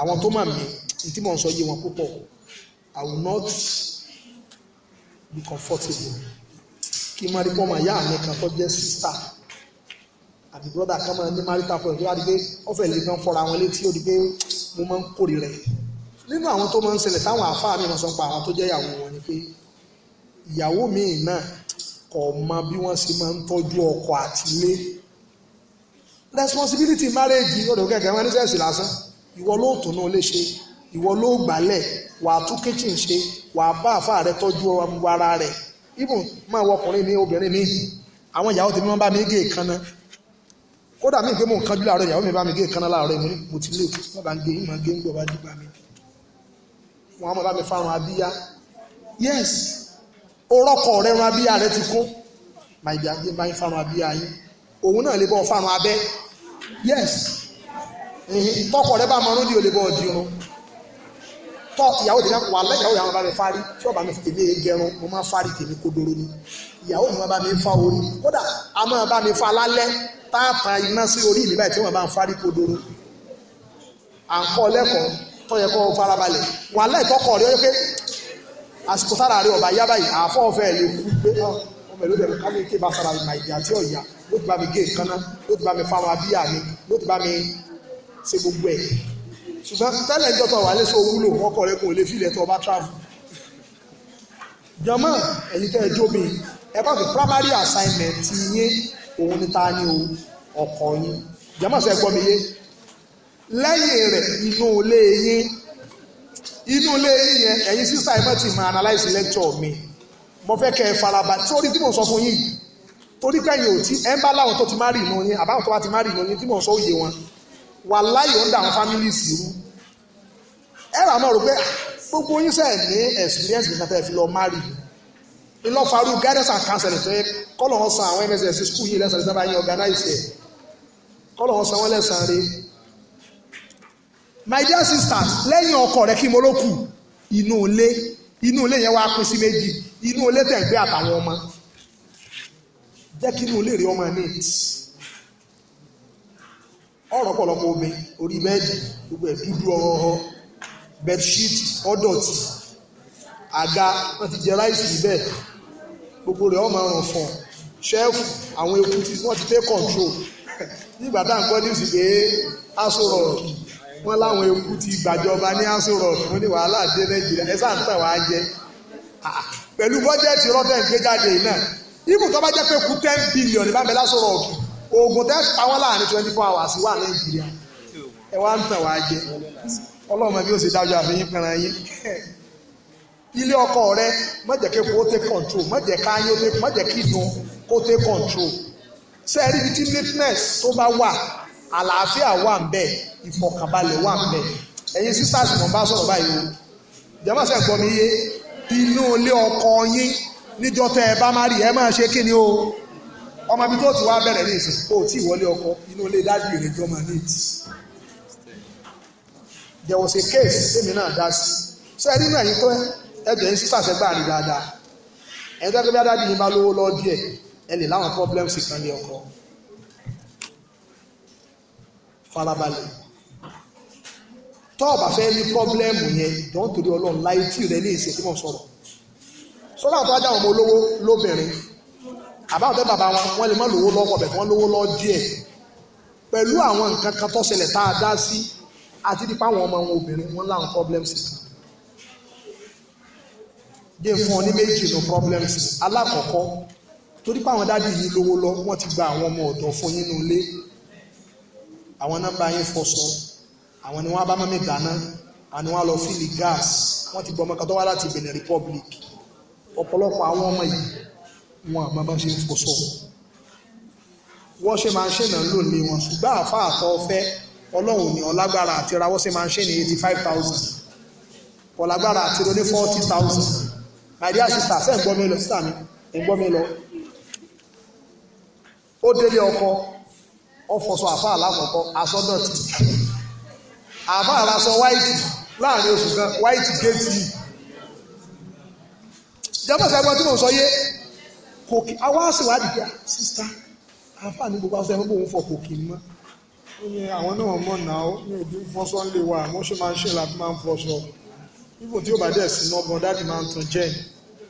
A: àwọn tó mọ̀ mí ntí mò ń sọ yé wọn púpọ̀ I will not be comfortable kí n máa rí pọ́nmọ́ ìyá mi kan tó jẹ́ sísá àbí brọ́dà kan máa ní marital problem tó wá di pé ọ̀fẹ́ lè gan fọra wọn létí ó di pé mo máa ń kórìíra ẹ̀ nínú àwọn tó máa ń ṣẹlẹ̀ táwọn àáfàá mi máa sọ pa àwọn tó jẹ́ ìyàwó wọn ni pé ìyàwó míì náà kò mọ bí wọ́n ṣe máa ń tọ́jú ọkọ àtìlé responsibility marriage ọ̀dọ̀ kẹ̀kẹ́ wọn ní sẹ́ẹ̀sì lásán ìwọ lóòótọ́ náà lè ṣe ìwọ ló gbálẹ̀ wà á tún kitchen ṣe wà á bá àfa rẹ tọ́jú ara rẹ̀ even máa wọ ọkùnrin mi obìnrin mi àwọn ìyàwó tèmi máa bá mi gé èékánná kódà mí pé mò ń kánjú láàárọ̀ ìyàwó mi bá mi gé èékánná láàárọ̀ ìmúlẹ̀ mo ti lè wọ́n bá ń gé ìmọ̀ gé ń gbọ́ bá dé bá mi wọ́n á máa bá mi fárun abíyá yes orọ́kọ̀ rẹ̀ run abíyá rẹ̀ ti kún máa ìgbà gbé máa ń fárun abíyá yín òun náà lè bọ́ fárun abẹ́ yes tọkọ̀ rẹ̀ bá mọ ọdún di olè bọ́ ọdún tọ́ ìyàwó tèmi wà lẹ́ ìyàwó yàrá bá mi fárí tí ọba mi tèmi yé gẹrun mo máa fárí tèmi kodoro ni ìyàwó mi máa bá mi fa orí kódà a máa bá mi fa lálẹ́ táàpà iná sí orí mi báyìí tí wọ́n bá ń fárí kodoro à ń kọ́ lẹ́kọ̀ọ́ tó yẹ kó farabalẹ̀ wà lẹ́ ìtọ́kọ̀ rẹ pé àsìkò sára rẹ ọba yá báyìí àfọ́ ọ̀fẹ́ lè kú pé ah, ọmọ ìlú dẹ̀rù ká ní ké bá fara mi màìdí àti ọ̀yà ló ti bá mi gé ìkànnà ló ti bá mi fáwọn ṣùgbọ́n tẹ́lẹ̀ ìjọ tó wà lé so wúlò ọkọ̀ rẹ kò lè fi ilẹ̀ tó bá travel. jọmọ ẹ̀yin tẹ́ ẹ jóbi ẹ bá fi primary assignment yín òun ni ta ni o ọkọ yín jọmọ sẹ gbọ́ mi yé lẹ́yìn rẹ̀ inú ilé yín inú ilé yín yẹn ẹ̀yin sísá ẹ̀ mọ́ máa analyse lecture mi mo fẹ́ kẹ́ ẹ faraba sórí tí mo sọ fún yín torí pé ẹ̀yin ò tí ẹ̀ ń bá láwọn tó ti má rí inú yín àbáwọn tó bá ti má rí inú yín tí mo sọ òye wọn wà láyé ó ń dà àwọn fámìlì sí irú ẹ rà mọ́ rò pé ah, gbogbo yín sẹ́ẹ̀ ní experience nìkan tẹ́ fi lọ márì ìlọ́farú guidance and counseling tó kọ́lọ̀ wọn san àwọn mss school yìí lẹ́sàn-án sábà yín organize ẹ̀ kọ́lọ̀ wọn san wọn lẹ́sàn-án rẹ̀ my dear sisters lẹ́yìn ọkọ rẹ kí mo ló kù inú ilé inú ilé yẹn wá pín sí méjì inú ilé tẹ̀ ń gbé àtàwọn ọmọ jẹ́ kí inú ilé rí ọmọ neat ọ̀rọ̀ pọ̀lọpọ̀ omi orí bẹ́ẹ̀dì gbogbo ẹ̀ dúdú ọ̀họ́ bedsheet ọ̀dọ̀tì àga wọ́n ti jẹ ráìsì níbẹ̀ gbogbo rẹ̀ ọmọ ọ̀ràn fún ṣẹ́ẹ̀fù àwọn eku tí wọ́n ti take control nígbà tá à ń kọ́ ní ìsìnkè aṣọ rọ̀rọ̀ wọ́n láwọn eku ti gbàjọba ní aṣọ rọ̀rọ̀ wọ́n ní wàhálà dé nàìjíríà ẹ sáà ń tàn wá jẹ ah, pẹ̀lú bọ́jẹ́ẹ̀tì rọ́tẹ̀ ń gbé jáde yìí náà ibùdó bá jẹ́ pé kú ten billion bá bẹ lásọ̀rọ̀ ọ̀gbìn oògùn tẹ́ àwọn láàrin twenty four hours wà nàìjíríà ẹ wá ń tàn wá jẹ ọlọ́mọ bí ó ṣe dájọ́ àfihàn fẹ́ràn yín ilé ọkọ rẹ má jẹ́ kí control má jẹ́ ká yín ó take má jẹ́ kó take control ṣe é rí ibi tí neatness tó bá wà àlàáfíà wà ń bẹ ìfọ̀kànbalẹ̀ wà ń bẹ ẹ̀yin sisters mọ̀ bá sọ̀rọ̀ báyìí o jẹ́mọ̀ sẹ́ gbọ́ mi yé inú ilé ọkọ yín níjọ́ tẹ́ ẹ bá má rí ẹ máa ṣe kí o ọmọ ibi tó ti wá bẹ̀rẹ̀ ní ìsìn kó o tí ìwọlé ọkọ inú ilé dájú rẹ̀ jọ máa ní ìtì there was a case èmi náà dá sí ṣé ẹni náà yìí pé ẹgbẹ́ ń sísàṣẹ́ gbà ní dáadáa ẹni tó gbé dájú yìí bá lówó lọ díẹ̀ ẹ lè láwọn problems kan lé ọkọ farabalẹ̀ tọ́ọ̀bà fẹ́ ní problem yẹn ìdánwò torí ọlọ́run láì tí rẹ̀ ní ìsìn tí mo sọ̀rọ̀ sọ́dọ̀ àtọ́jà àwọn ọmọ olówó lóbìnrin àbáwọn bẹ́ẹ̀ bàbá wọn wọ́n lè má lówó lọ́wọ́ bẹ̀ wọ́n lówó lọ́ díẹ̀ pẹ̀lú àwọn nǹkan kan tó ṣẹlẹ̀ tá a dá sí àti nípa àwọn ọmọ wọn obìnrin wọn láwọn problems dé fún ọ ní méjì no problems alákọ̀ọ́kọ́ torí pé àwọn dádì yìí lówó lọ wọ́n ti gba àwọn ọmọ ọ̀dọ̀ fún yín nínú ilé àwọn nọ́mbà yín fọṣọ àwọn ni wọ́n bá mọ́mí dáná àwọn ni wọ́n lọ fílì gáàsì wọ́n ti gbọ́ ọmọ kan tó wá láti Benin Republic ọ̀pọ̀lọpọ̀ àwọn ọmọ yìí wọn àmọ́ bá ṣe ń fọṣọ wọ́n ṣe máa ń ṣènà lò lé wọn ṣùgbọ́n àfa àtọ́ fẹ́ ọlọ́run ní ọlágbára àti ra wọ́n ṣe máa ń ṣe ní eighty five thousand ọlágbára àti ro forty thousand my dear sister ṣe ń gbọ́ mi lọ sister mi ń gbọ́ mi lọ ó délé ọkọ ó fọṣọ àfa àlákọ̀ọ́kọ́ aṣọ dọ̀tí àfa àlàsọ wáìtì láàrin oṣù kan wáìtì géètì yìí jẹ́pọ̀ sẹ́gbọ́n tí mo sọ yé kòkì àwa ṣèwádìí pé sísá àǹfààní gbogbo aṣọ ẹ̀fọ́ òun fọ kòkì mọ́ ó ní àwọn náà mọ̀ náà ó ní ìdí fọ́sọ́ ńlẹ̀ wa àmọ́ ṣe máa ń ṣe làbí máa ń fọṣọ ibò tí ó bá dẹ̀ sí náà gan dáàdì máa ń tan jẹ́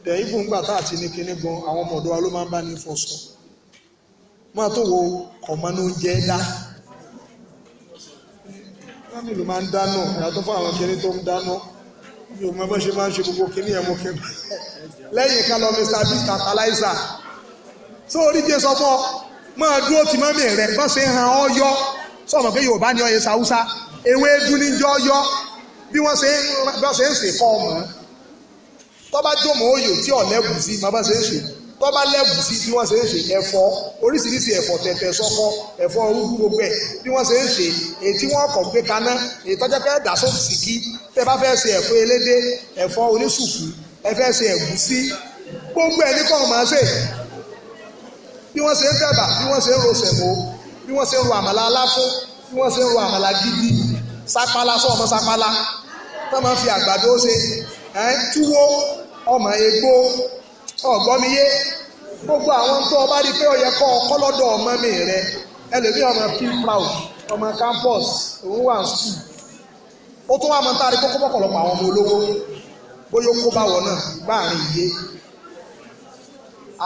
A: tẹ̀ ibò ńgbà tá àti ní kinní gan àwọn ọmọ ọ̀dọ́ wa ló máa ń bá ní fọṣọ máa tó wo kọ̀mọ́ ní oúnjẹ dá lámì máa ń dáná ìyàtọ̀ fún àwọn kinní tó ń dáná mi ò mọ bó ṣe máa ń ṣe gbogbo kíní ẹ̀ mú kí n lẹ́yìn ká lọ Mr Beast fertilizer so oríje sọ fún ọ máa dúró tì mọ́mì rẹ̀ bọ́n ṣe hàn ọ́ yọ sọ̀rọ̀ pé Yorùbá ni ọyẹ sàwúsá ewé dúníjọ́ yọ bí wọ́n ṣe ń ṣe fọ́ ọmọ tọ́ bá jọmọ́ òyò tí ọ̀lẹ́gùn sí máa bá ṣe ń ṣe tọ́ba lẹ́bù sí bí wọ́n ṣe ń ṣe ẹ̀fọ́ oríṣiríṣi ẹ̀fọ́ tẹ̀tẹ̀ sọ́kọ́ ẹ̀fọ́ orúkú gbogbo ẹ̀ bí wọ́n ṣe ń ṣe èyí tí wọ́n kọ̀ gbé kaná èyí tọ́jọ́ pé ẹ̀dá sóòtù sí kí tẹ́ bá fẹ́ ṣe ẹ̀fọ́ elédè ẹ̀fọ́ oníṣùkú ẹ fẹ́ ṣe ẹ̀gúsí gbogbo ẹ̀ ní kọ́ máa ṣe bí wọ́n ṣe ń tẹ̀bà bí wọ́n ṣe ń ro sẹ̀mó bí wọ́n ṣe ń ro àmàlà aláfún bí wọ́n ṣe ń ro àmàlà gidi sápálá sọ ọmọ sápálá tó máa fi àgbàdo ṣe túwó ọmọ egbò ọ̀gbọ́miyé gbogbo àwọn tó ọba rí pé ó yẹ kọ́ ọkọ́ lọ́dọ̀ ọmọ mi rẹ ẹlòmíì ọmọ feel proud ọmọ campus òun wà sùn ó tún wà mọ́ tá a rí kókó pọ̀pọ̀lọpọ̀ àwọn ọmọ olówó bóyá ó kó bá wọ náà gbáàrin iye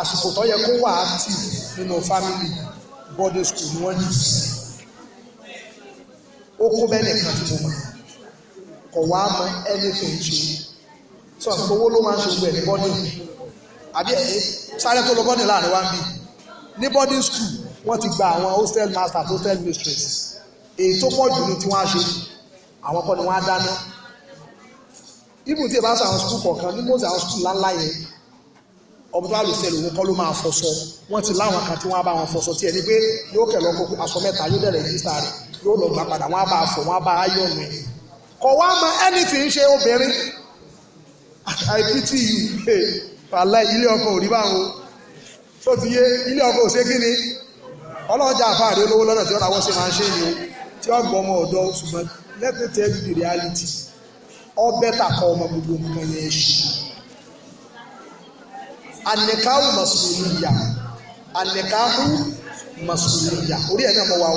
A: àsìkò tó yẹ kó wà active nínú family body school ni wọ́n ní ó kó bẹ́ẹ̀ nìkan tó mọ̀ kọ̀ wá mọ anything ṣe sọ àpò owó ló máa ń ṣe gbogbo ẹ̀ ní bọ́dì yìí àbí sáré tó lọ bọ́ọ̀dì láàrin wa ń bì ní boarding school wọ́n ti gba àwọn hostel master hostel mistress èyí tó pọ̀ jù ní tí wọ́n á ṣe àwọn kọ́ ni wọ́n á dáná ibùdó tí ẹ bá sọ àwọn skul kọ̀ọ̀kan ní mọ́tò àwọn skul láńlá yẹn ọbútọ́ àlùsẹ̀lù òun kọ́ ló máa fọṣọ wọ́n ti láwọn kan tí wọ́n á bá wọn fọṣọ tí ẹni pé yóò kẹ̀ lọ́kọ́ aṣọ mẹ́ta yóò dẹ̀rẹ̀ rẹ́gísítà rẹ̀ yóò lọ gbà padà wọ́n á bá a fọ wọ́n á bá a yọ̀nù ẹ̀. kọ̀ wá mọ anything ṣe obìnrin I pity you Hey. wàhálà ilé ọkọ òrí rí báwọn tó ti ilé ọkọ òsè kí ni ọlọ́jà àfáàrí olówó lọ́nà tí wọ́n rawọ́ sí máa ṣe ni o tí ó gbọ́ ọmọ ọ̀dọ́ ṣùgbọ́n let me tell reality ọ bẹ́tà ọmọ gbogbo nǹkan yẹn orí ẹ̀ náà mọ̀ wá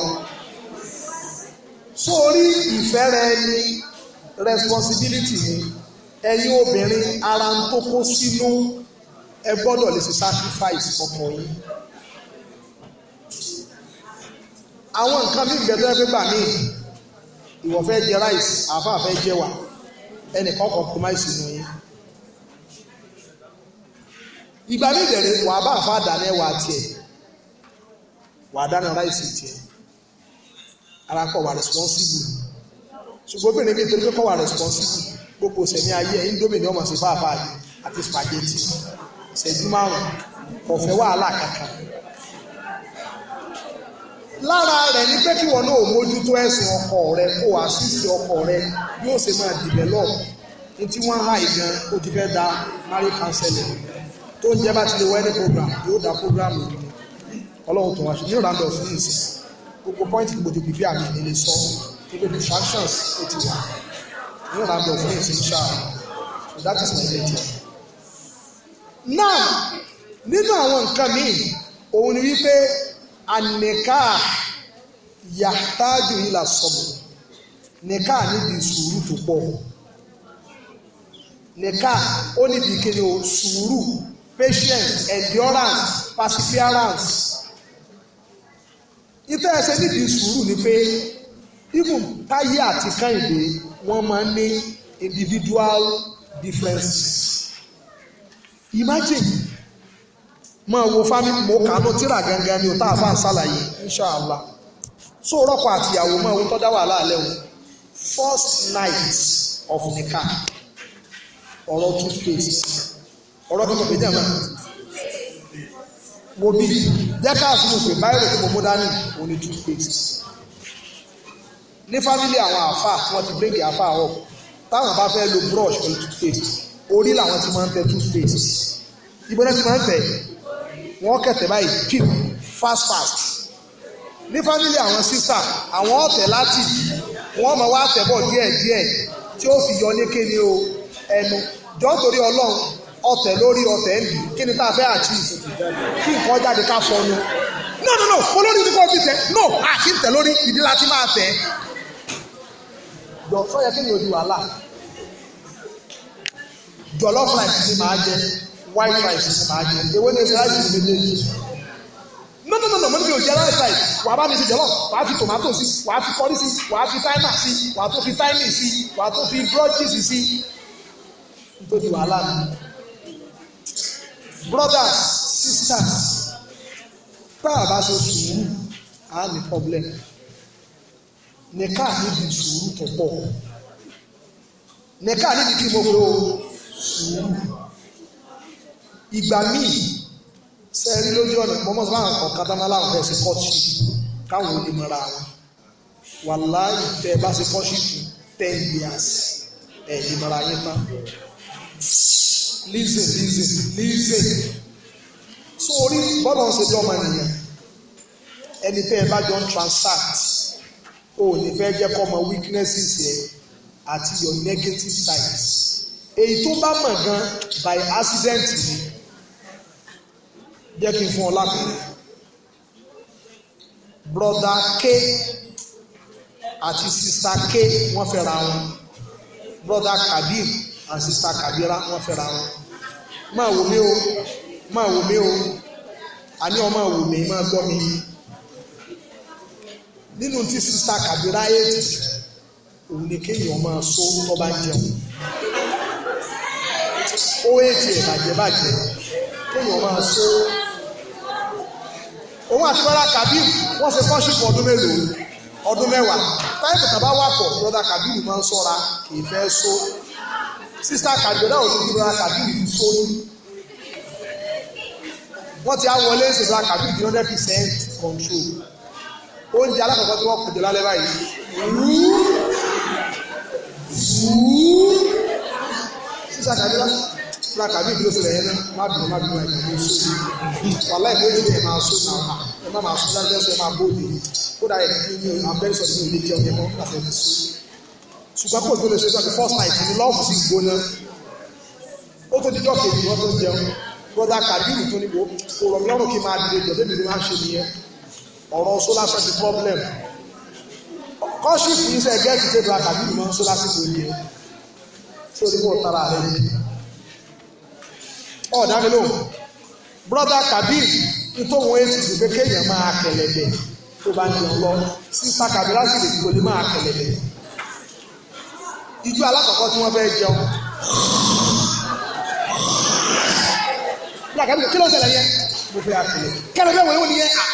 A: sórí ìfẹ́ rẹ ni responsibility ni ẹ̀yin obìnrin ara ń ẹ gbọ́dọ̀ lè ṣe sacrifice ọkọ yín àwọn nǹkan bí ìgbẹ́ tó yẹ pé gbà míì ìwọ fẹ́ jẹ rice àáfàá fẹ́ jẹ wà ẹnìkan compromise nù yín ìgbà míì dẹ̀ rẹ̀ wàá bá àáfàá dáná ẹwà tiẹ̀ wàá dáná rice tiẹ̀ ara kọ̀ wà responsible ṣùgbọ́n obìnrin bíi torí pé kọ̀ wà responsible gbogbo sẹ̀mí ayé ẹ̀ ń dómìnì ọmọ sí fáfáà yìí àti spaghetti ìṣẹ́jú márùn-ún kò fẹ́ wàhálà kankan. lára rẹ̀ ní pé kí wọn náà mójútó ẹ̀sìn ọkọ rẹ kó àṣìṣe ọkọ rẹ yóò ṣe máa develop ní tí wọ́n ń hà ìgan ó ti fẹ́ da marriage counseling tó ń jẹ́ bá ti lè wẹ́ẹ́dẹ́ program yóò da program yìí ọlọ́run tó wá ṣe ní ìrànlọ́ òfin ìsìn gbogbo point gbogbo ti pípé àmì ìdílé sọ gbogbo distractions ó ti wà ní ìrànlọ́ òfin ìsìn ṣáà so that is my lecture náà nínú àwọn nǹkan míì òun ni wípé ànìká yàtájú ìlà sọ̀bù nìká níbi sùúrù tó pọ̀ nìká ó níbi kíni o sùúrù patience endurance perseverance ìtọ́ ẹsẹ̀ níbi sùúrù ni pé even táyé àti kẹ́hìndé wọ́n máa ń ní individual differences imagine máa wo family mo kà á ló tíra gangan ni o tá a fà ń ṣàlàyé inshàlá so rọ́pò àtìyàwó máa wo tó dá wàhálà alẹ́ o first night of nika ọ̀rọ̀ toothpaste ọ̀rọ̀ kọ́kọ́ pé jẹ́mọ́ wo bí jẹ́ káàfin òpè báyọ̀ tí mo mú dání òun ni toothpaste ní family àwọn àfà wọn ti bírèkì àfà ọ̀ táwọn bá fẹ́ lo brush pẹ̀lú toothpaste orí làwọn ti máa ń tẹ toothpaste ibo náà ti máa ń tẹ wọ́n kẹ̀tẹ̀ báyìí pim fast fast ní fámìlì àwọn sísà àwọn ọ̀tẹ̀ láti wọ́n máa wá tẹ̀bọ̀ díẹ̀ díẹ̀ tí ó fi yọ ní kéde o ẹnu jọ́n torí ọlọ́run ọ̀tẹ̀ lórí ọ̀tẹ̀ ń bì kí ni tá a fẹ́ achieve kí nǹkan jáde ká fọnu no no no olórí ní kò fi tẹ no àti tẹ lórí ìdí láti máa tẹ jọ sọ yẹ kí ni odi wàhálà jollof rice ni màá jẹ white rice ni màá jẹ ewé ní ẹsẹ rice ni méjèèjì no no no no mo ní mi ò jẹ rice rice wà á bá mi ṣe jollof wà á fi tomato sí wà á fi curry sí wà á fi thyme sí wà á tó fi thyme sí wà á tó fi brochure sí nítorí wàhálà mi brothers sisters tá a bá ṣe sùúrù á ní problem nìkan níbi sùúrù tó pọ̀ nìkan níbi kí mo gbé o ìgbà míì ṣe rí lójú ọ̀nà mọ́mọ́ sáà ọ̀kan dáná láwọn fẹ́ ṣe kọ́ọ̀tù káwọn onímọ̀ra wọn wàláì tẹ bá ṣe kọ́ṣípù ten years ẹ̀ ìmọ̀ra yín tán líze líze líze sórí bọ́lá ọ̀sẹ̀ bí ọmọ ènìyàn ẹni tẹ́ ẹ bá jọ ń transact o ò ní fẹ́ jẹ́ kọ́ ọmọ weaknesses yẹn àti your negative sides èyí tó bá mọ̀ gan by accident ni jẹ́ kí n fún ọ lápẹ̀rẹ̀ broda k àti sista k wọ́n fẹ́ra wọn broda kabir and sista kabira wọ́n fẹ́ra wọn máa wò mí o máa wò mí o àní ọmọ wò mí máa gbọ́ mi nínú tí sista kabira yé ti òun ni kéèyàn máa so tó bá jẹun ó èjì ẹ̀ bàjẹ́bàjẹ́ kéèyàn máa sọ òun àti brother kabir wọ́n ṣe fọ́ṣípù ọdún mélòó ọdún mẹ́wàá táìpù tàbá wà pọ̀ brother kabir máa ń sọ́ra kì í fẹ́ sọ sista kabir náà ò ní brother kabir sọ ní wọ́n ti á wọlé ṣe brother kabir one hundred percent control oúnjẹ alákọ̀ọ́kọ́ tí wọ́n kùjọ lálẹ́ báyìí wúú wúú sista kabir náà fúra kàbí ìdílé sílẹ̀ yẹn má dùn má dùn ẹ̀ka ló sọ wàhálà ìwé yìí ẹ̀ máa sọ náà ẹ̀ má máa sọ dáadáa sọ ẹ̀ máa bó de kó dà ẹ̀ka ní abẹ́rẹ́sọ̀ ní ilé jẹun láti ẹ̀mí sọ ṣùgbọ́n kó tó lè sọ sọ́kì first night ní lọ́ọ̀fù sí gbóná ó tó dídọ́ kejì wọ́n tó jẹun brother Kabiru tó níbo kò rọ̀ mí lọ́rùn kí máa dìde jọ débi máa ń problem kọ́ṣíìpù yìí sẹ́ gẹ́gì tẹ́lẹ̀ Kabiru máa ń solar sun lórí tara rẹ̀ nìyẹn ọ̀dà mi brother kabir ìtòhun ètùtù pé kéèyàn máa kẹlẹ̀bẹ̀ tó bá ní ọlọ́ sister kabir láti lè kò ní máa kẹlẹ̀bẹ̀ ìjọ alákọ̀ọ́kọ́ tí wọ́n fẹ́ jẹun lákàbí kí ló ṣẹlẹ̀ yẹn mo fẹ́ àkẹlẹ̀ kẹlẹ̀bẹ̀ wọ̀ ẹ̀wọ̀n nìyẹn ah,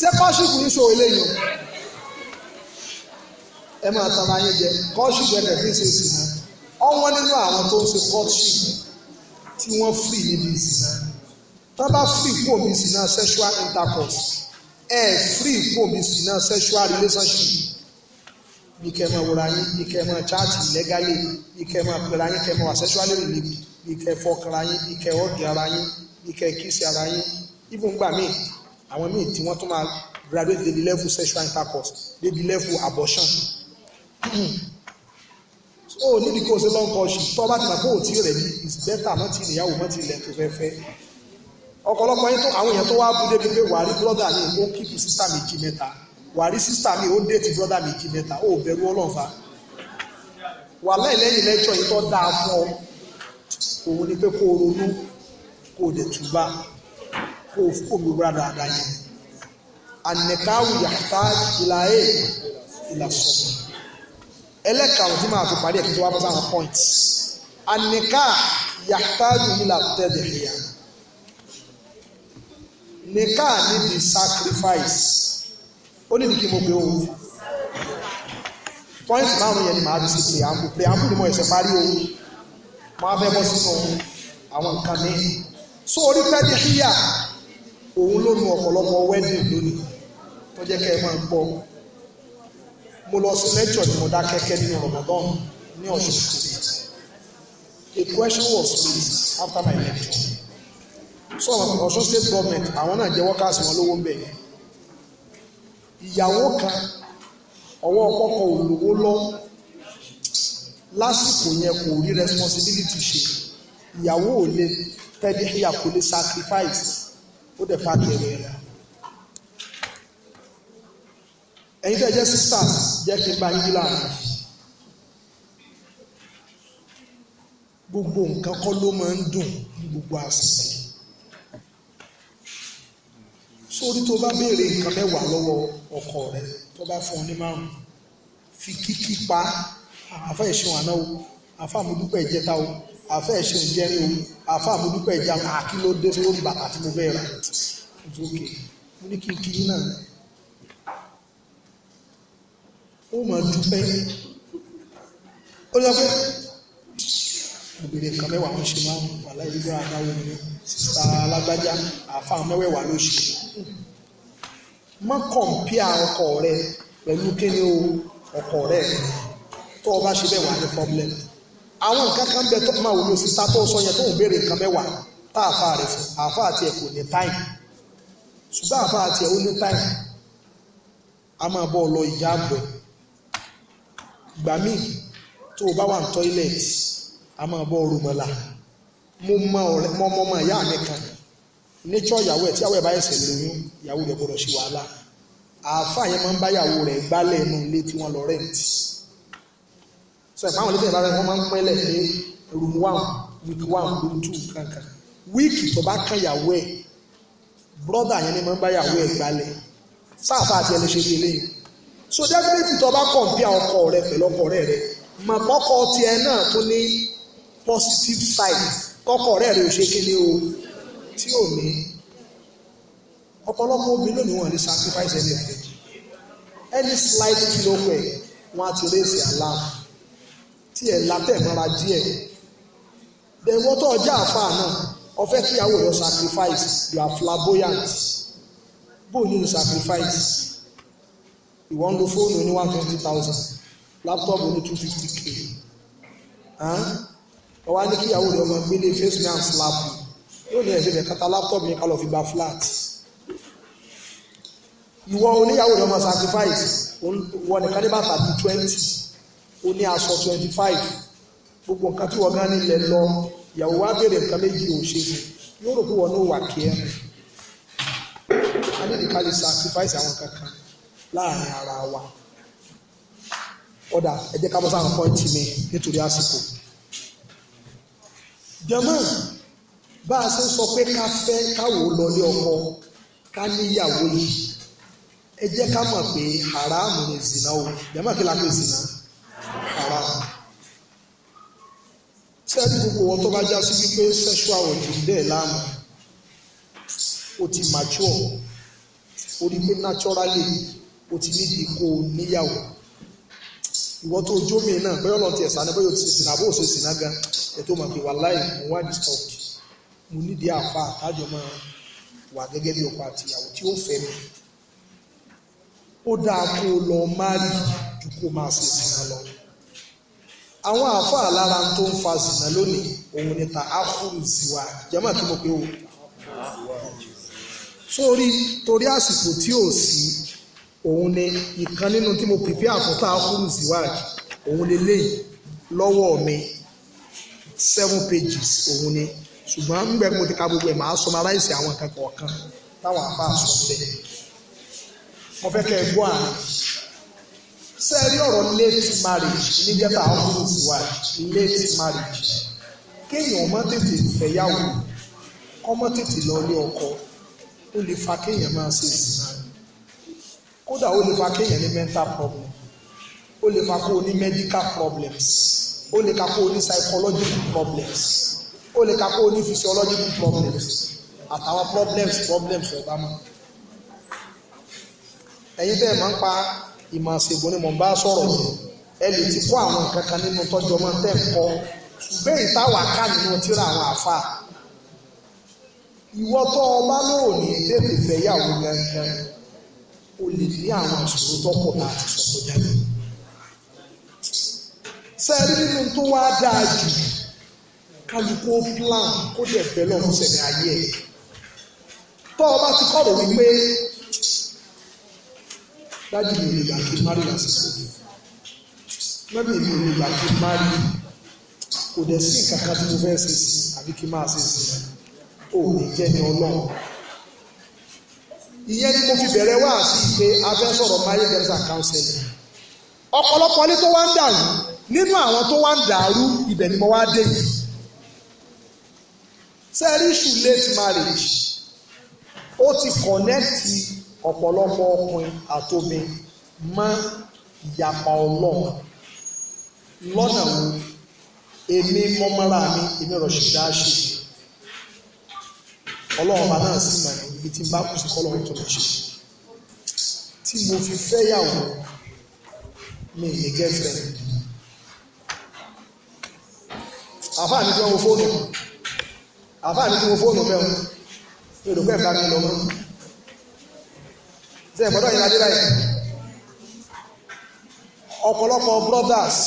A: ṣé kọ́ṣùkù ń ṣòwò eléyìí ẹ máa tọ́ra yín jẹ I ẹ̀ ọ̀wọ́n nínú àwọn tó ń ṣe kọ́ṣùkù tí wọ́n free níbi ìsìná tá bá free kó omi ìsìná sexual intercourse ẹ free kó omi ìsìná sexual relationship bí kẹ́ máa wòrán yín bí kẹ́ máa chaati illegally bí kẹ́ máa pèrè yín kẹ́ máa wà sexually related bí kẹ́ fọkànra yín bí kẹ́ ọ̀gì ara yín bí kẹ́ kíìsì ara yín even gbà míì àwọn míì tí wọ́n tún máa graduate débi level sexual intercourse débi level abortion ó oh, níbi kó o ṣe lọ́nkọ̀ ṣì tó bá ti mà kó o tí rẹ̀ ní is better mọ́ ti ìyàwó mọ́ ti ilẹ̀ tó fẹ́ fẹ́ ọ̀pọ̀lọpọ̀ yín tó àwọn èèyàn tó wá bú débi pé wàá rí brọ́dà mi ó kíkù sísà méjì mẹ́ta wàá rí sísà mi ó déètì brọ́dà méjì mẹ́ta ó bẹ̀rù ọlọ́ọ̀fà wà lẹ́yìn lẹ́jọ́ yìí tó dáa fún ọ òun ni pé kó o ronú kó o dẹ̀ túbà kó o kó o gbogbo ara dáadáa yẹn ànẹ̀káwù yàtá ìlà èè ìlà sọ̀rọ̀ ẹlẹ́karùn-ún tí màá fi parí ẹ̀ kí n tó wá bá sáwọn point àníká yàtàlù yìí là tẹ̀lé ìyá níbi sacrifice ó níbi kí mo gbé o point márùn yẹn ni màá fi sí preamble preamble ni mo ẹ̀sẹ̀ parí o màá fẹ́ bọ́ sínú àwọn nǹkan mi so orí tẹ̀lé ìyá òun ló nu ọ̀pọ̀lọpọ̀ wedding lónìí tó jẹ́ kẹ́ ẹ máa gbọ́ mo lọ sí lẹ́tọ̀ ní mo dá kẹ́kẹ́ nínú Ramadan ní Ọ̀ṣun state a question was raised after my lecture so Ọ̀ṣun state government àwọn náà jẹ́ workers wọn lówó ń bẹ̀ yẹn ìyàwó kan ọwọ́ kọ́kọ́ olówó lọ lásìkò yẹn kò rí responsibility ṣe ìyàwó ò lè tẹ́lẹ̀ ìyà kò lè sacrifice ó dẹ̀ fà kẹrẹ rẹ̀ ẹ̀yin tẹ́ jẹ́ sisters jẹ́ kí n bá yín láàrin gbogbo nǹkan kọ́ ló máa ń dùn ní gbogbo àsìkò
B: sórí tó bá béèrè nǹkan mẹ́wàá lọ́wọ́
A: ọkọ rẹ tó bá fún ọ ní márùn fi kíkí pa àfa ẹ̀sùn àná o àfa àmúdúpẹ́ ìjẹta o àfa ẹ̀sùn ìjẹrin o àfa àmúdúpẹ́ ìjà àkílódé lórí bàtà tí mo bẹ́ẹ̀ rà ojú òkè mo ní kí n kí yín náà ó máa dúpẹ́ ó lọ pé obìnrin kan mẹ́wàá ló ṣe máa ń wà láyé ìgbà àdáwọ̀ ni sísá alágbájá àáfàá mẹ́wẹ̀ẹ̀wá ló ṣe má kọ̀m̀pìà ọkọ rẹ pẹ̀lú kíni o ọkọ rẹ tó o bá ṣe bẹ́ẹ̀ wà ní problem àwọn nǹkan kan bẹ tó máa wúlò sísá tó sọ yẹn tó ń béèrè nǹkan mẹ́wàá tá àáfàá rẹ fún àáfàá tiẹ̀ kò ní táìmù ṣùgbọ́n àáfàá tiẹ̀ ó ní táìmù a máa bọ̀ ọ lọ ìjà àbọ̀ gbà mí tó o bá wà ní toilet a máa bọ́ ọrùn mọ́lá mo mọ ọ̀rẹ́ mọ ọmọ ìyá mi kan nature ìyàwó ẹ̀ tí ìyàwó ẹ̀ bá ẹsẹ̀ lóyún ìyàwó rẹ̀ gbọ́dọ̀ ṣe wàhálà àáfà yẹn máa ń bá ìyàwó rẹ̀ gbálẹ̀ inú ilé tí wọ́n lọ rẹ̀ǹtì sọ ìpá àwọn olóṣèlú ìbára wọn máa ń pẹ́lẹ̀ pé room one week one room two kankan wíìkì tó bá kan ìyàwó ẹ̀ brọ́dà yẹn ni máa ń bá ìyàwó ẹ̀ gbálẹ̀ sáà fà àti ẹ̀ lè ṣe bí eléyìí so definitely tó bá compare ọkọ rẹ pẹ̀lú ọkọ rẹ rẹ mọ̀ pọ́kọ tiẹ̀ náà tó ní positive side kọ́kọ rẹ rẹ ò ṣe kéde o tí ò ní ọ̀pọ̀lọpọ̀ obìnrin lónìí wọn lè sacrifice anything any slight kilo pẹ̀ wọn á ti raise alarm tí ẹ̀ látẹ̀ mọ́ra díẹ̀ then wọ́n tó ọjà àfa náà ọ̀fẹ́ kíyàwó yọ sacrifice you are flamboyant bóyá you sacrifice ìwọ ń lo fóònù ní one twenty thousand láptọ̀pù ní two fifty k ọwọ́ ní kíyàwó rẹ̀ ọmọ gbélé face man slap yóò ní ẹ̀sẹ̀ kata láptọ̀pù yẹn ká lọ fi gba flat ìwọ oníyàwó rẹ̀ ọmọ sacrifice wọn nìkan ní bàtà bíi twenty ó ní aṣọ twenty five gbogbo nǹkan tí wọ́n gán nílẹ̀ lọ ìyàwó wa béèrè nǹkan méjì ò ṣe fún yóò rò pé wọn ò wà kí ẹ a ní ìdíkàlẹ̀ sacrifice àwọn kankan. láàrin ara wa ọ̀dà ẹ ká bọ́ sáwọn pọ́ǹtì mi nítorí àsìkò. jọmọ bá a sọ pé ká fẹ́ káwò lọlé ọkọ ká níyàwó yìí ẹ ká mọ̀ pé haramu ni zina o jọmọ kí zina haramu. sẹ́ẹ̀dì gbogbo wọn tó bá já sí wípé sexual bẹ́ẹ̀ o ti níbi kó o níyàwó ìwọ́n tó ojú omi náà bẹ́ẹ̀ ọlọ́run ti ẹ̀sán ní bẹ́ẹ̀ o ti ṣe sìnà bó o ṣe sìnà gan ètò ọmọ pé wàláì mo wá disturbed mo nídìí àfa àtàjọ máa wà gẹ́gẹ́ bí ọkọ àti ìyàwó tí ó fẹ́ mi ó dáa kó o lọ máa rí ju kó o máa ṣe sìnà lọ àwọn àfa lára tó ń fa sìnà lónìí òun ni ta áfúrúziwá jẹ́mọ̀ kí mo pé o sórí torí àsìkò tí ò sí òun ni ìkan nínú tí mo prepare fún tá a kúrú síwájú òun ni léyìí lọ́wọ́ mi seven pages òun ni ṣùgbọ́n ń gbẹ́ mo ti ka gbogbo ẹ̀ máa summarize àwọn kan kọ̀ọ̀kan táwọn afá sọ bẹ́ẹ̀ mo fẹ́ kẹ́ ẹ gbọ́ àná sẹ́ẹ̀rí ọ̀rọ̀ late marriage níjẹ́ta ọkùnrin ti wà late marriage kéèyàn má tètè fẹ́yàwó kọ́ má tètè lọ ilé ọkọ ó lè fa kéèyàn máa ṣe ìsìn náà kódà ó lè fa kéèyàn ní mental problem ó lè fa kó o ní medical problems ó lè ka kó o ní psychological problems ó lè ka kó o ní physiological problems àtàwọn problems problems ọ̀gá mọ́ ẹ̀yin tẹ́ ẹ̀ máa ń pa ìmọ̀ àṣègùn ni mò ń bá sọ̀rọ̀ ẹ lè ti kó àwọn nǹkan kan nínú tọ́jú ọmọ tẹ́ ń kọ́ ṣùgbọ́n èyí táwa ká nínú tíra àwọn àfa ìwọ́tọ́ ọba lóòní tètè fẹ́ yàwó gangan o lè ní àwọn ìṣòro tó pọ̀ láti sọ kọjá lọ. sẹ́ẹ̀rí nínú tó wá dáa jù kálukó plan kó dẹ̀ bẹ́ lọ́rùn sẹ̀rẹ̀ ayé ẹ̀. tọ́ ọ bá ti kọ̀rọ̀ wípé dájú mi ò lè gbà kí n má lásìkò yìí mẹ́bí mi ò lè gbà kí n má kò dẹ̀ sí nǹkan tí mo fẹ́ ṣe sí àbí kí n má ṣe sí i ò jẹ́ ní ọlọ́run ìyẹn ni mo fi bẹ̀rẹ̀ wá sí pé a fẹ́ sọ̀rọ̀ marriage and counseling ọ̀pọ̀lọpọ̀ ní tó wá ń dàrú nínú àwọn tó wá ń dàrú ibẹ̀ ni mo wá dé yìí sẹ́ríṣù late marriage ó ti kọ̀nẹ́ẹ̀tì ọ̀pọ̀lọpọ̀ ọkùnrin àtòmi mọ́ ìyapa ọlọ́run lọ́nà wo èmi mọ́mọ́ra mi èmi rọ̀ṣì dáṣì ọlọ́run bá náà sì mọ̀ ní ibi tí n bá kù sí kọ́ lọ́wọ́ tó tí mo fi fẹ́ yàwó mi lè girlfriend àfáà mi tí wọ́n wo fóònù àfáà mi tí wọ́n wo fóònù mẹ́wọ́n mi ò rò pé ẹ̀ mi lọ ṣe ẹ̀ gbọ́dọ̀ yẹn adé láyé ọ̀pọ̀lọpọ̀ brothers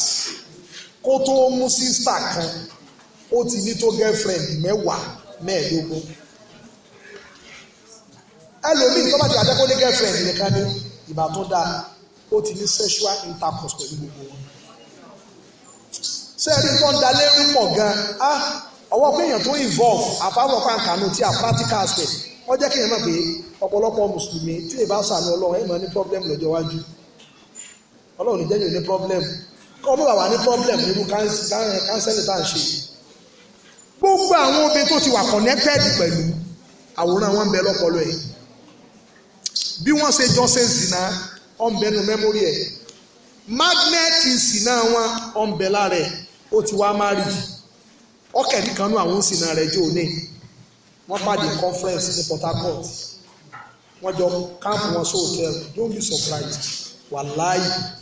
A: kó tó mú sísà kan ó ti ní tó girlfriend mẹ́wàá mẹ́ẹ̀ẹ́dógún ẹlòmíì tó bá ti àjẹkọ́ ní girlfriend nìkan ní ìgbà tó dáa ó ti ní sexual intercourse pẹ̀lú gbogbo wọn.
B: sẹ́ẹ̀rí tó ń dalé ń pọ̀ gan-an
A: á ọwọ́ pé èèyàn tó involve àfáwọ̀ pàǹkànú ti à practical aspect wọ́n jẹ́ kí èèyàn mọ̀ pé ọ̀pọ̀lọpọ̀ mùsùlùmí tí èèyàn bá sàmì ọlọ́run ẹ̀ máa ní problem lọ́jọ́ iwájú ọlọ́run ní jẹ́yìn ní problem kọ́ bó bá wà ní problem nínú kánsẹ́lì tá à ń ṣe gbogbo àwọn obìnrin tó ti wà connected pẹ̀lú àwòrán wọn ń bẹ lọ́pọlọ ẹ̀ bí wọ́n ṣe jọ ṣe zìnà ọ̀nbẹ́nu mẹ́mórì ẹ̀ mágnẹ́ẹ̀tì zìnà wọn ọ̀nbẹ́ lára ẹ̀ ó ti wá má rí ọkẹ́ nìkan nú àwọn zìnà rẹ̀ jò ní wọ́n pàdé conference ní Port Harcourt wọ́n jọ káàpù wọn sí hotel don't be surprised wàláì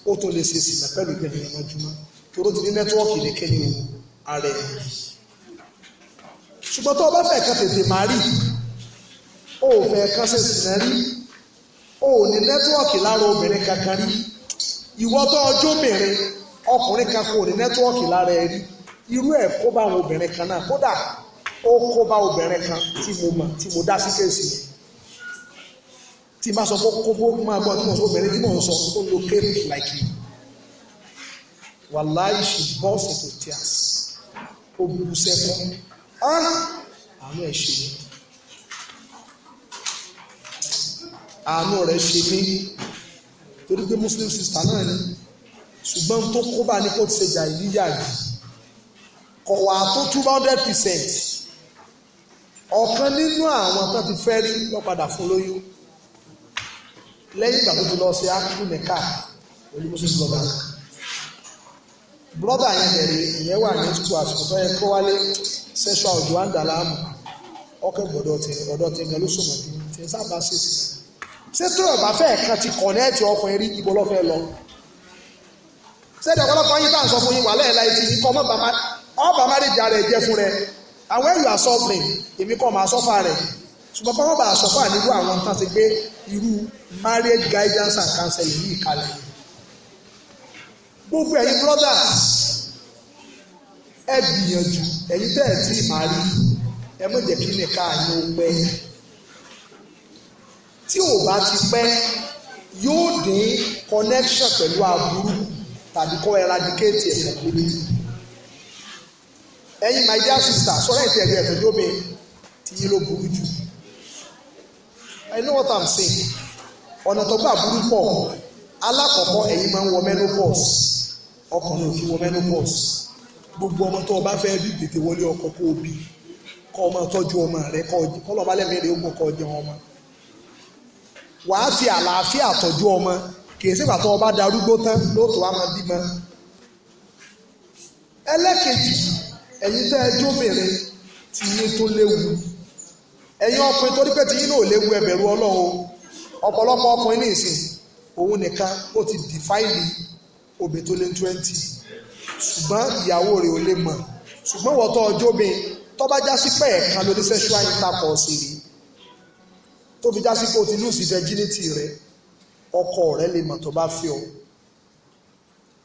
A: ó tó lè ṣe zìnà pẹ̀lú ìgbẹ́ni ẹ̀rọ jùmọ̀ kí o ti ní nẹ́tíwọ́ọ̀kì ní kéde o ààrẹ ṣùgbọ́n tó o bá fẹ́ kan tètè rí o ò fẹ́ kan ṣe rí o ò ní nẹ́tíwọ̀kì lára obìnrin kankan rí ìwọ tó ọjọ́ obìnrin ọkùnrin kan kò ní nẹ́tíwọ̀kì lára ẹ rí irú ẹ̀ kó bá àwọn obìnrin kan náà kódà ó kó bá obìnrin kan tí mo mọ̀ tí mo dá sí kéèsì yìí tí bá sọ fún kókó máa gbọ́ tí mo sọ obìnrin tí mo sọ ó lo kéèmù like me wàláì she burst into ó bu sẹ́kọ̀ọ́ àwọn ẹ̀ ṣe àánú rẹ̀ ṣe mí torí pé muslim sister náà ni ṣùgbọ́n tó kó bá ní kó ti ṣe jà ìlíyà jù kọ̀ wá tó two hundred percent ọ̀kan nínú àwọn tó ti fẹ́ rí lọ padà fún lóyún lẹ́yìn ìgbà tó ti lọ ṣe ákúrú mẹ́ka pẹ̀lú moses lọ́dà brọ́dà yẹn bẹ̀rẹ̀ ìyẹn wà ní sukù àsìkò tó yẹ kó wálé sexual ojú àǹdà láàmú ọkẹ́ gbọ́dọ̀ tẹ ọ̀dọ̀ tẹ gẹ̀lú sọ̀mọ́dún tẹ sábà ṣèṣì ṣé tó ọ̀bá fẹ́ kan ti kọ̀nẹ́ẹ̀tì ọkùnrin rí ibo lọ́fẹ́ lọ ṣẹ́ni ọ̀pọ̀lọpọ̀ yín bá ń sọ fún yín wà lẹ́ẹ̀la etí yín kọ́ ọba má lè jà jẹ́ fún rẹ̀ and when you are suffering èmi kọ́ máa sọ́fà rẹ̀ ṣùgbọ́n kọ́ bá sọ́fà nírú àwọn tá a ti gbé irú marriage guidance and counseling yìí kalẹ̀ gbogbo ẹ̀yin brothers ẹ gbìyànjú ẹ̀yin tẹ́ ẹ̀ tí ì rí ẹ mọ̀ jẹ́ kí nìkan àyè ó pẹ́ yìí tí ò bá ti pẹ́ yóò dín connection pẹ̀lú aburú tàbí kọ́ eradicate ẹ̀fọ́ kúrú ẹ̀yin my dear sister sọ́dọ̀ ìtẹ̀ ẹ̀gbẹ́ ẹ̀tọ́jú omi ti yín ló burú jù I know what I'm saying ọ̀nà tó gbà burú pọ̀ alákọ̀ọ́kọ́ ẹ̀yin máa ń wọ menopause ọkùnrin ò fi wọ menopause gbogbo ọmọ tó o bá fẹ́ bí tètè wọlé ọkọ kó o bí kọ́ ọmọ tọ́jú ọmọ rẹ kọ́ ọlọ́ọ̀bá lẹ́mìí rẹ ó gbọ́ kọ́ ọjọ́ ọmọ wàá fi àlàáfíà tọ́jú ọmọ kìí sígbà tó ọba darúgbó tán lóòótọ́ àmọ́ bímọ. ẹlẹ́kejì ẹ̀yin tẹ́ ẹ jóbìnrin tí yín tó léwu
B: ẹ̀yin ọkùnrin torí pé tí yín náà léwu ẹ bẹ̀rù ọlọ́run
A: ọ̀pọ̀lọpọ̀ ọkùnrin ní ìsìn òun nìkan ó ti dìfáìlì obè tó lé twenty ṣùgbọ́n ìyàwó rẹ̀ ò lè mọ̀ ṣùgbọ́n wọ́tọ̀ ọjọ́ bíi tọ́bajásí pẹ̀ẹ́kan lórí sexual intercourse rèé tó fi já sí pé o ti lose virginity rẹ ọkọ rẹ lè mọ̀ tó bá fẹ́ ọ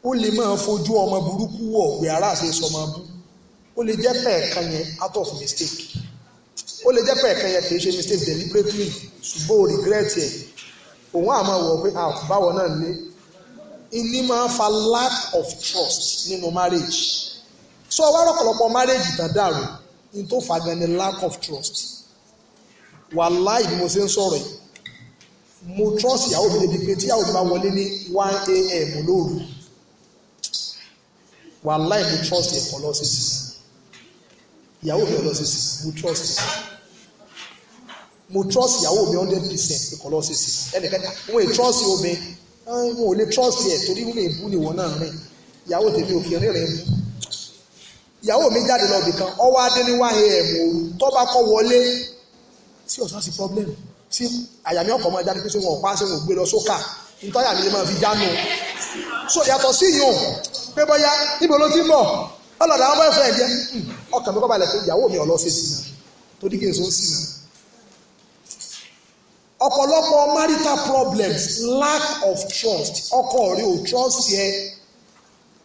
A: ó lè máa fojú ọmọ burúkú wọ̀ pé ara àṣẹ sọmọ bú ó lè jẹ́ pẹ̀ẹ̀kan yẹn out of mistake ó lè jẹ́ pẹ̀ẹ̀kan yẹn kì í ṣe mistake deliberately ṣùgbọ́n ò regret ẹ̀ òun á máa wọ̀ pé báwo náà lé ìní máa fa lack of trust nínú marriage so wàá rọ̀pọ̀lọpọ̀ marriage tàn dàrú ní tó fa gan ni lack of trust wàláì bí mo ṣe ń sọ̀rọ̀ yìí mo trust ìyàwó mi débi pé tíyàwó mi bá wọlé ní one a.m. lóru wàláì mo trust ẹ̀ kọ́ lọ sí sí ìyàwó mi lọ sí sí mo trust ẹ̀ mo trust ìyàwó mi hundred percent kọ́ lọ sí sí ẹnìkẹ́ta mo ì trust obìnrin mo ò lè trust ẹ̀ torí mo lè bú nìwọ náà rìn ìyàwó tèmi ò fi rìnrìn bú ìyàwó mi jáde lọ bìkan ọwọ́ adé ní one a.m. òru tó bá kọ́ wọlé sí ọ̀sán sí problem sí àyàmí ọkọ̀ máa jáde pé ṣé wọn ò pa ṣé wọn ò gbé lọ sókà nítorí àmì máa fi jánu so yàtọ̀ sí yìí o pé bóyá níbo ló ti ń bọ̀ ọlọ́dà àwọn boyfriend jẹ́ hmm, ọkàn mi kọ́ balẹ̀ pé ìyàwó mi ọ̀lọ́sẹ̀ sí náà torí kí n sọ sí náà ọ̀pọ̀lọpọ̀ marital problems lack of trust ọkọ rẹ ò trust yẹ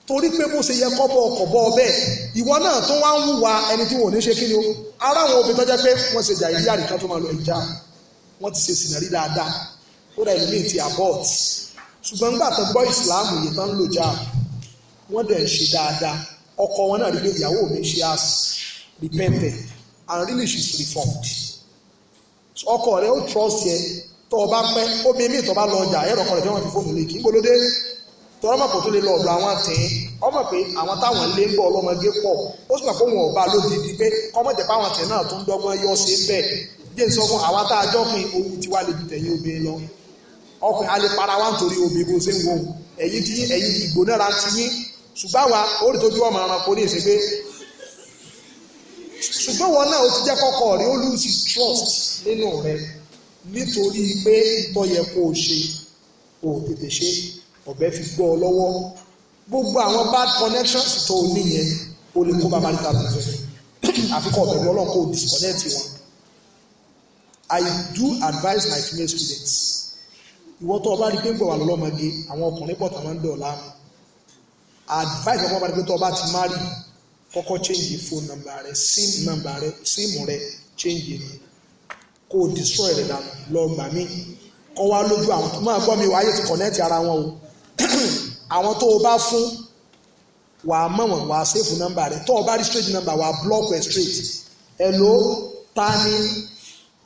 A: torí pé bó ṣe yẹ kọ́bọ̀ ọkọ̀bọ̀ bẹ́ẹ̀ ìwọ náà tó wá ń wùwà ẹni tí wọn ò ní ṣe kí ni o ara àwọn obìnrin tó pé wọ́n ṣe yìí yàrá kan tó máa lọ ìjà wọ́n ti ṣe sìnàrí dáadáa ó dà ìlú ti abort ṣùgbọ́n nígbà tó gbọ́ ìsìláàmù yìí tán lò já wọ́n dẹ̀ ń ṣe dáadáa ọkọ wọn náà rí pé ìyàwó mi ṣe as repented and really she is reformed ọkọ rẹ ó trust yẹ tó o bá pẹ́ omi mi tó bá lọ ọjà ẹ̀rọ tọ́rọ mọ̀ pọ̀ tó lè lọ ọ̀dọ̀ àwọn àtẹ̀yìn ọmọ pé àwọn táwọn ilé ń bọ̀ ọlọ́mọge pọ̀ ó sì mọ̀ pé wọn ò bá lódìdí pé kọ́mọ̀tẹ̀ páwọn àtẹ̀yìn náà tó ń dọ́gbọ́n yọ ṣe bẹ́ẹ̀ díẹ̀ ń sọ fún àwọn tá a jọ́ pin owó tí wàá lè ju tẹ̀yìn obìnrin lọ ọkùnrin alẹ́ para wa nítorí obìnrin bó ṣe ń wo ẹ̀yìn tí ẹ̀yìn ìgbónára ti yín ṣùgbọ́n wa orí tó bí wọ́n máa ran polí ìṣègbè ṣùgbọ́n wọn náà ó ti jẹ́ kọ́kọ́ rẹ ó lùsì trust nínú rẹ nítorí pé ìtọ́yẹ kó o ṣe kó o tètè ṣe é ọ̀bẹ fi gbọ́ ọ lọ́wọ́ gbogbo àwọn bad connections tó o ní yẹn o lè kó bá marital business àfikún ọ̀bẹ lọ́lọ́ kó o disconnect wọn I do advise my female students ìwọ tó o bá rí pé ń pè wà lọ́lọ́mọge àwọn ọkùnrin pọ̀ tàwọn ń dọ̀ láàmú advice ọkọ̀ bá rí pé tó o bá ti marry kọ́kọ́ change phone number rẹ sim number rẹ sim rẹ change ni kó o destroy rẹ dànù lọ gbà mí kọ́ wá lójú àwọn tó máa gbọ́ mi wáyé ti connect ara wọn o àwọn tó o bá fún wàá mọ̀ wọ́n wàá sèfù nọ́mbà rẹ̀ tó o bá rí straight number wàá block rẹ̀ straight hello ta ni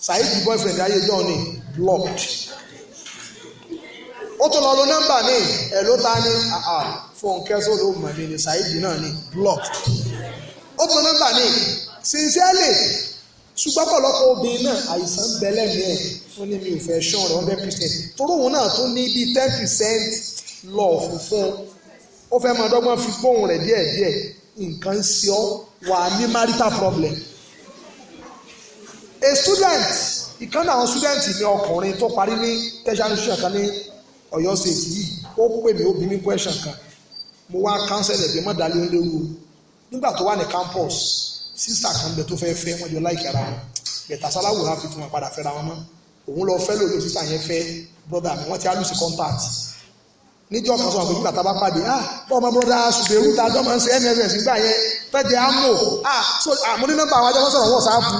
A: saheed boyfriend ayé john ni blocked ó tún lọ lo nọ́mbà mi hello ta ni ah, ah, fọnkẹ́ sọ́dọ̀ ọmọ mi ni saheed náà ni blocked ó tún lọ nọ́mbà mi sincerely ṣùgbọ́n pọ̀lọpọ̀ obìnrin náà àìsàn bẹ́lẹ̀ mi ẹ̀ wọ́n ní mi ò fẹ́ ṣan rẹ̀ hundred percent torí òun náà tún ní bíi ten percent lọ funfun ó fẹ́ máa dọ́gbọ́n fi gbóhùn rẹ̀ díẹ̀díẹ̀ nǹkan ṣe ọ́ wà ní marital problem. a student ìkan náà àwọn student ní ọkùnrin tó parí ní tertiary institution kan ní Ọ̀yọ́ state yìí ó pè mí obìnrin question kan mo wá council ẹ̀gbẹ́ mọ́dàlẹ́ olówó nígbà tó wà ní campus sísà kan bẹ tó fẹ́ fẹ́ wọ́n jọ láìkí ara wọn bẹ̀tà sáláwòrán fi tún wọn padà fẹ́ra wọn mọ́ òun lọ fẹ́ lòdì sísà yẹn fẹ́ brother mi wọ́n ti á lùsí contact níjọ́ kan sọ àgbẹ̀ nígbà tá a bá pàdé ah bọ́ ọmọ bọ́dá ṣùgbẹ́rù tá a jọ máa ń ṣe nss gbà yẹn tẹ́jẹ̀ amò ah so àmọ́ ah, ní nọ́mbà àwọn ajọ́ sọ̀rọ̀ wọ́n sáàpù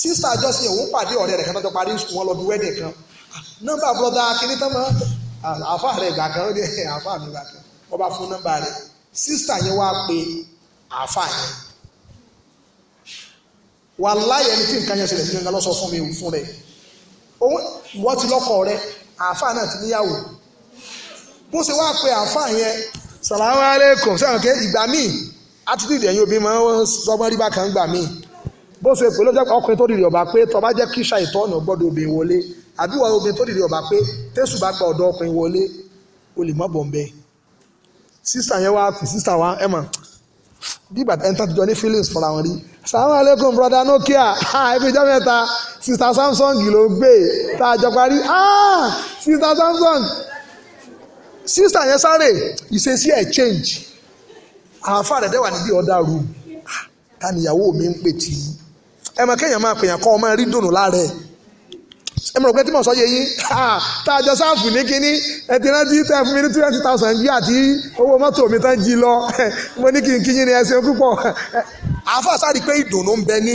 A: sísá àjọ sí òun pàdé ọ̀rẹ́ rẹ̀ kan tọ́jọ́ parí wọn lọ bí wẹ́dẹ̀ kan ah, nọ́mbà bọ́dá kìíní tán máa ah, àfa rẹ̀ gbà kan ọdẹ àfa mi gbà kan wọ́n bá fún nọ́mbà rẹ̀ sísá yẹn wá pé àfa yẹn wàláyé ẹni tí nǹkan yẹn ṣẹlẹ̀ sí bó ṣe wá pe àáfàá yẹn salamu aleykum sẹ́wọ̀n ké ìgbà míì attitude ẹ̀yin obìnrin máa ń sọgbọ́n rí bákan gbà míì bó ṣe pè lọ́jọ́ ọkùnrin tó dìde ọ̀bà pé tó jẹ́ kí ṣàìtọ́ gbọ́dọ̀ obìnrin wọlé àbí wọ́n obìnrin tó dìde ọ̀bà pé tẹ́sù bá gba ọ̀dọ̀ ọkùnrin wọlé o lè mọ́ bọ̀m̀bẹ́ sísà yẹn wá pè sísà wá ẹ̀ mọ̀ bí bàtà ẹni tán ti jọ ní feelings fọlá wọn rí salamu aleykum brother nokia ẹbí ìjọ mẹ́ta sista samsung ló gbé tá a jọ parí ah sista samsung sísà yẹn sáré ìṣesí I change Our father, àáfà rẹ̀ dẹ́wà the other room ah, ta níyàwó mi ń pè tí ẹ mọ̀ kéèyàn máa pèèyàn kọ́ ọ máa rí dùnú lára ẹ̀ ẹ mọ̀ pé tí mo sọ yẹ yín tá a jọ sáàfù ní kínní ẹ ti rántí tẹ fún mi ní twenty thousand bí àti owó mọ́tò mi tán jí lọ mo ní kí n kíyìn ní ẹ ṣeun púpọ̀ àáfà sáré pé ìdùnnú ń bẹ ní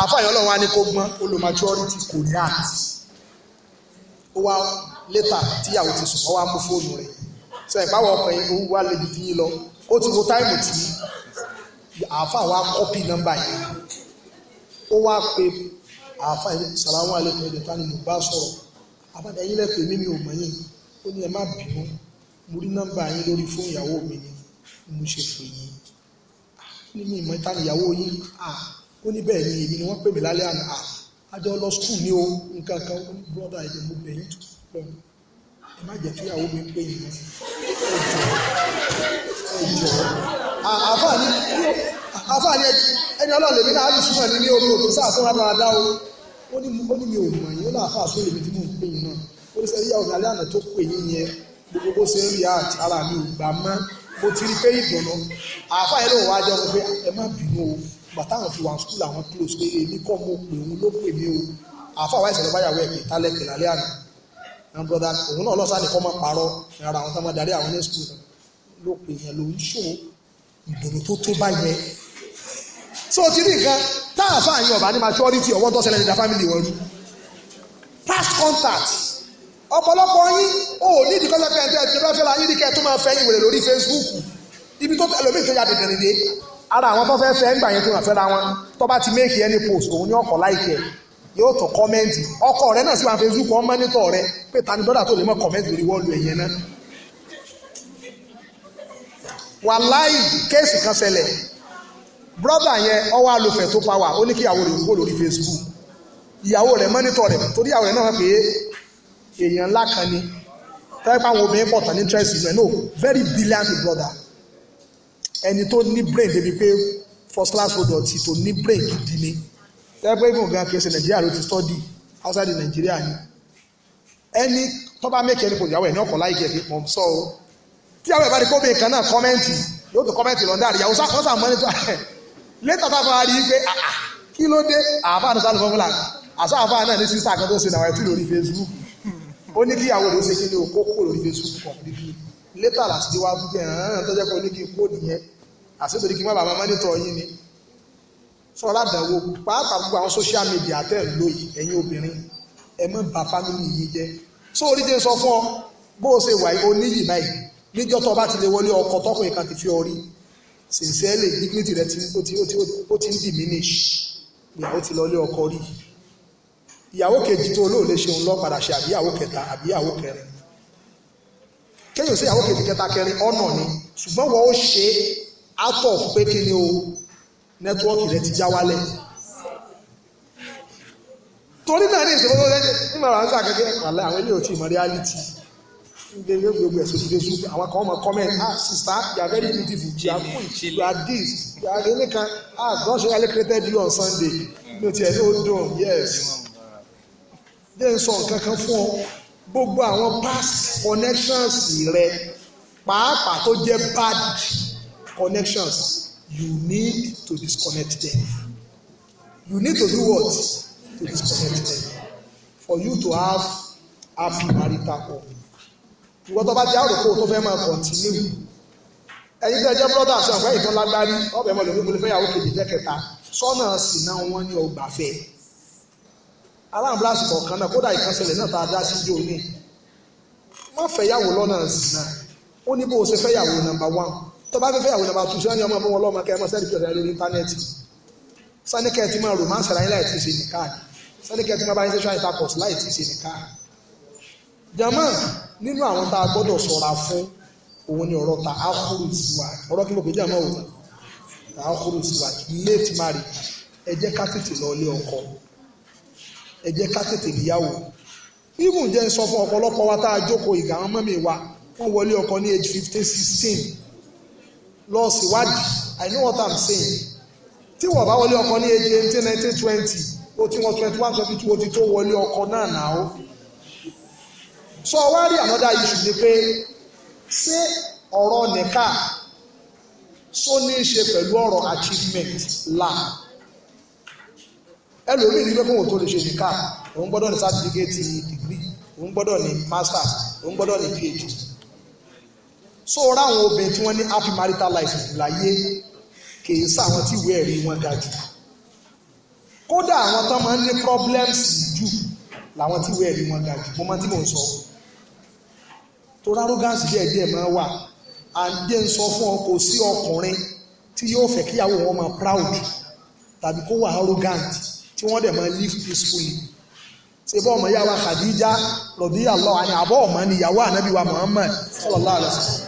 A: àáfà yẹn ọlọ́run á ní kó gbọ́n olùmọ̀tí ọ̀rìtì kò ní àti ó wá létà tíyàwó ti sùn ọwọ́ amú fóònù rẹ̀ sọ ẹ̀ báwọn ọkùnrin owó wa lè dìtì yín lọ ó ti wo táìmù tí àáfà wa kọ́pì nọ́mbà yìí ó wá pe àáfà yìí sàlámù alẹ́kùn ẹ̀dẹ̀ tani mo bá sọ̀rọ̀ àbàdà yín lẹ́pẹ̀ mímí ò mọ̀ yín ó ní ẹ má bínú mo rí nọ́mbà yín lórí fóònù ìyàwó mi ni mo ṣe pè yín ah, ní mi ìmọ̀ ìta níyàwó yín à ah, ó ní bẹ́ẹ̀ ni èmi ni wọ́n pè mí lálẹ́ àná à ah, lọ skul ní o nǹkan kan ó ní brọ́dà ẹ̀dẹ̀ mo bẹ̀ yín tó pẹ́ mi ẹ má jẹ́ kí ìyàwó mi pé yìí ẹ
B: jọ ẹ jọ àfààní
A: àfààní ẹni ọlọ́ọ̀lẹ̀ mi náà lùsùn náà ní ní omi òkú sáà tó wà lọ́ra dá o ó ní mi ò mọ̀ yín ó náà fàá sóyè mi tí mò ń pè yín náà ó ní sẹ́yìn ìyàwó mi alẹ́ àná tó pè yín yẹn gbogbo bó ṣe ń rí àti ara mi ò gbà mọ́ mo ti rí pé ìdùnnú àfààní ló wájọ pé ẹ má bínú o bàtà àwọn fi wà skul àwọn close pé èmi kọ́ mo pè òun ló pè mí o àfààní wáyé sọ̀rọ̀ báyàwó ẹ̀ and brother òun náà lọ́sàn nìkan máa parọ́ ara àwọn tó darí àwọn ní school ló pè yẹn ló ń ṣò ìdòdò tó tó bá yẹ. so ti rí nǹkan tá a fà yín ọ̀bá ní maturity ọ̀wọ́n tó ṣẹlẹ̀ nígbà family wọn rí past contact ọ̀pọ̀lọpọ̀ yín ò ní ìdí kọ́sẹ́ pé ẹ̀ńtẹ́ ẹ̀ńtẹ́ bá fẹ́ la yín ní tó máa fẹ́ yín wèrè lórí Facebook ibi tó ẹlòmíì tó ya dẹ̀dẹ̀rẹ̀dẹ̀ ara àwọn tó fẹ́ fẹ́ ń yẹn tó máa fẹ́ ra wọn tó bá ti make any post òun ní ọkọ̀ láìkẹ́ yóò tún kọ́mẹ́ǹtì ọkọ rẹ náà sì wà Facebook wọn mọ́nítọ̀ rẹ pé ta ni bọ́dà tó lè mọ́ kọ́mẹ́ǹtì lórí wọ́ọ̀lù ẹ̀yẹ náà. wàláì kéèsì kan ṣẹlẹ̀ brọ́dà yẹn ọwọ́ alòfẹ́ tó pawà ó ní kí ìyàwó rẹ̀ wò lórí Facebook ìyàwó rẹ̀ mọ́nítọ̀ rẹ̀ torí ìyàwó rẹ̀ náà pé èèyàn ńlá kan ni tẹ́lẹ̀ pé àwọn obìnrin pọ̀ tán ní interest rẹ̀ no very brilliant brother ẹni tó ní brain débi pé first class product tó ní brain gidi ni tẹ́pẹ́ ìfún gan kí ẹ ṣe nàìjíríà ló ti study outside nàìjíríà ni ẹni tó bá mẹ́kẹ́ ní kò yàwó ẹ̀ ní ọkọ̀ láìkẹ́ fi pọ̀ sọ o tí àwọn ìbá rí kó bẹ́ẹ̀ kan náà kọ́mẹ́ǹtì yóò tó kọ́mẹ́ǹtì lọ́ndà rí àwòsàn kọ́sà mọ́nítọ́ létà tá a fara rí i pé ah, ah, kí ló dé àáfà ní sálùmọ́ fúnla àṣà àáfà náà ní sísá kan tó ṣe nàwáyé tí lórí Facebook ó ní kí ìyàwó rẹ̀ ó ṣe kí ni o kó kó lórí Facebook completely létà làṣìdíwájú kẹ́ ẹ̀rán tó jẹ́ pé ó ní kí kóòdù yẹn àṣètò ní kí má bàa máa mọ́nítọ́ yín ni sọ̀rọ̀ àdánwò pàápàá gbogbo àwọn social media tẹ̀ ń lò yìí ẹ̀yin obìnrin ẹ má bà fámìlì yìí jẹ́ so orí jẹ́ sọ fún ọ bó o ṣe wà yìí o níyì báyìí níjọ́ tó o bá ti lè wọlé ọkọ tọkùnrin kan ti fi ọ rí sincerely dignity rẹ ti ó ti ó ti ó ti ń diminish ìyàwó ti lọlé ọkọ rí ìyàwó kejì tó olóòlé ṣeun lọ padà ṣe àbíyàwó kẹta àbíyàwó kẹrin kéèyàn sí ìyàwó kejì kẹta kẹrin ọ̀nà ni ṣùgbọ́n wọ́n ó ṣe out of pé kí ni o nẹ́tíwọ́ọ̀kì rẹ ti já wálẹ̀ torí náà ní ìṣòro tó lẹ́jẹ̀ ní màrà ń sàkẹ́kẹ́ àlẹ́ àwọn ilé òtí ìmọ̀ reality ilé ilé gbogbo ẹ̀sùn ti fẹ́sùn àwọn kan máa comment ah sister you are very beautiful you are cool you are this you are really kan ah God surely created you on Sunday ló tiẹ̀ ló dùn yes dé ń sọ nǹkan kan fún ọ gbogbo àwọn past connections rẹ pàápàá tó jẹ́ bad connections you need to disconnect them. You need to do what? To disconnect them. For you to have happy marital home. Ìwọ́n tó bá jẹ́ àròkó tó fẹ́ máa continue. Ẹyin tó jẹ́ brother àti àgbáyé tó lágbárí, ọ̀bẹ mọ̀ lórí ìpolówó ìyàwó kejì jẹ́ kẹta. Sọ́nà sì náà wọ́n ní ọgbà fẹ́. Aláàbò lásìkò kan náà kódà ìkànsẹ̀lẹ̀ náà tá a dá sí ìjọ òní. Má fẹ́ yàwó lọ́nà sí náà. Ó ní bó o ṣe fẹ́ yàwó number one tó bá fẹ́fẹ́ àwọn ìyàwó àtúnṣe ní ọmọ ọmọ ọlọ́mọ kẹ́ ọmọ sẹ́ẹ̀dì pẹ̀lú lórí íńtánẹ́ẹ̀tì sáníkẹ́ ti máa romance láyé láì tí ì ṣe nìkan sáníkẹ́ ti máa bá yín sexual intercourse láì tí ì ṣe nìkan. jama nínú àwọn tá a gbọ́dọ̀ sọ̀ra fún òun ni ọ̀rọ̀ ta akuru tiwa ọ̀rọ̀ kí mo jama o ta akuru tiwa late marriage ẹ jẹ́ ká tètè lọ ilé ọkọ ẹ jẹ́ ká tètè níyàwó wa tá a jókòó age fifteen sixteen lọ síwádìí i know what i'm saying tí wọ́n bá wọlé ọkọ ní age eighteen nineteen twenty o ti wọ́n twenty one twenty two o ti tó wọlé ọkọ náà náà o so wá rí another issue ni pé ṣé ọ̀rọ̀ nìka so ní í ṣe pẹ̀lú ọ̀rọ̀ achievement la ẹlòmíì ní pé fún òtó lè ṣe nìka òun gbọ́dọ̀ ní certificate degree òun gbọ́dọ̀ ní masters òun gbọ́dọ̀ ní phd so ráwọn obìnrin tí wọ́n ní happy marital life láyé kìí sáwọn tí ìwé ẹ̀rí wọn ga jù kódà àwọn tó máa ń ní problems jù làwọn tí ìwé ẹ̀rí wọn ga jù mo máa tí mò ń sọ tó arrogance díẹ̀ díẹ̀ máa wà àǹdé ń sọ fún ọ kò sí ọkùnrin tí yóò fẹ́ kíyàwó wọn máa proud tàbí kó wà arrogant tí wọ́n dẹ̀ máa live peacefully ṣe bọ́ ọmọ yàwá Khadija rọ̀bíyà lọ́wọ́ àní àbọ̀ ọmọ ni ìyàwó ànábìwá Muhammad sallallahu alaihi wasallam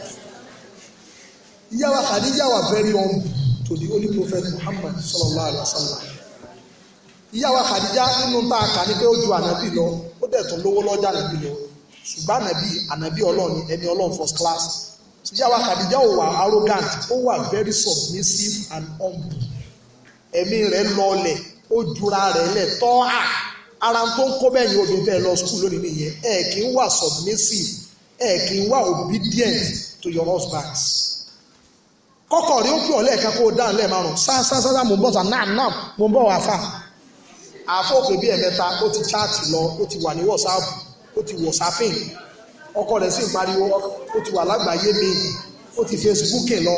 A: Yawa wa Khadija wà very humble to the holy prophet Muhammad sallallahu alaihi wasallam. Yawa ìyá wa Khadija nínú tá a kà ní pé ó ju ànábì lọ ó dẹ̀ tún lówó lọ́jà ṣùgbọ́n ànábì ànábì ọlọ́run ẹni ọlọ́run first class ìyá wa Khadija ò wà arrogant ó wà very submissive and humble ẹ̀mí rẹ̀ lọlẹ̀ ó jura rẹ̀ lẹ̀ tọ́ à ara tó ń kó bẹ́ẹ̀ yẹn obìnrin fẹ́ lọ school lónìí nìyẹn ẹ̀ kì í wà submissive ẹ̀ kì í wà obedient to your husband kọ́kọ́ rí ó pọ̀ lẹ́ẹ̀kan kó o dáhùn lẹ́ẹ̀márùn sáásáásá mò ń bọ̀ sá náà náà mò ń bọ̀ wá fà àfọ̀pẹ̀ bíi ẹ̀mẹ́ta ó ti chaàtì lọ ó ti wà ní wọ́sáàpù ó ti wọ̀sáàpìn ọkọ rẹ̀ sì ń pariwo ó ti wà lágbàáyé mi ó ti facebook lọ.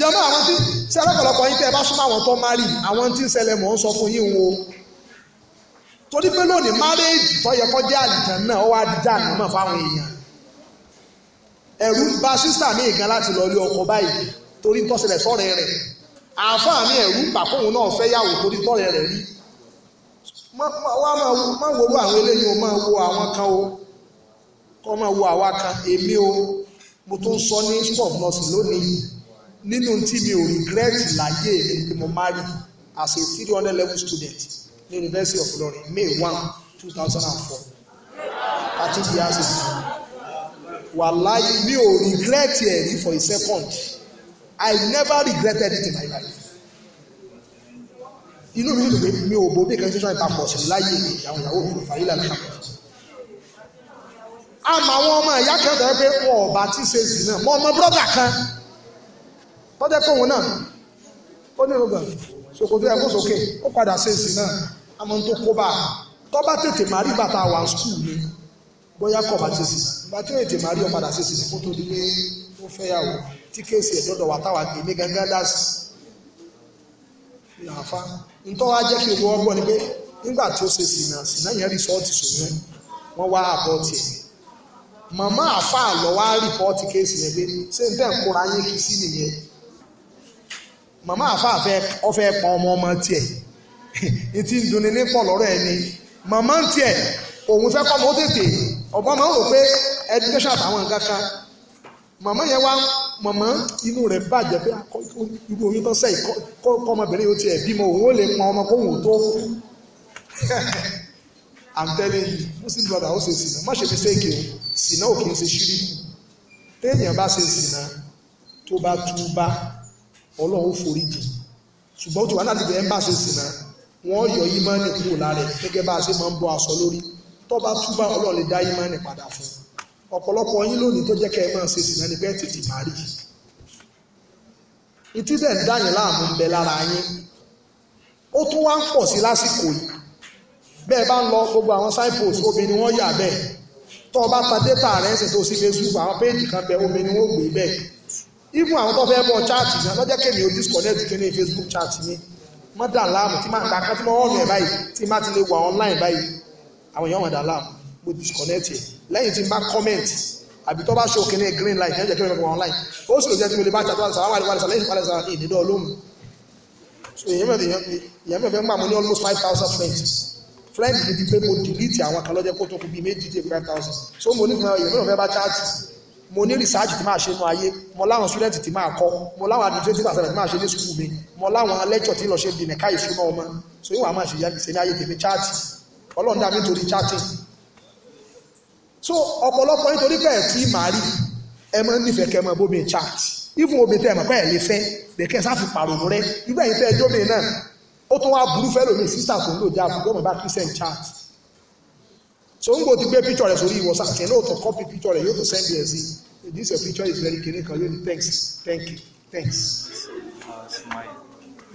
A: jẹ́mọ́ àwọn tí ṣe alákọ̀ọ́lọ́pọ̀ yín tẹ́ ẹ bá súnmọ́ àwọn tó má rí àwọn tí ń ṣẹlẹ̀ mọ̀ ń sọ fún yín wo torí pé lónìí márẹ́ẹ̀jì tó yẹ kọjá àlìjàn náà ó wá dìjà àná mọ̀ fáwọn èèyàn ẹ̀rù ń ba sísà mi gan láti lọ lé ọkọ báyìí torí tọ́sẹ̀lẹ̀ sọ́rẹ̀ rẹ̀ àáfàá mi ẹ̀rù ń bà náà fẹ́ yàwó torí tọ́rẹ̀ rẹ̀ rí wá máa wo àwọn eléyìí o máa wo àwọn kan o kọ́ máa wo àwa kan èmi o mo tó ń sọ ní stop nurse lónìí nínú tí mi ò regret láyé èmi pé mo marry as a three hundred level student ní University of Ilorin May one two thousand and four wàláyé mi ò regret ẹ̀ rí for a second I never regretted it in my life inú mi dùn pé mi ò bo bí kan ṣe sọ ìtàkùn ọ̀sẹ̀ láyé ìyàwó ìyàwó mi fàyè lànà àmọ́ àwọn ọmọ ìyá kan tẹ̀ pé wọn ò bá tí ṣe sí náà mọ ọmọ brọ́dà kan tọ́jẹ́ pé òun náà ó ní ìrògbà ṣòkòtò ẹ̀kọ́ sókè ó padà ṣe sí náà àmọ́ tó kó bá tọ́ bá tètè má rí bàtà wà skul ni bóyá kọ̀ bá ti sì ìgbà tí ó ètè máa rí o padà sí sì kó tó tí kéèsì ẹ̀ dọ́dọ̀ wà táwa èmi gángan dá sí ntọ́ wa jẹ́ kí gbogbo ọgbọ́n ni pé nígbà tí ó ṣe sì náà sì náà yẹn rìsọ́ọ̀tì sòmíẹ́ wọ́n wá màmá àfa n ni màmá tiẹ̀ òun fẹ́ kọ́ mọ́ ọ̀bọ máa ń rò pé education àtàwọn nǹkan kan màmá yẹn wá màmá inú rẹ̀ bàjẹ́ pé irú oyún tó sẹ́yìn kọ́ ọmọbìnrin yóò tiẹ̀ bímọ òun ó lè pọn ọmọ kóhùn tó kú i'm telling you muslim brother ó ṣe sìnà má ṣe mistake o sìnà ò kì í ṣe ṣíríkù téèyàn bá ṣe sìnà tó bá túbá ọlọ́run ó foríjì ṣùgbọ́n tí wàhálà ti bẹ̀rẹ̀ ń bá ṣe sìnà wọ́n yọ yí mọ́ nìkú lára ẹ̀ gẹ́gẹ́ bá a ṣe máa ń bọ́ aṣọ lórí tó bá túbà ọlọ́run lè dá ìmánì padà fún ọ̀pọ̀lọpọ̀ yín lónìí tó jẹ́ kẹ́ ẹ máa ṣe sì náà ni tètè má rí ìtí ń dá láàmú ń bẹ lára yín ó tún wá ń pọ̀ sí lásìkò yìí bẹ́ẹ̀ bá ń lọ gbogbo àwọn signpost obìnrin wọ́n yà bẹ́ẹ̀ tó ta data rẹ̀ ń ṣètò sí Facebook àwọn péèjì kan bẹ obìnrin wọ́n gbé bẹ́ẹ̀ even àwọn tó fẹ́ bọ̀ chat náà lọ́jọ́ kémi ò disconnect kí ní Facebook chat mi mọ́dà láàmú tí máa gbà kan tí mo wọ́n mẹ́ báyìí tí máa ti lè wà online báyìí àwọn èèyàn mọ̀dà láàmú mo disconnect yẹ lẹ́yìn tí n bá comment àbí tó bá ṣe òkè ní green light ẹ̀jẹ̀ kí n lọ́kọ̀ online ó sì lè jẹ́ tí mo lè bá tàbí àṣà ah, wà lẹ́sà lẹ́yìn ìpàdé sàrà ìdídọ́ olómi èèyàn mẹ́fẹ́ ń gbà mo ní almost five thousand friends friends mi ti pé mo delete àwọn kan lọ́jọ́ kó tó kú bíi méjì dé five thousand so mo ní kan èèyàn mẹ́fẹ́ fẹ́ bá charge mo ní research tí máa ṣe nínú ayé mo láwọn student tí máa kọ́ mo láwọn administrative assessment tí máa ṣe ní school mi mo láwọn lecture tí lọ ṣe dìnnà káyìí súnmọ́ ọmọ so yóò wá máa ṣe yá ìsẹ́ni ayé tèmi charge ọlọ́run dá mi torí chatting so ọ̀pọ̀lọpọ̀ nítorí pé ẹ̀ tí màá rí ẹ máa ń nífẹ̀ẹ́ kẹ́ ẹ máa bómi chat even omi tẹ́ ẹ mọ̀ pé ẹ̀ lè fẹ́ bẹ̀kẹ́ sáfì pàrònú rẹ nígbà yìí tẹ́ ẹ jómi náà ó tún wá burú fẹ́ lómi sísà tó ń lò já àbúgbò mọ̀ bá christian chat so ń gbò ti gbé picture rẹ sórí ìwọ̀sán kẹ́ náà tó copy picture rẹ yóò tó send ẹ̀ sí this your picture is very kiri kan yóò ní thanks thank you thanks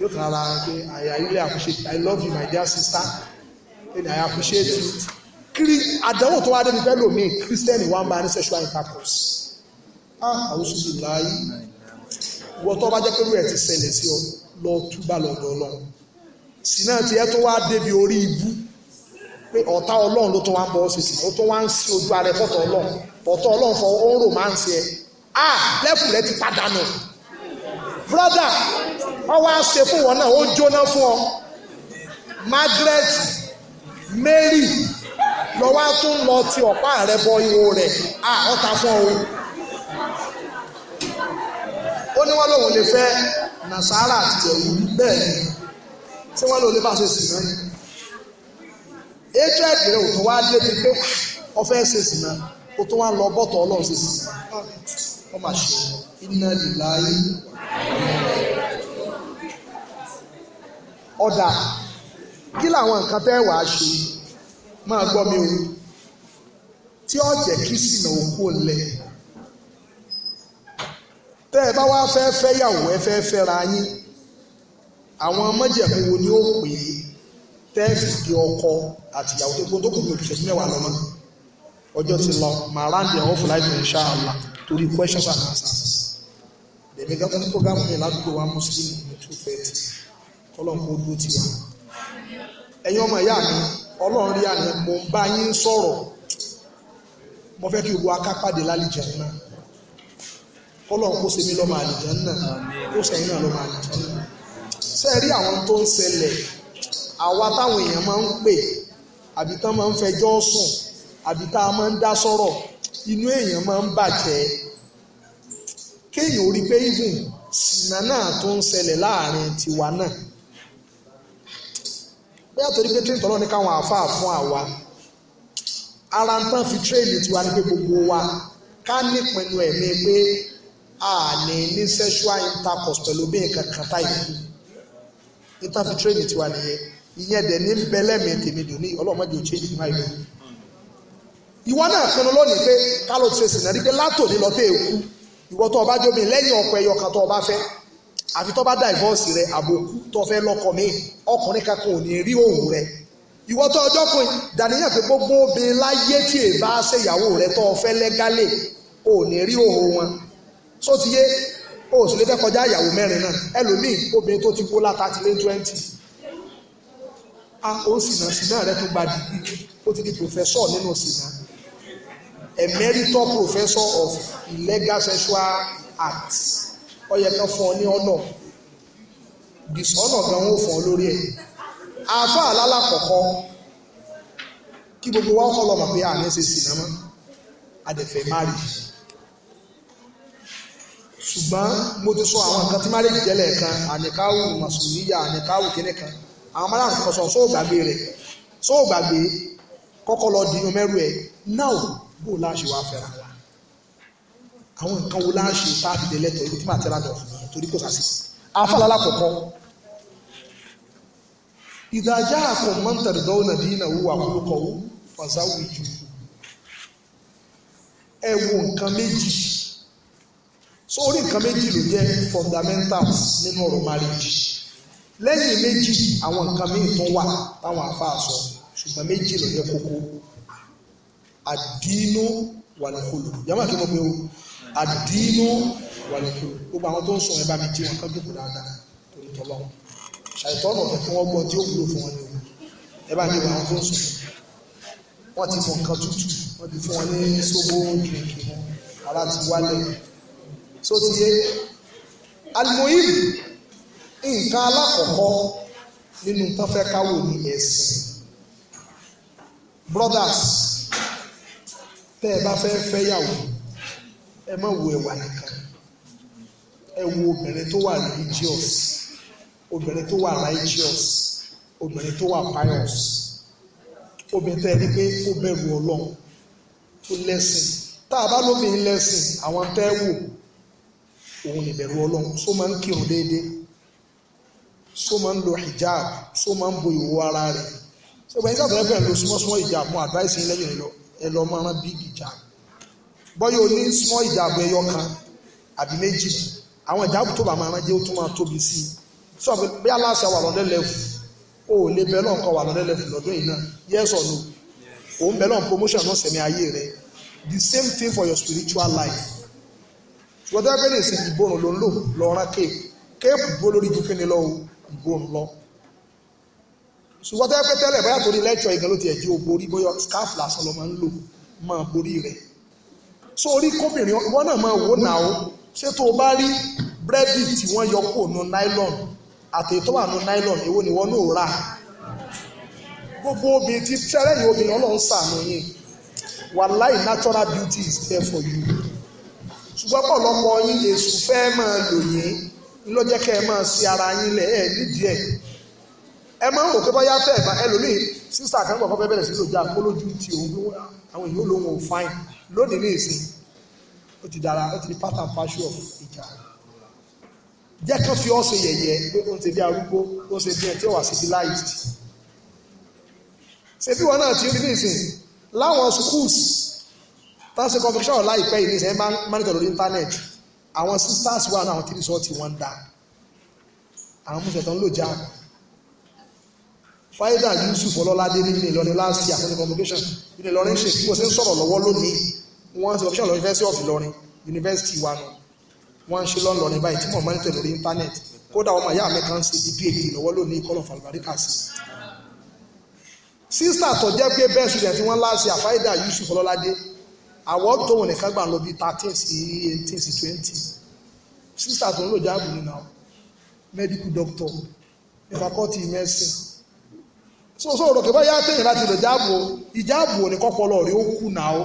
A: yóò tún ara pé I really appreciate I love you my dear sister and I appreciate it kiri àdánwò tó wá débi fẹ́ lòmíì Christian wà ń bá ní sexual intercourse ah àwọn oṣù bíi láàyè wọ́n tó bá jẹ́ pé rẹ̀ ti ṣẹlẹ̀ sí ọ lọ túbà lọ́dọ̀ ọlọ́run sì náà tiẹ̀ tó wá débi orí ibú pé ọ̀tá ọlọ́run ló tó wá bọ́ ṣèṣì ó tó wá ń sí ojú ara ẹ̀ fọ́tọ̀ ọlọ́run ọ̀tọ̀ ọlọ́run fọ ó ń rò máa ń ṣe ẹ̀ ah lẹ́kùn rẹ̀ ti padà nù brother ọ wá ṣe fún wọn náà ó jóná fún ọ Margaret Mary lọ́wọ́ lọ ọ̀pá bọ ihò rẹ̀ ọ̀tá fún ọ. ó ní wọ́n lòun lè fẹ́ bẹ́ẹ̀ ni tí wọ́n lòun lè bá ṣe sì náà ni. Éjọ́ ò tó wá débi pé ọ̀fẹ́ ṣe sì náà kí làwọn nǹkan tẹ́ wàá ṣe máa gbọ́ mi o tí ó jẹ́ kí sínú òkú lẹ̀ tẹ́ ẹ bá wá fẹ́ fẹ́ yàwó ẹ fẹ́ fẹ́ ra yín àwọn májẹ̀mú wo ni ó pè é tẹ́ ẹ fi di ọkọ àti ìyàwó tó tó kù ní òṣèlú mẹ́wàá lọ́mọ ọjọ́ ti lọ màá ráńdì ẹ̀ ọ́fù láìpẹ́ inshallah torí questions and answers dèmí gàtọ́ ní programu mi ládùúgbò wa muslim ní two thirty kọ́lọ́ kó dúró tiwa ẹ̀yin ọmọ ìyá mi ọlọ́run rí àná mo ń bá yín sọ̀rọ̀ mo fẹ́ kí gbogbo akápàdé lálejò náà kọ́lọ́run kó ṣe mí lọ́mọ àlejò náà kó sẹ́yìn náà lọ́mọ àlejò náà sẹ́ẹ̀rí àwọn tó ń ṣẹlẹ̀ àwa táwọn èèyàn máa ń pè àbí tán máa ń fẹjọ́ sùn àbí tá a máa ń dá sọ̀rọ̀ inú èèyàn máa ń bàjẹ́ kéèyàn orí pé even sìnà náà tó ń ṣẹlẹ̀ láàrin tiwa náà bẹ́ẹ̀ torí pé tírénì tọ́lọ́ ní káwọn àáfàá fún àwa ara ń tán fi tírénì tiwa ní pé gbogbo wa ká nípinnu ẹ̀mí pé a ní ní sexual intercourse pẹ̀lú obìnrin kankan táyì ní tán fi tírénì tiwa nìyẹn ìyẹn dẹ̀ ní bẹ́lẹ́mì tèmi dùn ní ọlọ́mọdé ò chéjì máa yọ. ìwọ náà pinnu lónìí pé ká ló ti ṣe sìnà pé látòní lọ́tẹ̀ èkú lẹ́yìn ọ̀pọ̀ ẹyọ kan àfi tó bá divorce rẹ àbòkú tó fẹ́ lọ́kọ mi ọkùnrin kankan ò ní rí òun rẹ ìwọ tó ọjọ́ kan dàníyàn pé gbogbo obìnrin láyé tí è bá ṣèyàwó rẹ tó fẹ́ lẹ́gálẹ̀ ò ní rí òun wọn só ti yé o sì lè fẹ́ kọjá ìyàwó mẹ́rin náà ẹlòmíì obìnrin tó ti kó láta ti lé twenty a ó sìnà sìnà rẹ tó gba dìgbì ó ti di professor nínú sìnà emeritus professor of illegal sexual acts ó yẹ kán fún ọ ní ọ̀nà dìsọ́nà gan ó fún ọ lórí ẹ̀ àáfàá alálàkọ̀kọ́ kí gbogbo wa kọ́ lọ́mọ pé àní ṣe sinimá adẹ̀fẹ̀ mari ṣùgbọ́n mo ti sọ àwọn nǹkan tí mari jẹ́lẹ̀ kan àníkáwù màsùlùmíyà àníkáwù kíní kan àwọn mara nǹkan sọ sóò gbàgbé rẹ̀ sóò gbàgbé kọ́kọ́ lọ dìyàn mẹ́rù ẹ̀ náà bò láṣẹ wàá fẹ́ràn wa àwọn nǹkan wo la ṣe tá a fi délẹ̀ tọ̀ ibi tí màá tẹ́ra lọ fún mi torí kò sàṣì afọ́lá lákòókò ìdájá àkọ̀mọ́ntàdọ́ nàdínà wù àkókò wù fàzáwì jù ẹ wo nǹkan méjì so orí nǹkan méjì ló jẹ́ fundamentals nínú ọ̀rọ̀ marriage lẹ́yìn méjì àwọn nǹkan míì tó wà táwọn àfáà sọ ṣùgbọ́n méjì ló jẹ́ kókó àdínú wà ní kolo yàrá kí wọ́n pe o àdínú wàlẹ́kù gbogbo àwọn tó ń sọ ẹ bá mi jí wọn kájú kù dáadáa torí tọ́lọ́ ṣàìtọ́ ọ̀nà ọ̀fẹ́ kí wọ́n gbọ́ tí ó wúlò fún wọn ni o ẹ bá mi wọ àwọn tó ń sọ wọ́n ti fọ nǹkan tútù wọ́n ti fún wọn ní sóbó dìrìkì wọn ara ti wálẹ̀ so ti yé alimoyim nǹkan alákọ̀ọ́kọ́ nínú tó ní ẹ̀sìn brothers tẹ́ ẹ bá fẹ́ fẹ́yàwó ẹ má wo ẹwà nìkan ẹ wo obìnrin tó wà religious obìnrin tó wà righteous obìnrin tó wà pious obìnrin tó yẹ ni pé ó bẹ̀rù ọlọ́run tó lẹ́sìn tá a bá lóbìnrin lẹ́sìn àwọn tẹ́ wò òun ìbẹ̀rù ọlọ́run só máa ń kírun déédéé só máa ń lo hijab só máa ń bo ìwo ara rẹ̀ ṣùgbọ́n ìṣàtọ̀ ẹgbẹ́ ló súnmọ́súnmọ́ hijab mo advice yín lẹ́yìn ẹ lọ máa rán big hijab bọ́yá o ní small ìjàbù ẹyọ kan àbí méjì àwọn ìjàbù tó bá máa rán jẹ́ ó tún máa tóbi sí i sọ pé bí aláṣà wà lọ́dẹ lẹ́fù o ò lè bẹ́ẹ̀ lọ́nkọ́ wà lọ́dẹ lẹ́fù lọ́dún yìí náà yes or no o ń bẹ́ẹ̀ lọ́n promotion náà sẹ̀mí ayé rẹ the same thing for your spiritual life wọ́n tẹ́lẹ̀ pé ní ìsìn ìbòrùn ló ń lò lọ́ọ́rán kéèpù kéèpù gbó lórí ju kíni lọ ìbòrùn lọ ṣùgbọ́n tẹ́lẹ̀ pé tẹ́lẹ̀ báyà torí lẹ́tọ̀ ìgbẹ́ ló ti ẹ̀ jí o borí bóyá scarf lásán lọ́ máa ń lò máa borí rẹ̀ so orí kóbìnrin wọn náà máa wò náà ṣé tó o bá rí búrẹ́dì tí wọ́n yọ kó nu nylon àtẹ̀tọ́ wà nu nylon èwo ni wọ́n náà rà gbogbo obìnrin ti tẹ́lẹ̀yìn obìnrin ọlọ́run sàánú yín wàláì natural beauty is there for you ṣùgbọ́n pọ̀lọpọ̀ yín èṣù fẹ́ máa lò yín ló jẹ́ kẹ́ ẹ máa ṣe ara yín lẹ̀ ẹ̀ nídìí ẹ̀ ẹ máa ń pé ẹ̀ bá sísà kan gbọ̀ngàn fẹ́ bẹ̀rẹ̀ sí sòjà kólójú ti òun àwọn èèyàn lòun ò fain lónìí ní ìsìn ó ti dára ó ti di part and parcel of ìjà jẹ́ kán fi ọ́ ṣe yẹ̀yẹ́ pé ó ń ṣe bí arúgbó ó ń ṣe bí ẹ̀ tí ó wà civilized ṣe bí wọn náà ti rí ní ìsìn láwọn schools tá a ṣe competition láìpẹ́ yìí ní ìsìn ẹ̀ máa ń monitor lórí internet àwọn sisters wà náà àwọn tí ní sọ́ọ́ ti wọ́n dá àwọn mùsùlùmí tó ń lò fáyidà Yusuf ọlọ́ládé nílé Ìlọrin last year fún convocation ilé Ìlọrin ṣe bí kò sí ń sọ̀rọ̀ lọ́wọ́ lónìí wọ́n ti ọ̀ṣọ́ University of Ìlọrin University wa nù wọ́n ń ṣe lọ́nlọ́rin báyìí tí mo máa ń tẹ̀ lórí íńtánẹ́ẹ̀tì kódà ọmọ ìyá mi kan ṣe bí phd lọ́wọ́ lónìí kọ́lọ̀ fàlùbáríkà sí sísà tó jẹ́ pé bẹ́ẹ̀ student wọn láti àfáìdà Yusuf ọlọ́ládé àwọn tóun nìkan gbà lọ bíi thirteen sí eighteen sí twenty sísà tó ń lò jáàbù nínú medical doctor ní faculty medicine so òròkè báyà téèyàn láti lò jáàbù ìjáàbù ò ní kọ́pọlọ rẹ ó kù náà ó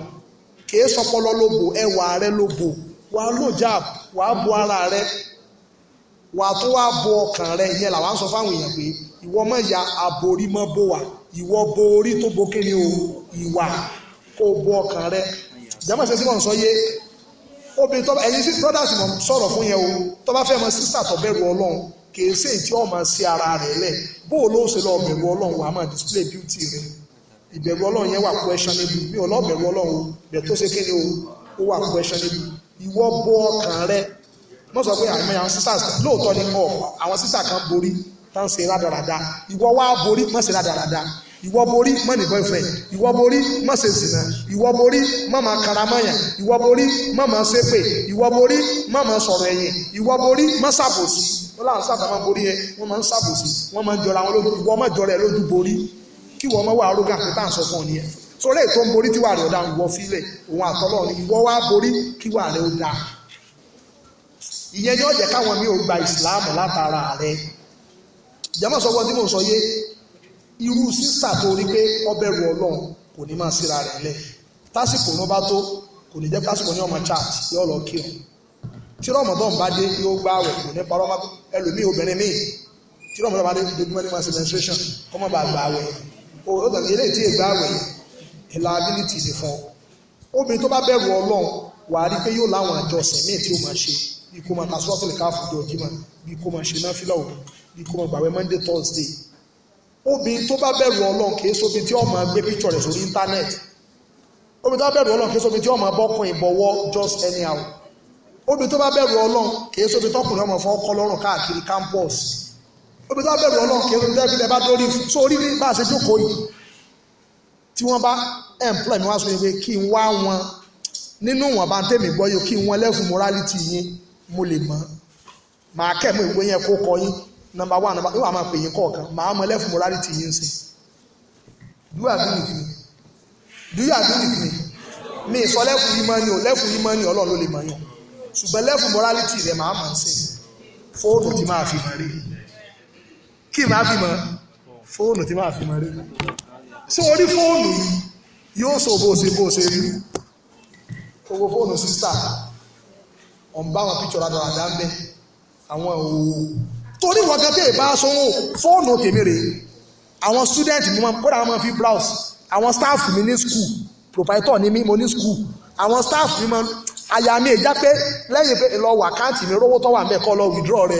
A: kèé sọpọlọ lóbo ẹwà rẹ lóbo wà á lò jáàbù wà á bo ara rẹ wà á tún wá bo ọkàn rẹ yẹn làwọn á sọ fáwọn èèyàn pé ìwọ mọ ya aborí mọ bó wa ìwọ bo orí tó bo kí ni o ìwà kó bo ọkàn rẹ jàmbá ṣe sí sọ yé obìnrin tó ẹyin sí brothers mọ sọ̀rọ̀ fún yẹn o tó fẹ́ mọ sísà tó Ọlọ́run kìí ṣe tí ó máa ṣe ara rẹ̀ lẹ̀ bó o ló ṣe lọ bẹ̀rù ọlọ́run wàá máa display beauty rẹ̀ ìbẹ̀rù ọlọ́run yẹn wà questionable mi ò lọ bẹ̀rù ọlọ́run o bẹ̀ tó ṣe kéde o ó wà questionable ìwọ bó ọkàn rẹ wọ́n sọ pé àmì àwọn sisters lóòótọ́ ni kọ́ àwọn sisters kan borí tá ń ṣe rádaràda ìwọ wá borí má ṣe rádaràda ìwọ borí má ní boyfriend ìwọ borí má ṣe zìnà ìwọ borí má máa karamọ́yà ìwọ borí má máa ṣépè ìwọ borí má máa sọ̀rọ̀ ẹ̀yìn ìwọ borí má ṣàbòsí wọn láwọn sábà máa ń borí yẹn wọn máa ń ṣàbòsí wọn máa ń jọra wọn lójú wọn máa jọra ẹ lójú borí kí wọn máa wà arrogant pé táà ń sọ fún ọ nìyẹn sọlẹ̀ tó ń borí tíwà rẹ̀ ọ̀dà ìwọ fílẹ̀ òun àtọ́lọ́ ni ìwọ wá borí kíwà rẹ̀ ó dáa ìyẹn yóò jẹ́ káwọn mi ò gba ìsìláàmù látara rẹ̀ ìjàmọ̀ sọ́gbọ́n tí mò ń sọ yé irú sísà tó rí pé ọbẹ̀ rù ọlọ́run kò ní máa síra rẹ̀ lẹ̀ tásìkò ní ó tó kò ní jẹ́ tásìkò ní ọmọ chat yóò lọ kí ọ tí rọmọdọ́n bá dé yóò gbá àwẹ̀ kò ní parọ́ máa ẹlòmíì obìnrin míì tí rọmọdọ́n bá dé dojúmọ́ ní mass menstruation kọ́ mọ́ bá gbà àwẹ̀ o ó tàbí eléyìí tí ègbà àwẹ̀ reliability ni fún ọ obìnrin tó bá bẹ̀rù ọlọ́run wà á rí pé yóò láwọn àjọsìn míì tí ó máa ṣe bí kó máa ta sọ́ọ̀tìlì káàfù jọ jímọ̀ bí kó máa ṣe náfìlà òru bí kó máa gbàwẹ̀ monday thursday obìnrin tó bá bẹ̀rù ọlọ́run kì í sóbi tí ó máa gbé picture rẹ̀ sórí íńtánẹ́ẹ̀tì obìnrin tó bá bẹ̀rù ọlọ́run kì í sóbi tí ó máa bọ́kùn just anyhow obìnrin tó bá bẹ̀rù ọlọ́run kì í sóbi tọkùnrin ọmọ fún ọkọ lọ́rùn káàkiri campus obìnrin tó bá bẹ̀rù ọlọ́run kì í sóbi tẹ́lifílẹ̀ bá dórí sórí ní bá a ṣe jókòó yìí tí wọ́n bá employ mi wá sọ pé kí n wá wọn nínú wọn bá ń tèmi gbọ́ yìí kí n wọn lẹ́fù morality yín mo lè mọ̀ màá kẹ́mu ìwé yẹn kó kọ yín number one number two wà máa pè yín kọ̀ọ̀kan màá mọ lẹ́fù morality yín sí do you agree with me do you agree with me mi ìsọ lẹ́fù yín mọ́ ni o lẹ́fù yín mọ́ ni ọlọ́run ló lè mọ̀ yín o ṣùgbọ́n lẹ́fù morality rẹ̀ máa mọ̀ sí fóònù tí máa fi mọ̀ rí kí máa fi mọ̀ fóònù tí máa fi mọ̀ rí sí orí fóònù yìí yóò sọ bó ṣe bó ṣe rí owó fóònù sísítà ọ̀nbá wọn píṣọ rádaràdá ń bẹ àwọn òwò torí wọn gan tẹ́lẹ̀ bá sanwó fóònù tèmi rèé àwọn student mi kódà wọn fi browse àwọn staff mi ní school proprietor ni mi mo ní school àwọn staff mi máa àyà mi ìjà pé lẹ́yìn pé lọ wà káàtì mi rówó tó wà ń bẹ̀ kọ́ lọ withdraw rẹ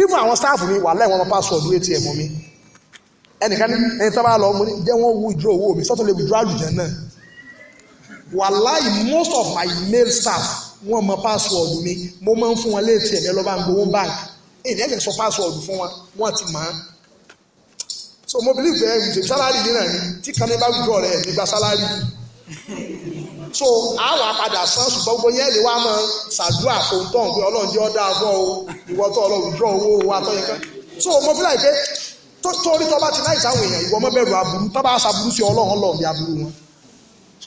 A: even àwọn staff mi wà lẹ́wọ̀n wọn password atm mi ẹnìkan ẹni tó bá lọ mo ní jẹ́ wọ́n withdraw owó mi sọ́tún lè withdraw àlùjẹ́ náà wàláì most of my male staff wọ́n mọ password mi mo máa ń fún wọn létí ẹ̀mí lọ́ba ń gbowó báńkì èyí ẹ̀jẹ̀ sọ password fún wọn wọ́n ti mọ̀ so mo believe ẹ̀ ṣe salary dínà ni tí kan ní bá withdraw rẹ̀ ẹ̀ nígbà salary so àwa padà san ṣùgbọ́n gbogbo yẹn lè wá máa ṣàdúrà fún tán pé ọlọ́run jẹ́ ọ́dà fún ọ ìwọ tó ọlọ́run dúró owó wa tó yẹ kán so mo fi láì pé torí tó bá ti láì sáwọn èèyàn ìwọ mọ́ bẹ̀rù aburú tó bá ṣàbùrú sí ọlọ́run ọlọ́run bí aburú wọn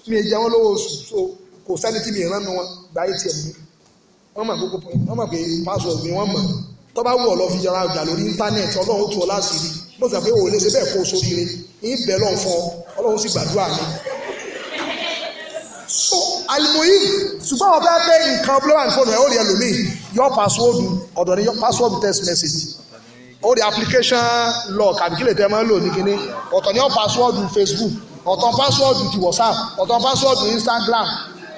A: mi ì jẹ wọn lówó oṣù so kò sẹ́ni tí mi rán mi wọn gba atm mi wọ́n mọ̀ gbogbo wọ́n mọ̀ pé password mi wọ́n mọ̀ tó bá wù ọ lọ fi yọra ọjà lórí íńtánẹ́ẹ̀tì ọlọ́run ó tu ọ láṣìírí mo sì pé òun lè ṣe bẹ́ẹ̀ kó o sóríire ìbẹ̀ lọ́n fún ọ ọlọ́run sì gbàdúrà mi so alimoyin ṣùgbọ́n ọba pé nǹkan blọ́wà ní fóònù rẹ̀ ó rí ẹlòmíì yọ pàṣíwọ́ọ̀dù ọ̀dọ̀ ni yọ pàṣíwọ́ọ̀dù text message ó rí application lock àbí kílè tẹ́ máa ń lò ní kíní ọ̀tọ̀ ni yọ pàṣíwọ́ọ̀dù Facebook ọ̀tọ̀ pàṣíwọ́ọ̀dù ti WhatsApp ọ̀tọ̀ pàṣíwọ́ọ̀dù Instagram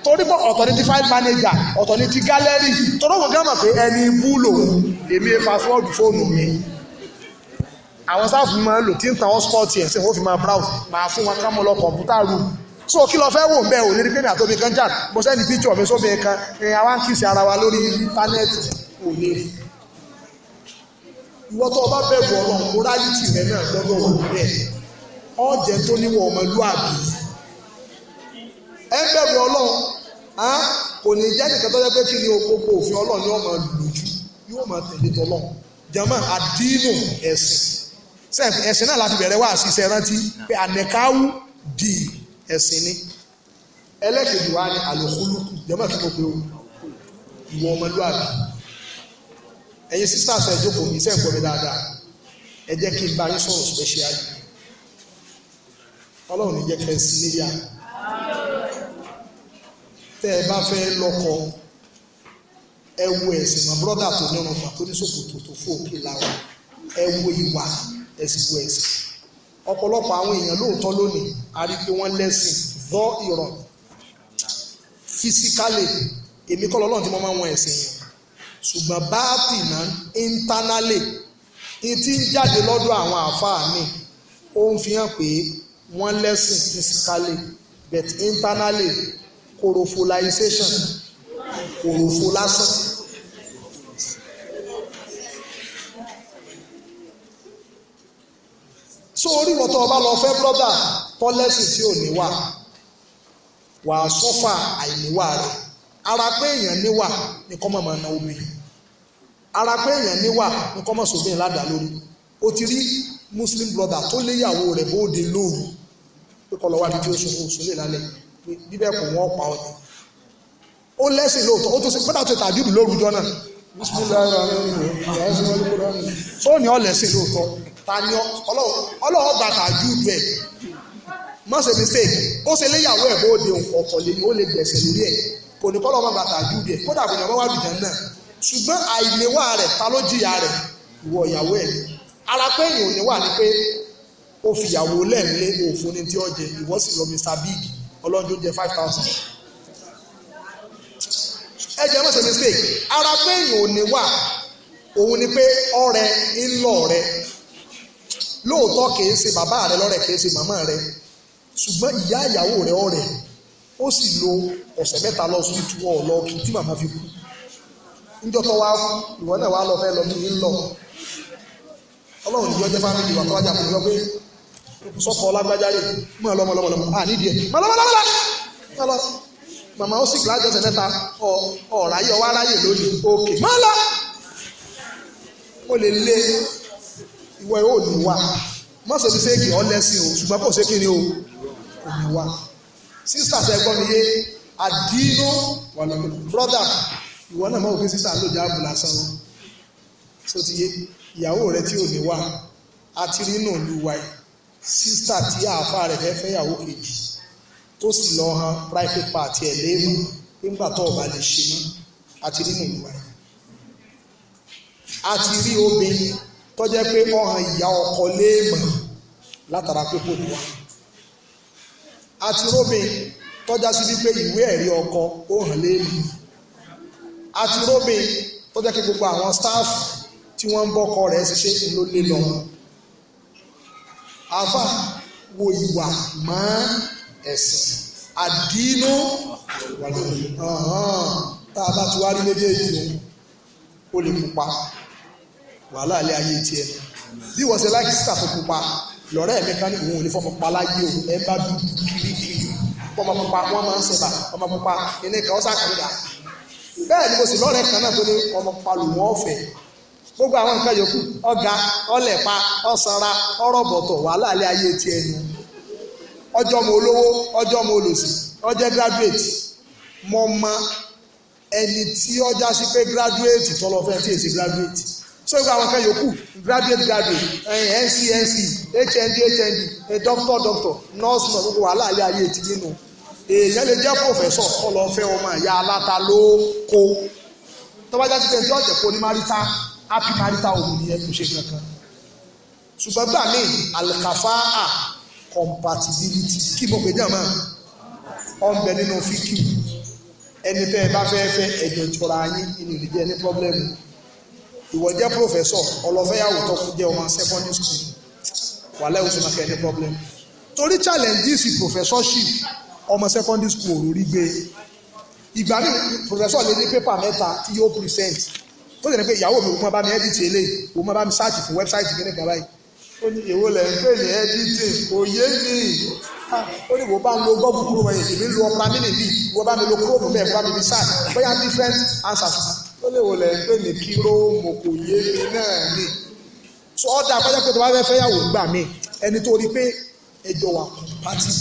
A: torí pé ọ̀tọ̀ ni ti file manager ọ̀tọ̀ ni ti gallery torí òun gẹ́mọ̀ pé ẹni ibú lòun èmi pàṣíwọ́ọ̀dù fóònù mi àwọn sáfù máa ń lò tí ń tan hotspot yẹn sí i ó fi máa browse máa fún wọn ká mọ́ lọ kọ̀ǹpútà room so kí lọ fẹ́ wò ń bẹ́ ò ní rí pé mi àtòbí kan jà mo sẹ́ni píchọ̀ mi sóbi kan ìrìn àwa ń kìsì ara wa lórí íńtánẹ́ẹ̀tì ò ní rí ìwọ tó o bá bẹ̀rù ọ̀rọ̀ morality rẹ náà lọ́dọ̀ wà bẹ́ẹ̀ ọ̀jẹ̀ tó níwọ̀ ọmọlúwàbí ẹ bẹ̀rù ọlọ́run kò ní jẹ́ nìkan tó yẹ pé kí ni gbogbo òfin ọlọ́run yóò máa lòjú yóò máa tẹ̀lé tọ́lọ́run jama àdínù ẹ̀sìn ẹ̀sìn náà láti bẹ̀rẹ̀ wá àṣìṣe rántí pé ànẹ̀káwù dìí ẹ̀sìn ni ẹlẹ́kejì wa ni àlòkúlùkù jẹ́mọ̀ kí mo pe o ìwọ ọmọlúwàbí ẹ̀yin sisters ẹ̀ jókòó mi sẹ́ ń gbọ́ mi dáadáa ẹ jẹ́ kí n bá yín sọ̀rọ̀ special ọlọ́run ní jẹ́ kẹ́ ẹ sí níbi à tẹ́ ẹ bá fẹ́ lọ́kọ ẹ wo ẹ̀sìn mọ́ brọ́dà tó ní ọ̀nà tó ní ṣòkòtò tó fò òkè láwọn ẹ wo ìwà ẹ̀sìn wo ẹ̀sìn ọ̀pọ̀lọpọ̀ àwọn èèyàn lóòótọ́ lónìí a rí pé wọ́n lẹ́sìn bọ́ ìrọ̀ fisikálì èmi kọ́ lọ́lọ́run tí mo máa ń wọn ẹ̀sìn yẹn ṣùgbọ́n báàtì náà íńtánálì ti ń jáde lọ́dọ̀ àwọn àáfàá mi ó ń fi hàn pé wọ́n lẹ́sìn fisikálì but internally kòròfò laisation so orí ìwọ̀n tó o bá lọ fẹ́ brọ́dà pọ́lẹ́sì tí ò níwà wà á sọ́fà àìníwà rẹ̀ ara pé èèyàn níwà ni kọ́ mọ̀mọ́ na omi ara pé èèyàn níwà ni kọ́ mọ̀ sóbìn ládàá lórí o ti rí muslim brother tó léyàwó rẹ̀ bóde lóru pé kọ́ lọ wá bíi tí ó sọ fún òṣèlè lálẹ́ bíbẹ̀ kò wọ́n pa ọ́ ni ó lẹ́sìn lóòótọ́ ó tún ṣe pé dàtò tàbí lóru jọ náà ó ní ọ lẹ́sìn lóòótọ́ tani ọlọ́wọ́ gba tàájú ìlú ẹ̀ má ṣe mistake ó ṣe léyàwó ẹ̀ bó de ọ̀kọ̀ lè ní ó lè gbẹ̀sẹ̀ lórí ẹ̀ kò ní kọ́lọ́ máa gba tàájú ìlú ẹ̀ kódà kò ní ọmọ wa dùn náà ṣùgbọ́n àìlèwà rẹ̀ ta ló jìyà rẹ̀ ìwọ ìyàwó ẹ̀ ara pé èèyàn ò ní wà ní pé ó fi ìyàwó lẹ́ẹ̀lé òfin ní tí ó jẹ ìwọ sì lọ Mr Big ọlọ́jọ́ jẹ five thousand ẹ jẹ́ mọ̀sẹ̀ mistake ara pé èèyàn ò ní wà òun ni pé ọ̀rẹ́ ńlọ rẹ̀ lóòótọ́ kìí ṣe bàbá rẹ lọ́rẹ̀ kìí ṣe màmá rẹ ṣùgbọ́n ìyá ìyàwó rẹ ọ̀rẹ́ ó sì lo ọ̀sẹ̀ mẹ́ta lọ sí tu ọ̀ lọ kí tí màmá fi kú níjọ́ tó wá ìwọ náà wá lọ fẹ́ lọ kí n lọ ọlọ́run níjọ́ jẹ́ fámìlì wà tó wájà kò ní wọ́n pé sọ́kọ̀ ọlágbájá rè mú ẹ lọ́mọ lọ́mọ lọ́mọ à nídìí ẹ̀ mọ́lọ́mọ́lọ́mọ́lọ́ màmá ó sì kíláàsì ọ̀sẹ̀ mẹ́ta ọ̀ráyé ọwọ́ aráyè lónìí òkè mọ́lọ́ mo lè lé ìwọ yóò ní wá mọ́sọ̀ sí fẹ́ẹ̀kì ọlẹ́sìn o ṣùgbọ́n kò ṣe kíni o kò ní wá sísà sẹ́gbọ́n mi yé àdínú brọ́dà ìwọ náà máa wò pé sísà ló jẹ́ àbùlà sanwó so ti yé ìyàwó rẹ tí ò ní wá àti nínú ìlú wa yìí sísà tí àáfà rẹ fẹ́ fẹ́ ìyàwó kejì tó sì lọ han private party ẹ̀ léèmọ̀ nígbà tó ọba lè ṣe mọ́ àti nínú ìlú wa yìí àti rí obìnrin tọ́jẹ́ pé ọ̀hàn ìyá ọkọ léèmọ̀ látara pé kò ní wá àti robin tọ́já sí wípé ìwé ẹ̀rí ọkọ ó hàn léèmọ̀ àti robin tọ́já pé gbogbo àwọn staff tí wọ́n ń bọ́kọ rẹ̀ ṣiṣẹ́ ló lé lọ afa wo ìwà mọ́ ẹ̀sìn àdínú tá a bá ti wá rí méjèèjì o lè pupa. wàhálà alẹ́ ayé tiẹ̀ bí wọ́n ṣe láìkí sísà tó pupa lọ́rẹ́ ẹ̀mẹ́ká ní òun ò ní fọmọ pa láyé o ẹ bá pupa máa ń ọmọ pupa kan bẹ́ẹ̀ ni mo sì lọ́rẹ́ kan náà tó ní ọ̀fẹ́ gbogbo àwọn nǹkan ọ̀gá ọ̀lẹ̀pa ọ̀rọ̀bọ̀tọ̀ so gba àwọn kan yòókù graduate graduate nc nc hnd hnd doctor doctor nurse nurse gbogbo wàhálà alẹ́ ayé ti nínú èèyàn lè jẹ́ professor kọ́ lọ fẹ́ ọmọ ìyá aláta ló kó tọ́wájá ti tẹ̀ tí ọ̀jẹ̀ kó ní marita happy marita òun ni ẹ kò ṣe kankan ṣùgbọ́n gbà mí alikafa a compatibility kí mo pè jàmá ọ̀nbẹ nínú fíkì ẹni tẹ́ ẹ bá fẹ́ fẹ́ ẹ̀jọ̀ jọra yín ìnìyàn jẹ́ ní pọ́blẹ́mù ìwọ jẹ́ pòfẹ́sọ̀ ọlọ́fẹ́yàwó tó kún jẹ́ ọmọ secondary school wà lẹ́wọ̀n sọ̀rọ̀ kẹ́ni problem torí challenges professorship ọmọ secondary school òrùrí gbé ìgbà mi professor lè ní paper mẹ́ta tí yóò present tó sì ní pé ìyàwó mi ò máa bá mi edit eléyìí ò máa bá mi search fún website kíní kan báyìí ó ní èwo lẹ̀ ń pè ní editing òye ni ó ní wò bá ń lo Google Chrome èmi ń lo ọ̀pá mínì bíi wò bá mi lo Chrome bẹ́ẹ̀ bá mi research bóyá different answers ó lè wò lẹ́ ń pè ní kí róòmù kò yé mi náà nì so ọ̀dà pẹ́jà pé tó bá fẹ́ fẹ́yàwó gbà mí ẹni tó rí pé ẹjọ́ wà compatible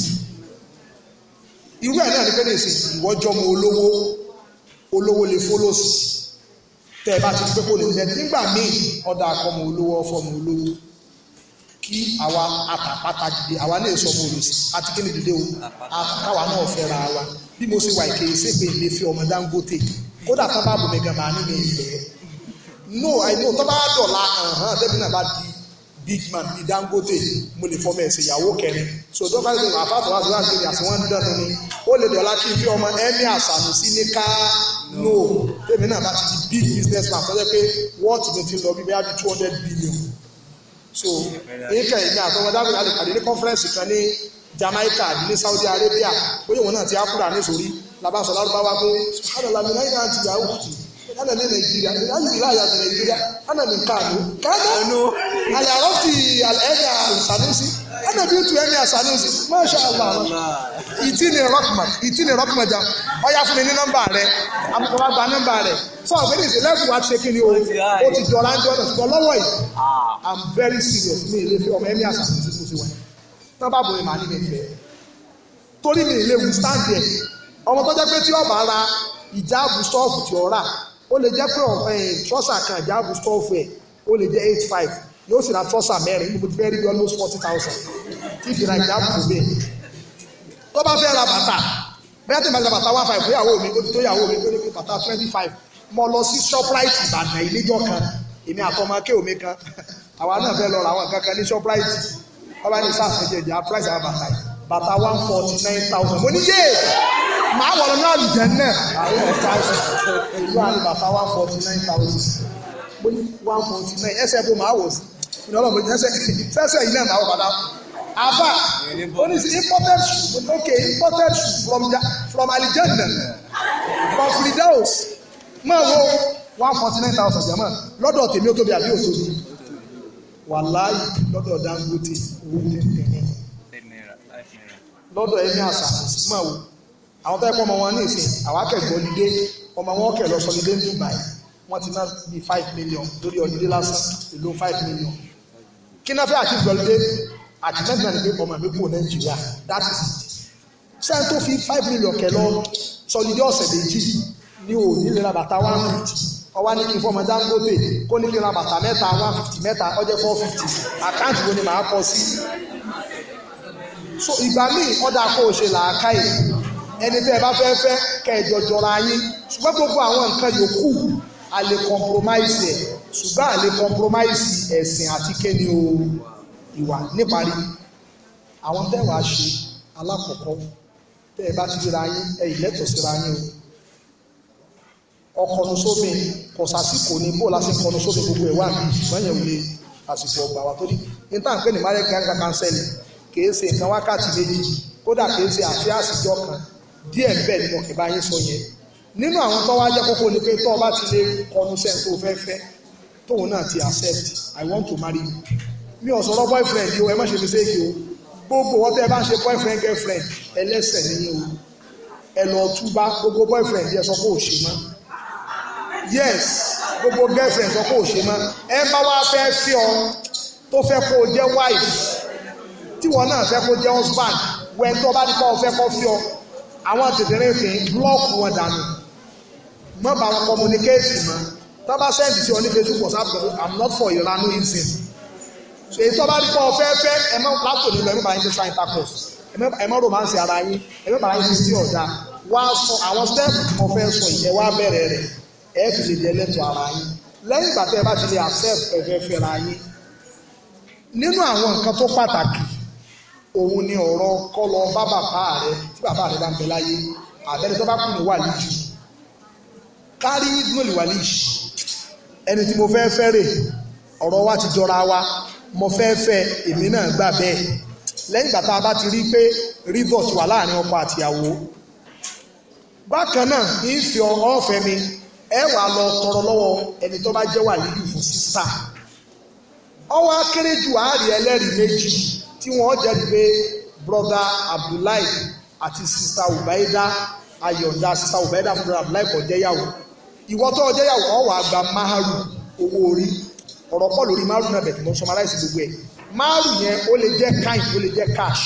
A: irú ẹ̀ náà ní pé ní ìsìn ìwọ́jọ́ mu olówó olówó lè fólòsì tẹ́ ẹ bá ti pé kó lè lẹ́ nígbà míì ọ̀dà àkọ́mọ olówó ọ̀fọ́mọ olówó kí àwa àtàpátá dìde àwa náà sọ ọmọ olùsí àti kí ni dìde o káwa náà fẹ́ ra wa bí mo ṣe wà ìkéyìí ṣègbè ìlẹ́fẹ́ ọmọ Dangote kódà tó bá bùnmi gàmà nínú ìfẹ́ no i know tó bá dọ̀la hàn débi náà bá di big man di Dangote mo lè fọmọ ẹsẹ ìyàwó kẹrin so dọ́kítà ìlú àfàtọ̀ àti láti ìyà tí wọ́n ń dánu ni ó lè dọ̀la kí n fi ọmọ ẹ̀mí àṣàmì sí ní ká no débi náà bá ti di big business man tó jẹ́ pé wọ́ọ̀tì tó ti lọ bí bẹ́ẹ̀ bí two hundred billion so ìkẹ́ ìgbà àtọwọ́dáwìn alẹ́ pàdé ní conference kan ní Jamaica ní Saudi Arabia ó yẹ wọn náà ti á kúrò àníṣòrí làbá sọ lárúbáwá pé subhanallah mi náírà ti yà òkùtì ana ní nàìjíríà ana ní láàyè àti nàìjíríà ana ní nkaanu kánú alẹ́ àrọ́fì ẹ̀yà sanusi ana bí tu ẹ̀yà sanusi masha allah ìtì ní rọ́kùmà ìtì ní rọ́kùmà jà ọ̀yà fún mi ní nọ́mbà rẹ̀ àbùkọ́wá gba nọ́mbà rẹ̀ fún ọ̀gbẹ́ni ìsìlẹ́kùn wa ṣe kí ni o ó ti dọ̀la ń dọ̀la ṣùgbọ́n lọ́wọ́ yìí ah. i'm very serious mi ìlé fi ọmọ ẹ̀yà sanusi kò sí wa náà bọ̀ ẹ̀ màá ní mi fẹ́ torí mi ìlé wù stand there ọmọ tó jẹ́ pé tí ọba ra ìjáàbù stọ́ọ̀fù tí ó rà ó lè jẹ́ pé eh, trọ́sà kan ìjáàbù stọ́ọ̀fù ẹ̀ ó lè jẹ́ eight five yóò sì ra trọ́sà mẹ́rin níbo ti fẹ́ rí bí almost forty thousand tí ìfìlà ìjáàbù tó bẹ́ẹ̀ tó bá fẹ́ ra bàtà bẹ́ẹ̀ tí mo ra bàtà one five fún ìyàwó mi ó ti tó ìyàwó mi tó ní bàtà twenty five mo lọ sí shoprite ìbàdàn ìlẹ́jọ́ kan èmi àtọmọ akéwòmí kan àwa náà fẹ́ lọ ra àwọn kankan ní shoprite ọba ní sáà fún jẹjẹ price àbàtà yìí bàtà one forty nine thousand mo ní yé màá wọ̀ lọ́nà àlùjẹ́ náà àwọn ọ̀tá ọ̀sán ìlú àná bàtà one forty nine thousand mo one forty nine ẹsẹ̀ bó màá wọ̀ sí ìdánwò mo ní ẹsẹ̀ ẹsẹ̀ yìí náà màá wọ̀ bàtà aba only say imported shoe okay imported shoe from ja from alijanna from fridaus máa wo one forty nine thousand jama lọ́dọ̀ tèmi ó tóbi àbí òtóbi wàláì lọ́dọ̀ dangote owó tẹ̀tẹ̀ yẹn lọ́dọ̀ ẹni àṣà máa wò àwọn tó yẹ kọ́ ọmọ wọn ní ìsìn àwọn akẹ́kọ̀ọ́ lídé ọmọ wọn kẹ̀ lọ sọ lídé ní Dubai wọ́n ti ná bí five million lórí ọdún lásán ìlú five million kí náà fẹ́ àti ìgbọ̀lódé àti mẹ́tìlá ni pé ọmọ mi kú Nàìjíríà that is it sẹ́yìn tó fi five million kẹ̀ lọ sọ lídé ọ̀sẹ̀ méjì ní òní lè ra bàtà one fifty ọwá ní kí n fọmọ Dangote kó ní kí n ra bàtà mẹ́ta one fifty mẹ́ta ọjọ́ four fifty àkáǹtì wo ni màá kọ sí so ìgbà míì ọ̀dà kò ṣe làákàyè ẹni tẹ́ ẹ bá fẹ́ fẹ́ kẹ́ ẹ jọjọra yín ṣùgbọ́n gbogbo àwọn nǹkan yòókù a lè compromise ẹ̀ ṣùgbọ́n a lè compromise ẹ̀sìn àti kéde o ìwà níparí àwọn tẹ́wà ṣe alákọ̀ọ́kọ́ tẹ́ ẹ bá ti síra yín ẹ ìlẹ́tọ̀ síra yín o ọkọ̀nu sómi kò sásìkò ní bó láti kọnu sómi gbogbo ẹ̀ wá bí ṣùgbọ́n yẹn ò lè àsìkò ọgbà wa torí ní ní marriage gang cancel kìí ṣe nǹkan wákàtí méjì kódà kìí ṣe àfi àsìjọ kan díẹ̀ bẹ́ẹ̀ ni mo kì bá yín sọ yẹn nínú àwọn tó wá jẹ́ kókó ni pé tó o bá ti lè kọnu sẹ́ni tó o fẹ́ fẹ́ tóun náà ti accept I want to marry you mi ò sọ̀rọ̀ boyfriend yìí o ẹ má ṣe fi ṣéèkì o gbogbo wọn tẹ́ ẹ bá ń ṣe boyfriend girlfriend ẹlẹ́sẹ̀ nìyẹn o ẹ lọ túbá gbogbo boyfriend yẹ sọ pé ò ṣe mọ́ yes gbogbo girlfriend sọ pé ò ṣe mọ́ ẹ bá wá fẹ́ fi ọ tó fẹ́ kó o jẹ́ wife tí wọn náà fẹ́ kó jẹ́ husband wẹ́n tó bá nípa ọ̀fẹ́ kọ́ fi ọ àwọn tètèrè fìn blọ́ọ̀kù wọn dànù mọ́ bá wọn communicate mọ́ tó bá sẹ́ǹdì sí ọ ní Facebook WhatsApp I'm not for ìlànà ìsìn èyí tó bá nípa ọ̀fẹ́ fẹ́ ẹ mọ́ látò nínú ẹ̀mí bá yín ti sign tacos ẹ mọ́ romance ara yín ẹ̀mí bá yín ti sí ọ̀dà wá sọ àwọn step ọ̀fẹ́ sọ ìyẹn wá bẹ̀rẹ̀ rẹ̀ ẹ̀ fi lè jẹ́ lẹ́tọ̀ ara yín lẹ́yìn ìgbà tẹ́ ẹ bá ti lè accept ẹ̀fẹ́ fẹ́ra yín nínú àwọn nǹkan tó pàtàkì òun ni ọ̀rọ̀ kọ́ lọ bá bàbá rẹ tí bàbá rẹ bá ń bẹ láyé àbẹ́rẹ́ tó bá kù ní wàlí jù kárí gbòlì wàlí jù ẹni tí mo fẹ́ fẹ́ ọ̀rọ̀ wa ti jọra wa mo fẹ́ fẹ́ èmi náà gbà bẹ́ẹ̀ lẹ́yìn ìgbà tá a bá ti rí pé rivers wà láàrin ọkọ àtìyàwó bákan náà ní fi ọ̀fẹ́ mi ẹ wà lọ tọrọ lọ́wọ́ ẹni tó bá jẹ́ wàlí jù fún sísá ọwọ́ akérèjù àárẹ̀ ẹlẹ́rìí méjì tí wọ́n jẹ́ pé brother abdullahi àti sista ubaida ayọ̀dá sista ubaida fún brother abdullahi kò jẹ́yàwó ìwọ tó o jẹ́yàwó ọ̀ wà gba maharu owó orí ọ̀rọ̀ pọ̀ lórí maharu náà bẹ̀tẹ̀ mọ́ summarize gbogbo ẹ̀ maharu yẹn ó lè jẹ́ kind ó lè jẹ́ cash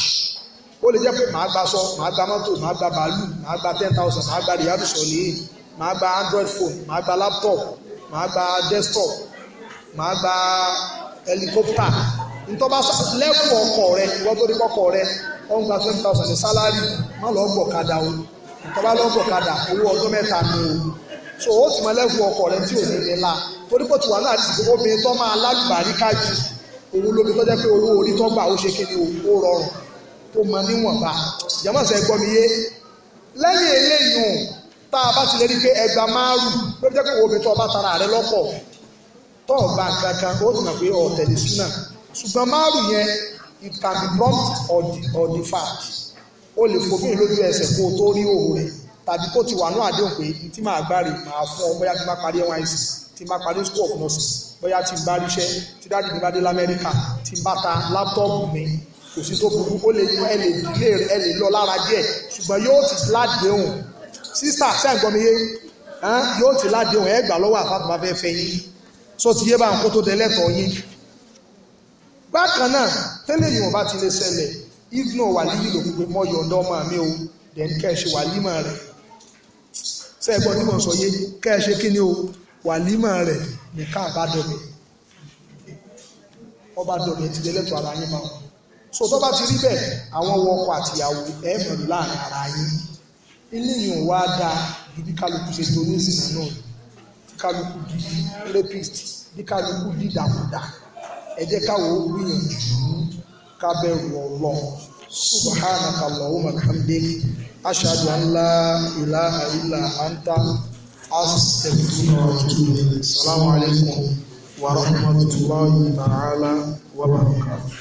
A: ó lè jẹ́ pé màá gba sọ màá gba mọ́tò màá gba bàálù màá gba ten thousand màá gba riyadu sọ̀lẹ́yìn màá gba android phone màá gba laptop màá gba desktop màá gba helicopter ntọ́ba lẹ́kọ̀ọ́ ọkọ̀ rẹ ìwọ́n tó ní kọ́kọ̀ rẹ wọ́n gba twenty thousand ní sálárì má lọ́ọ́ gbọ̀kadà o ntọ́ba lọ́ọ́ gbọ̀kadà owó ọdún mẹ́ta ni o so ó sì mọ lẹ́kọ̀ọ́ ọkọ̀ rẹ tí ò ní nílá torí pé tiwa náà ti sèkó obìnrin tó máa lágbàríkà jù òun lóbi tó jẹ́ pé owó orí tó gbà ó ṣe kíni o rọrùn tó mọ níwọ̀nba jẹ́mọ̀ sẹ́ gbọ́ mi yé lẹ́yìn eléyìí tá a bá ti lè rí pé ẹgbàá márùn ló jẹ́ pé òun mi tó ọba tara rẹ lọ́pọ̀ tó ọba kankan ó ti mọ̀ pé ọ̀tẹ̀lẹ̀ sínú náà ṣùgbọ́n márù yẹn it can be brought or deferred o lè fòfin lójú ẹsẹ̀ kó o tó rí òun rẹ̀ tàbí kó ti wà ní àdéhùn pé tí màá gbáre màá fún ọ bóyá tí má parí nysc tí má parí school of nursing bóyá tí n bá ríṣẹ́ tí dáàdì mi bá dé lamẹ́ríkà tí n bá ta láptọ́ọ̀pù mi kò sí tó burú ó lè ẹ lè lè ẹ lè lọ lára díẹ̀ ṣùgbọ́n yóò ti ládéhùn sísà sẹ́ǹgbọ́miyé yóò ti ládéhùn ẹ gbà lọ́wọ́ àfàtúmọ̀ afẹ́fẹ́ yín sọ ti yé bá ń kó tó dẹ yín bákan náà tẹ́lẹ̀ yìí wọ́n bá ti lè ṣẹlẹ̀ ìgbìmọ̀ wà níyì ló gbogbo mọ́ yọ̀ǹda ọmọ mi o dẹ̀ kẹ́ ẹ ṣe wàlímọ̀ rẹ̀ sẹ́gbọ́n tí mo sọ yé kẹ́ ẹ ṣe kí ni o wàlímọ̀ rẹ̀ nìkan àbádọ́bẹ̀ ọba dọ̀bẹ̀ ti dẹ́lẹ́tọ̀ ara yín máa so tó bá ti rí bẹ́ẹ̀ àwọn ọkọ àtìyàwó ẹ̀ mọ̀lú láàrin ara yín eléyìí ò wá da ibi kálukú ṣe tó ní ìsìn náà kálukú di rapist bí kálukú di ẹ jẹ́ káwọ́ gbìyànjú ká bẹ̀rù ọlọ́ subhanaka allahumma hamdik ashhadu an la ilaha illa anta astaghfiruka wa atubu alaykum wa rahmatullahi ta'ala wa barakatuh.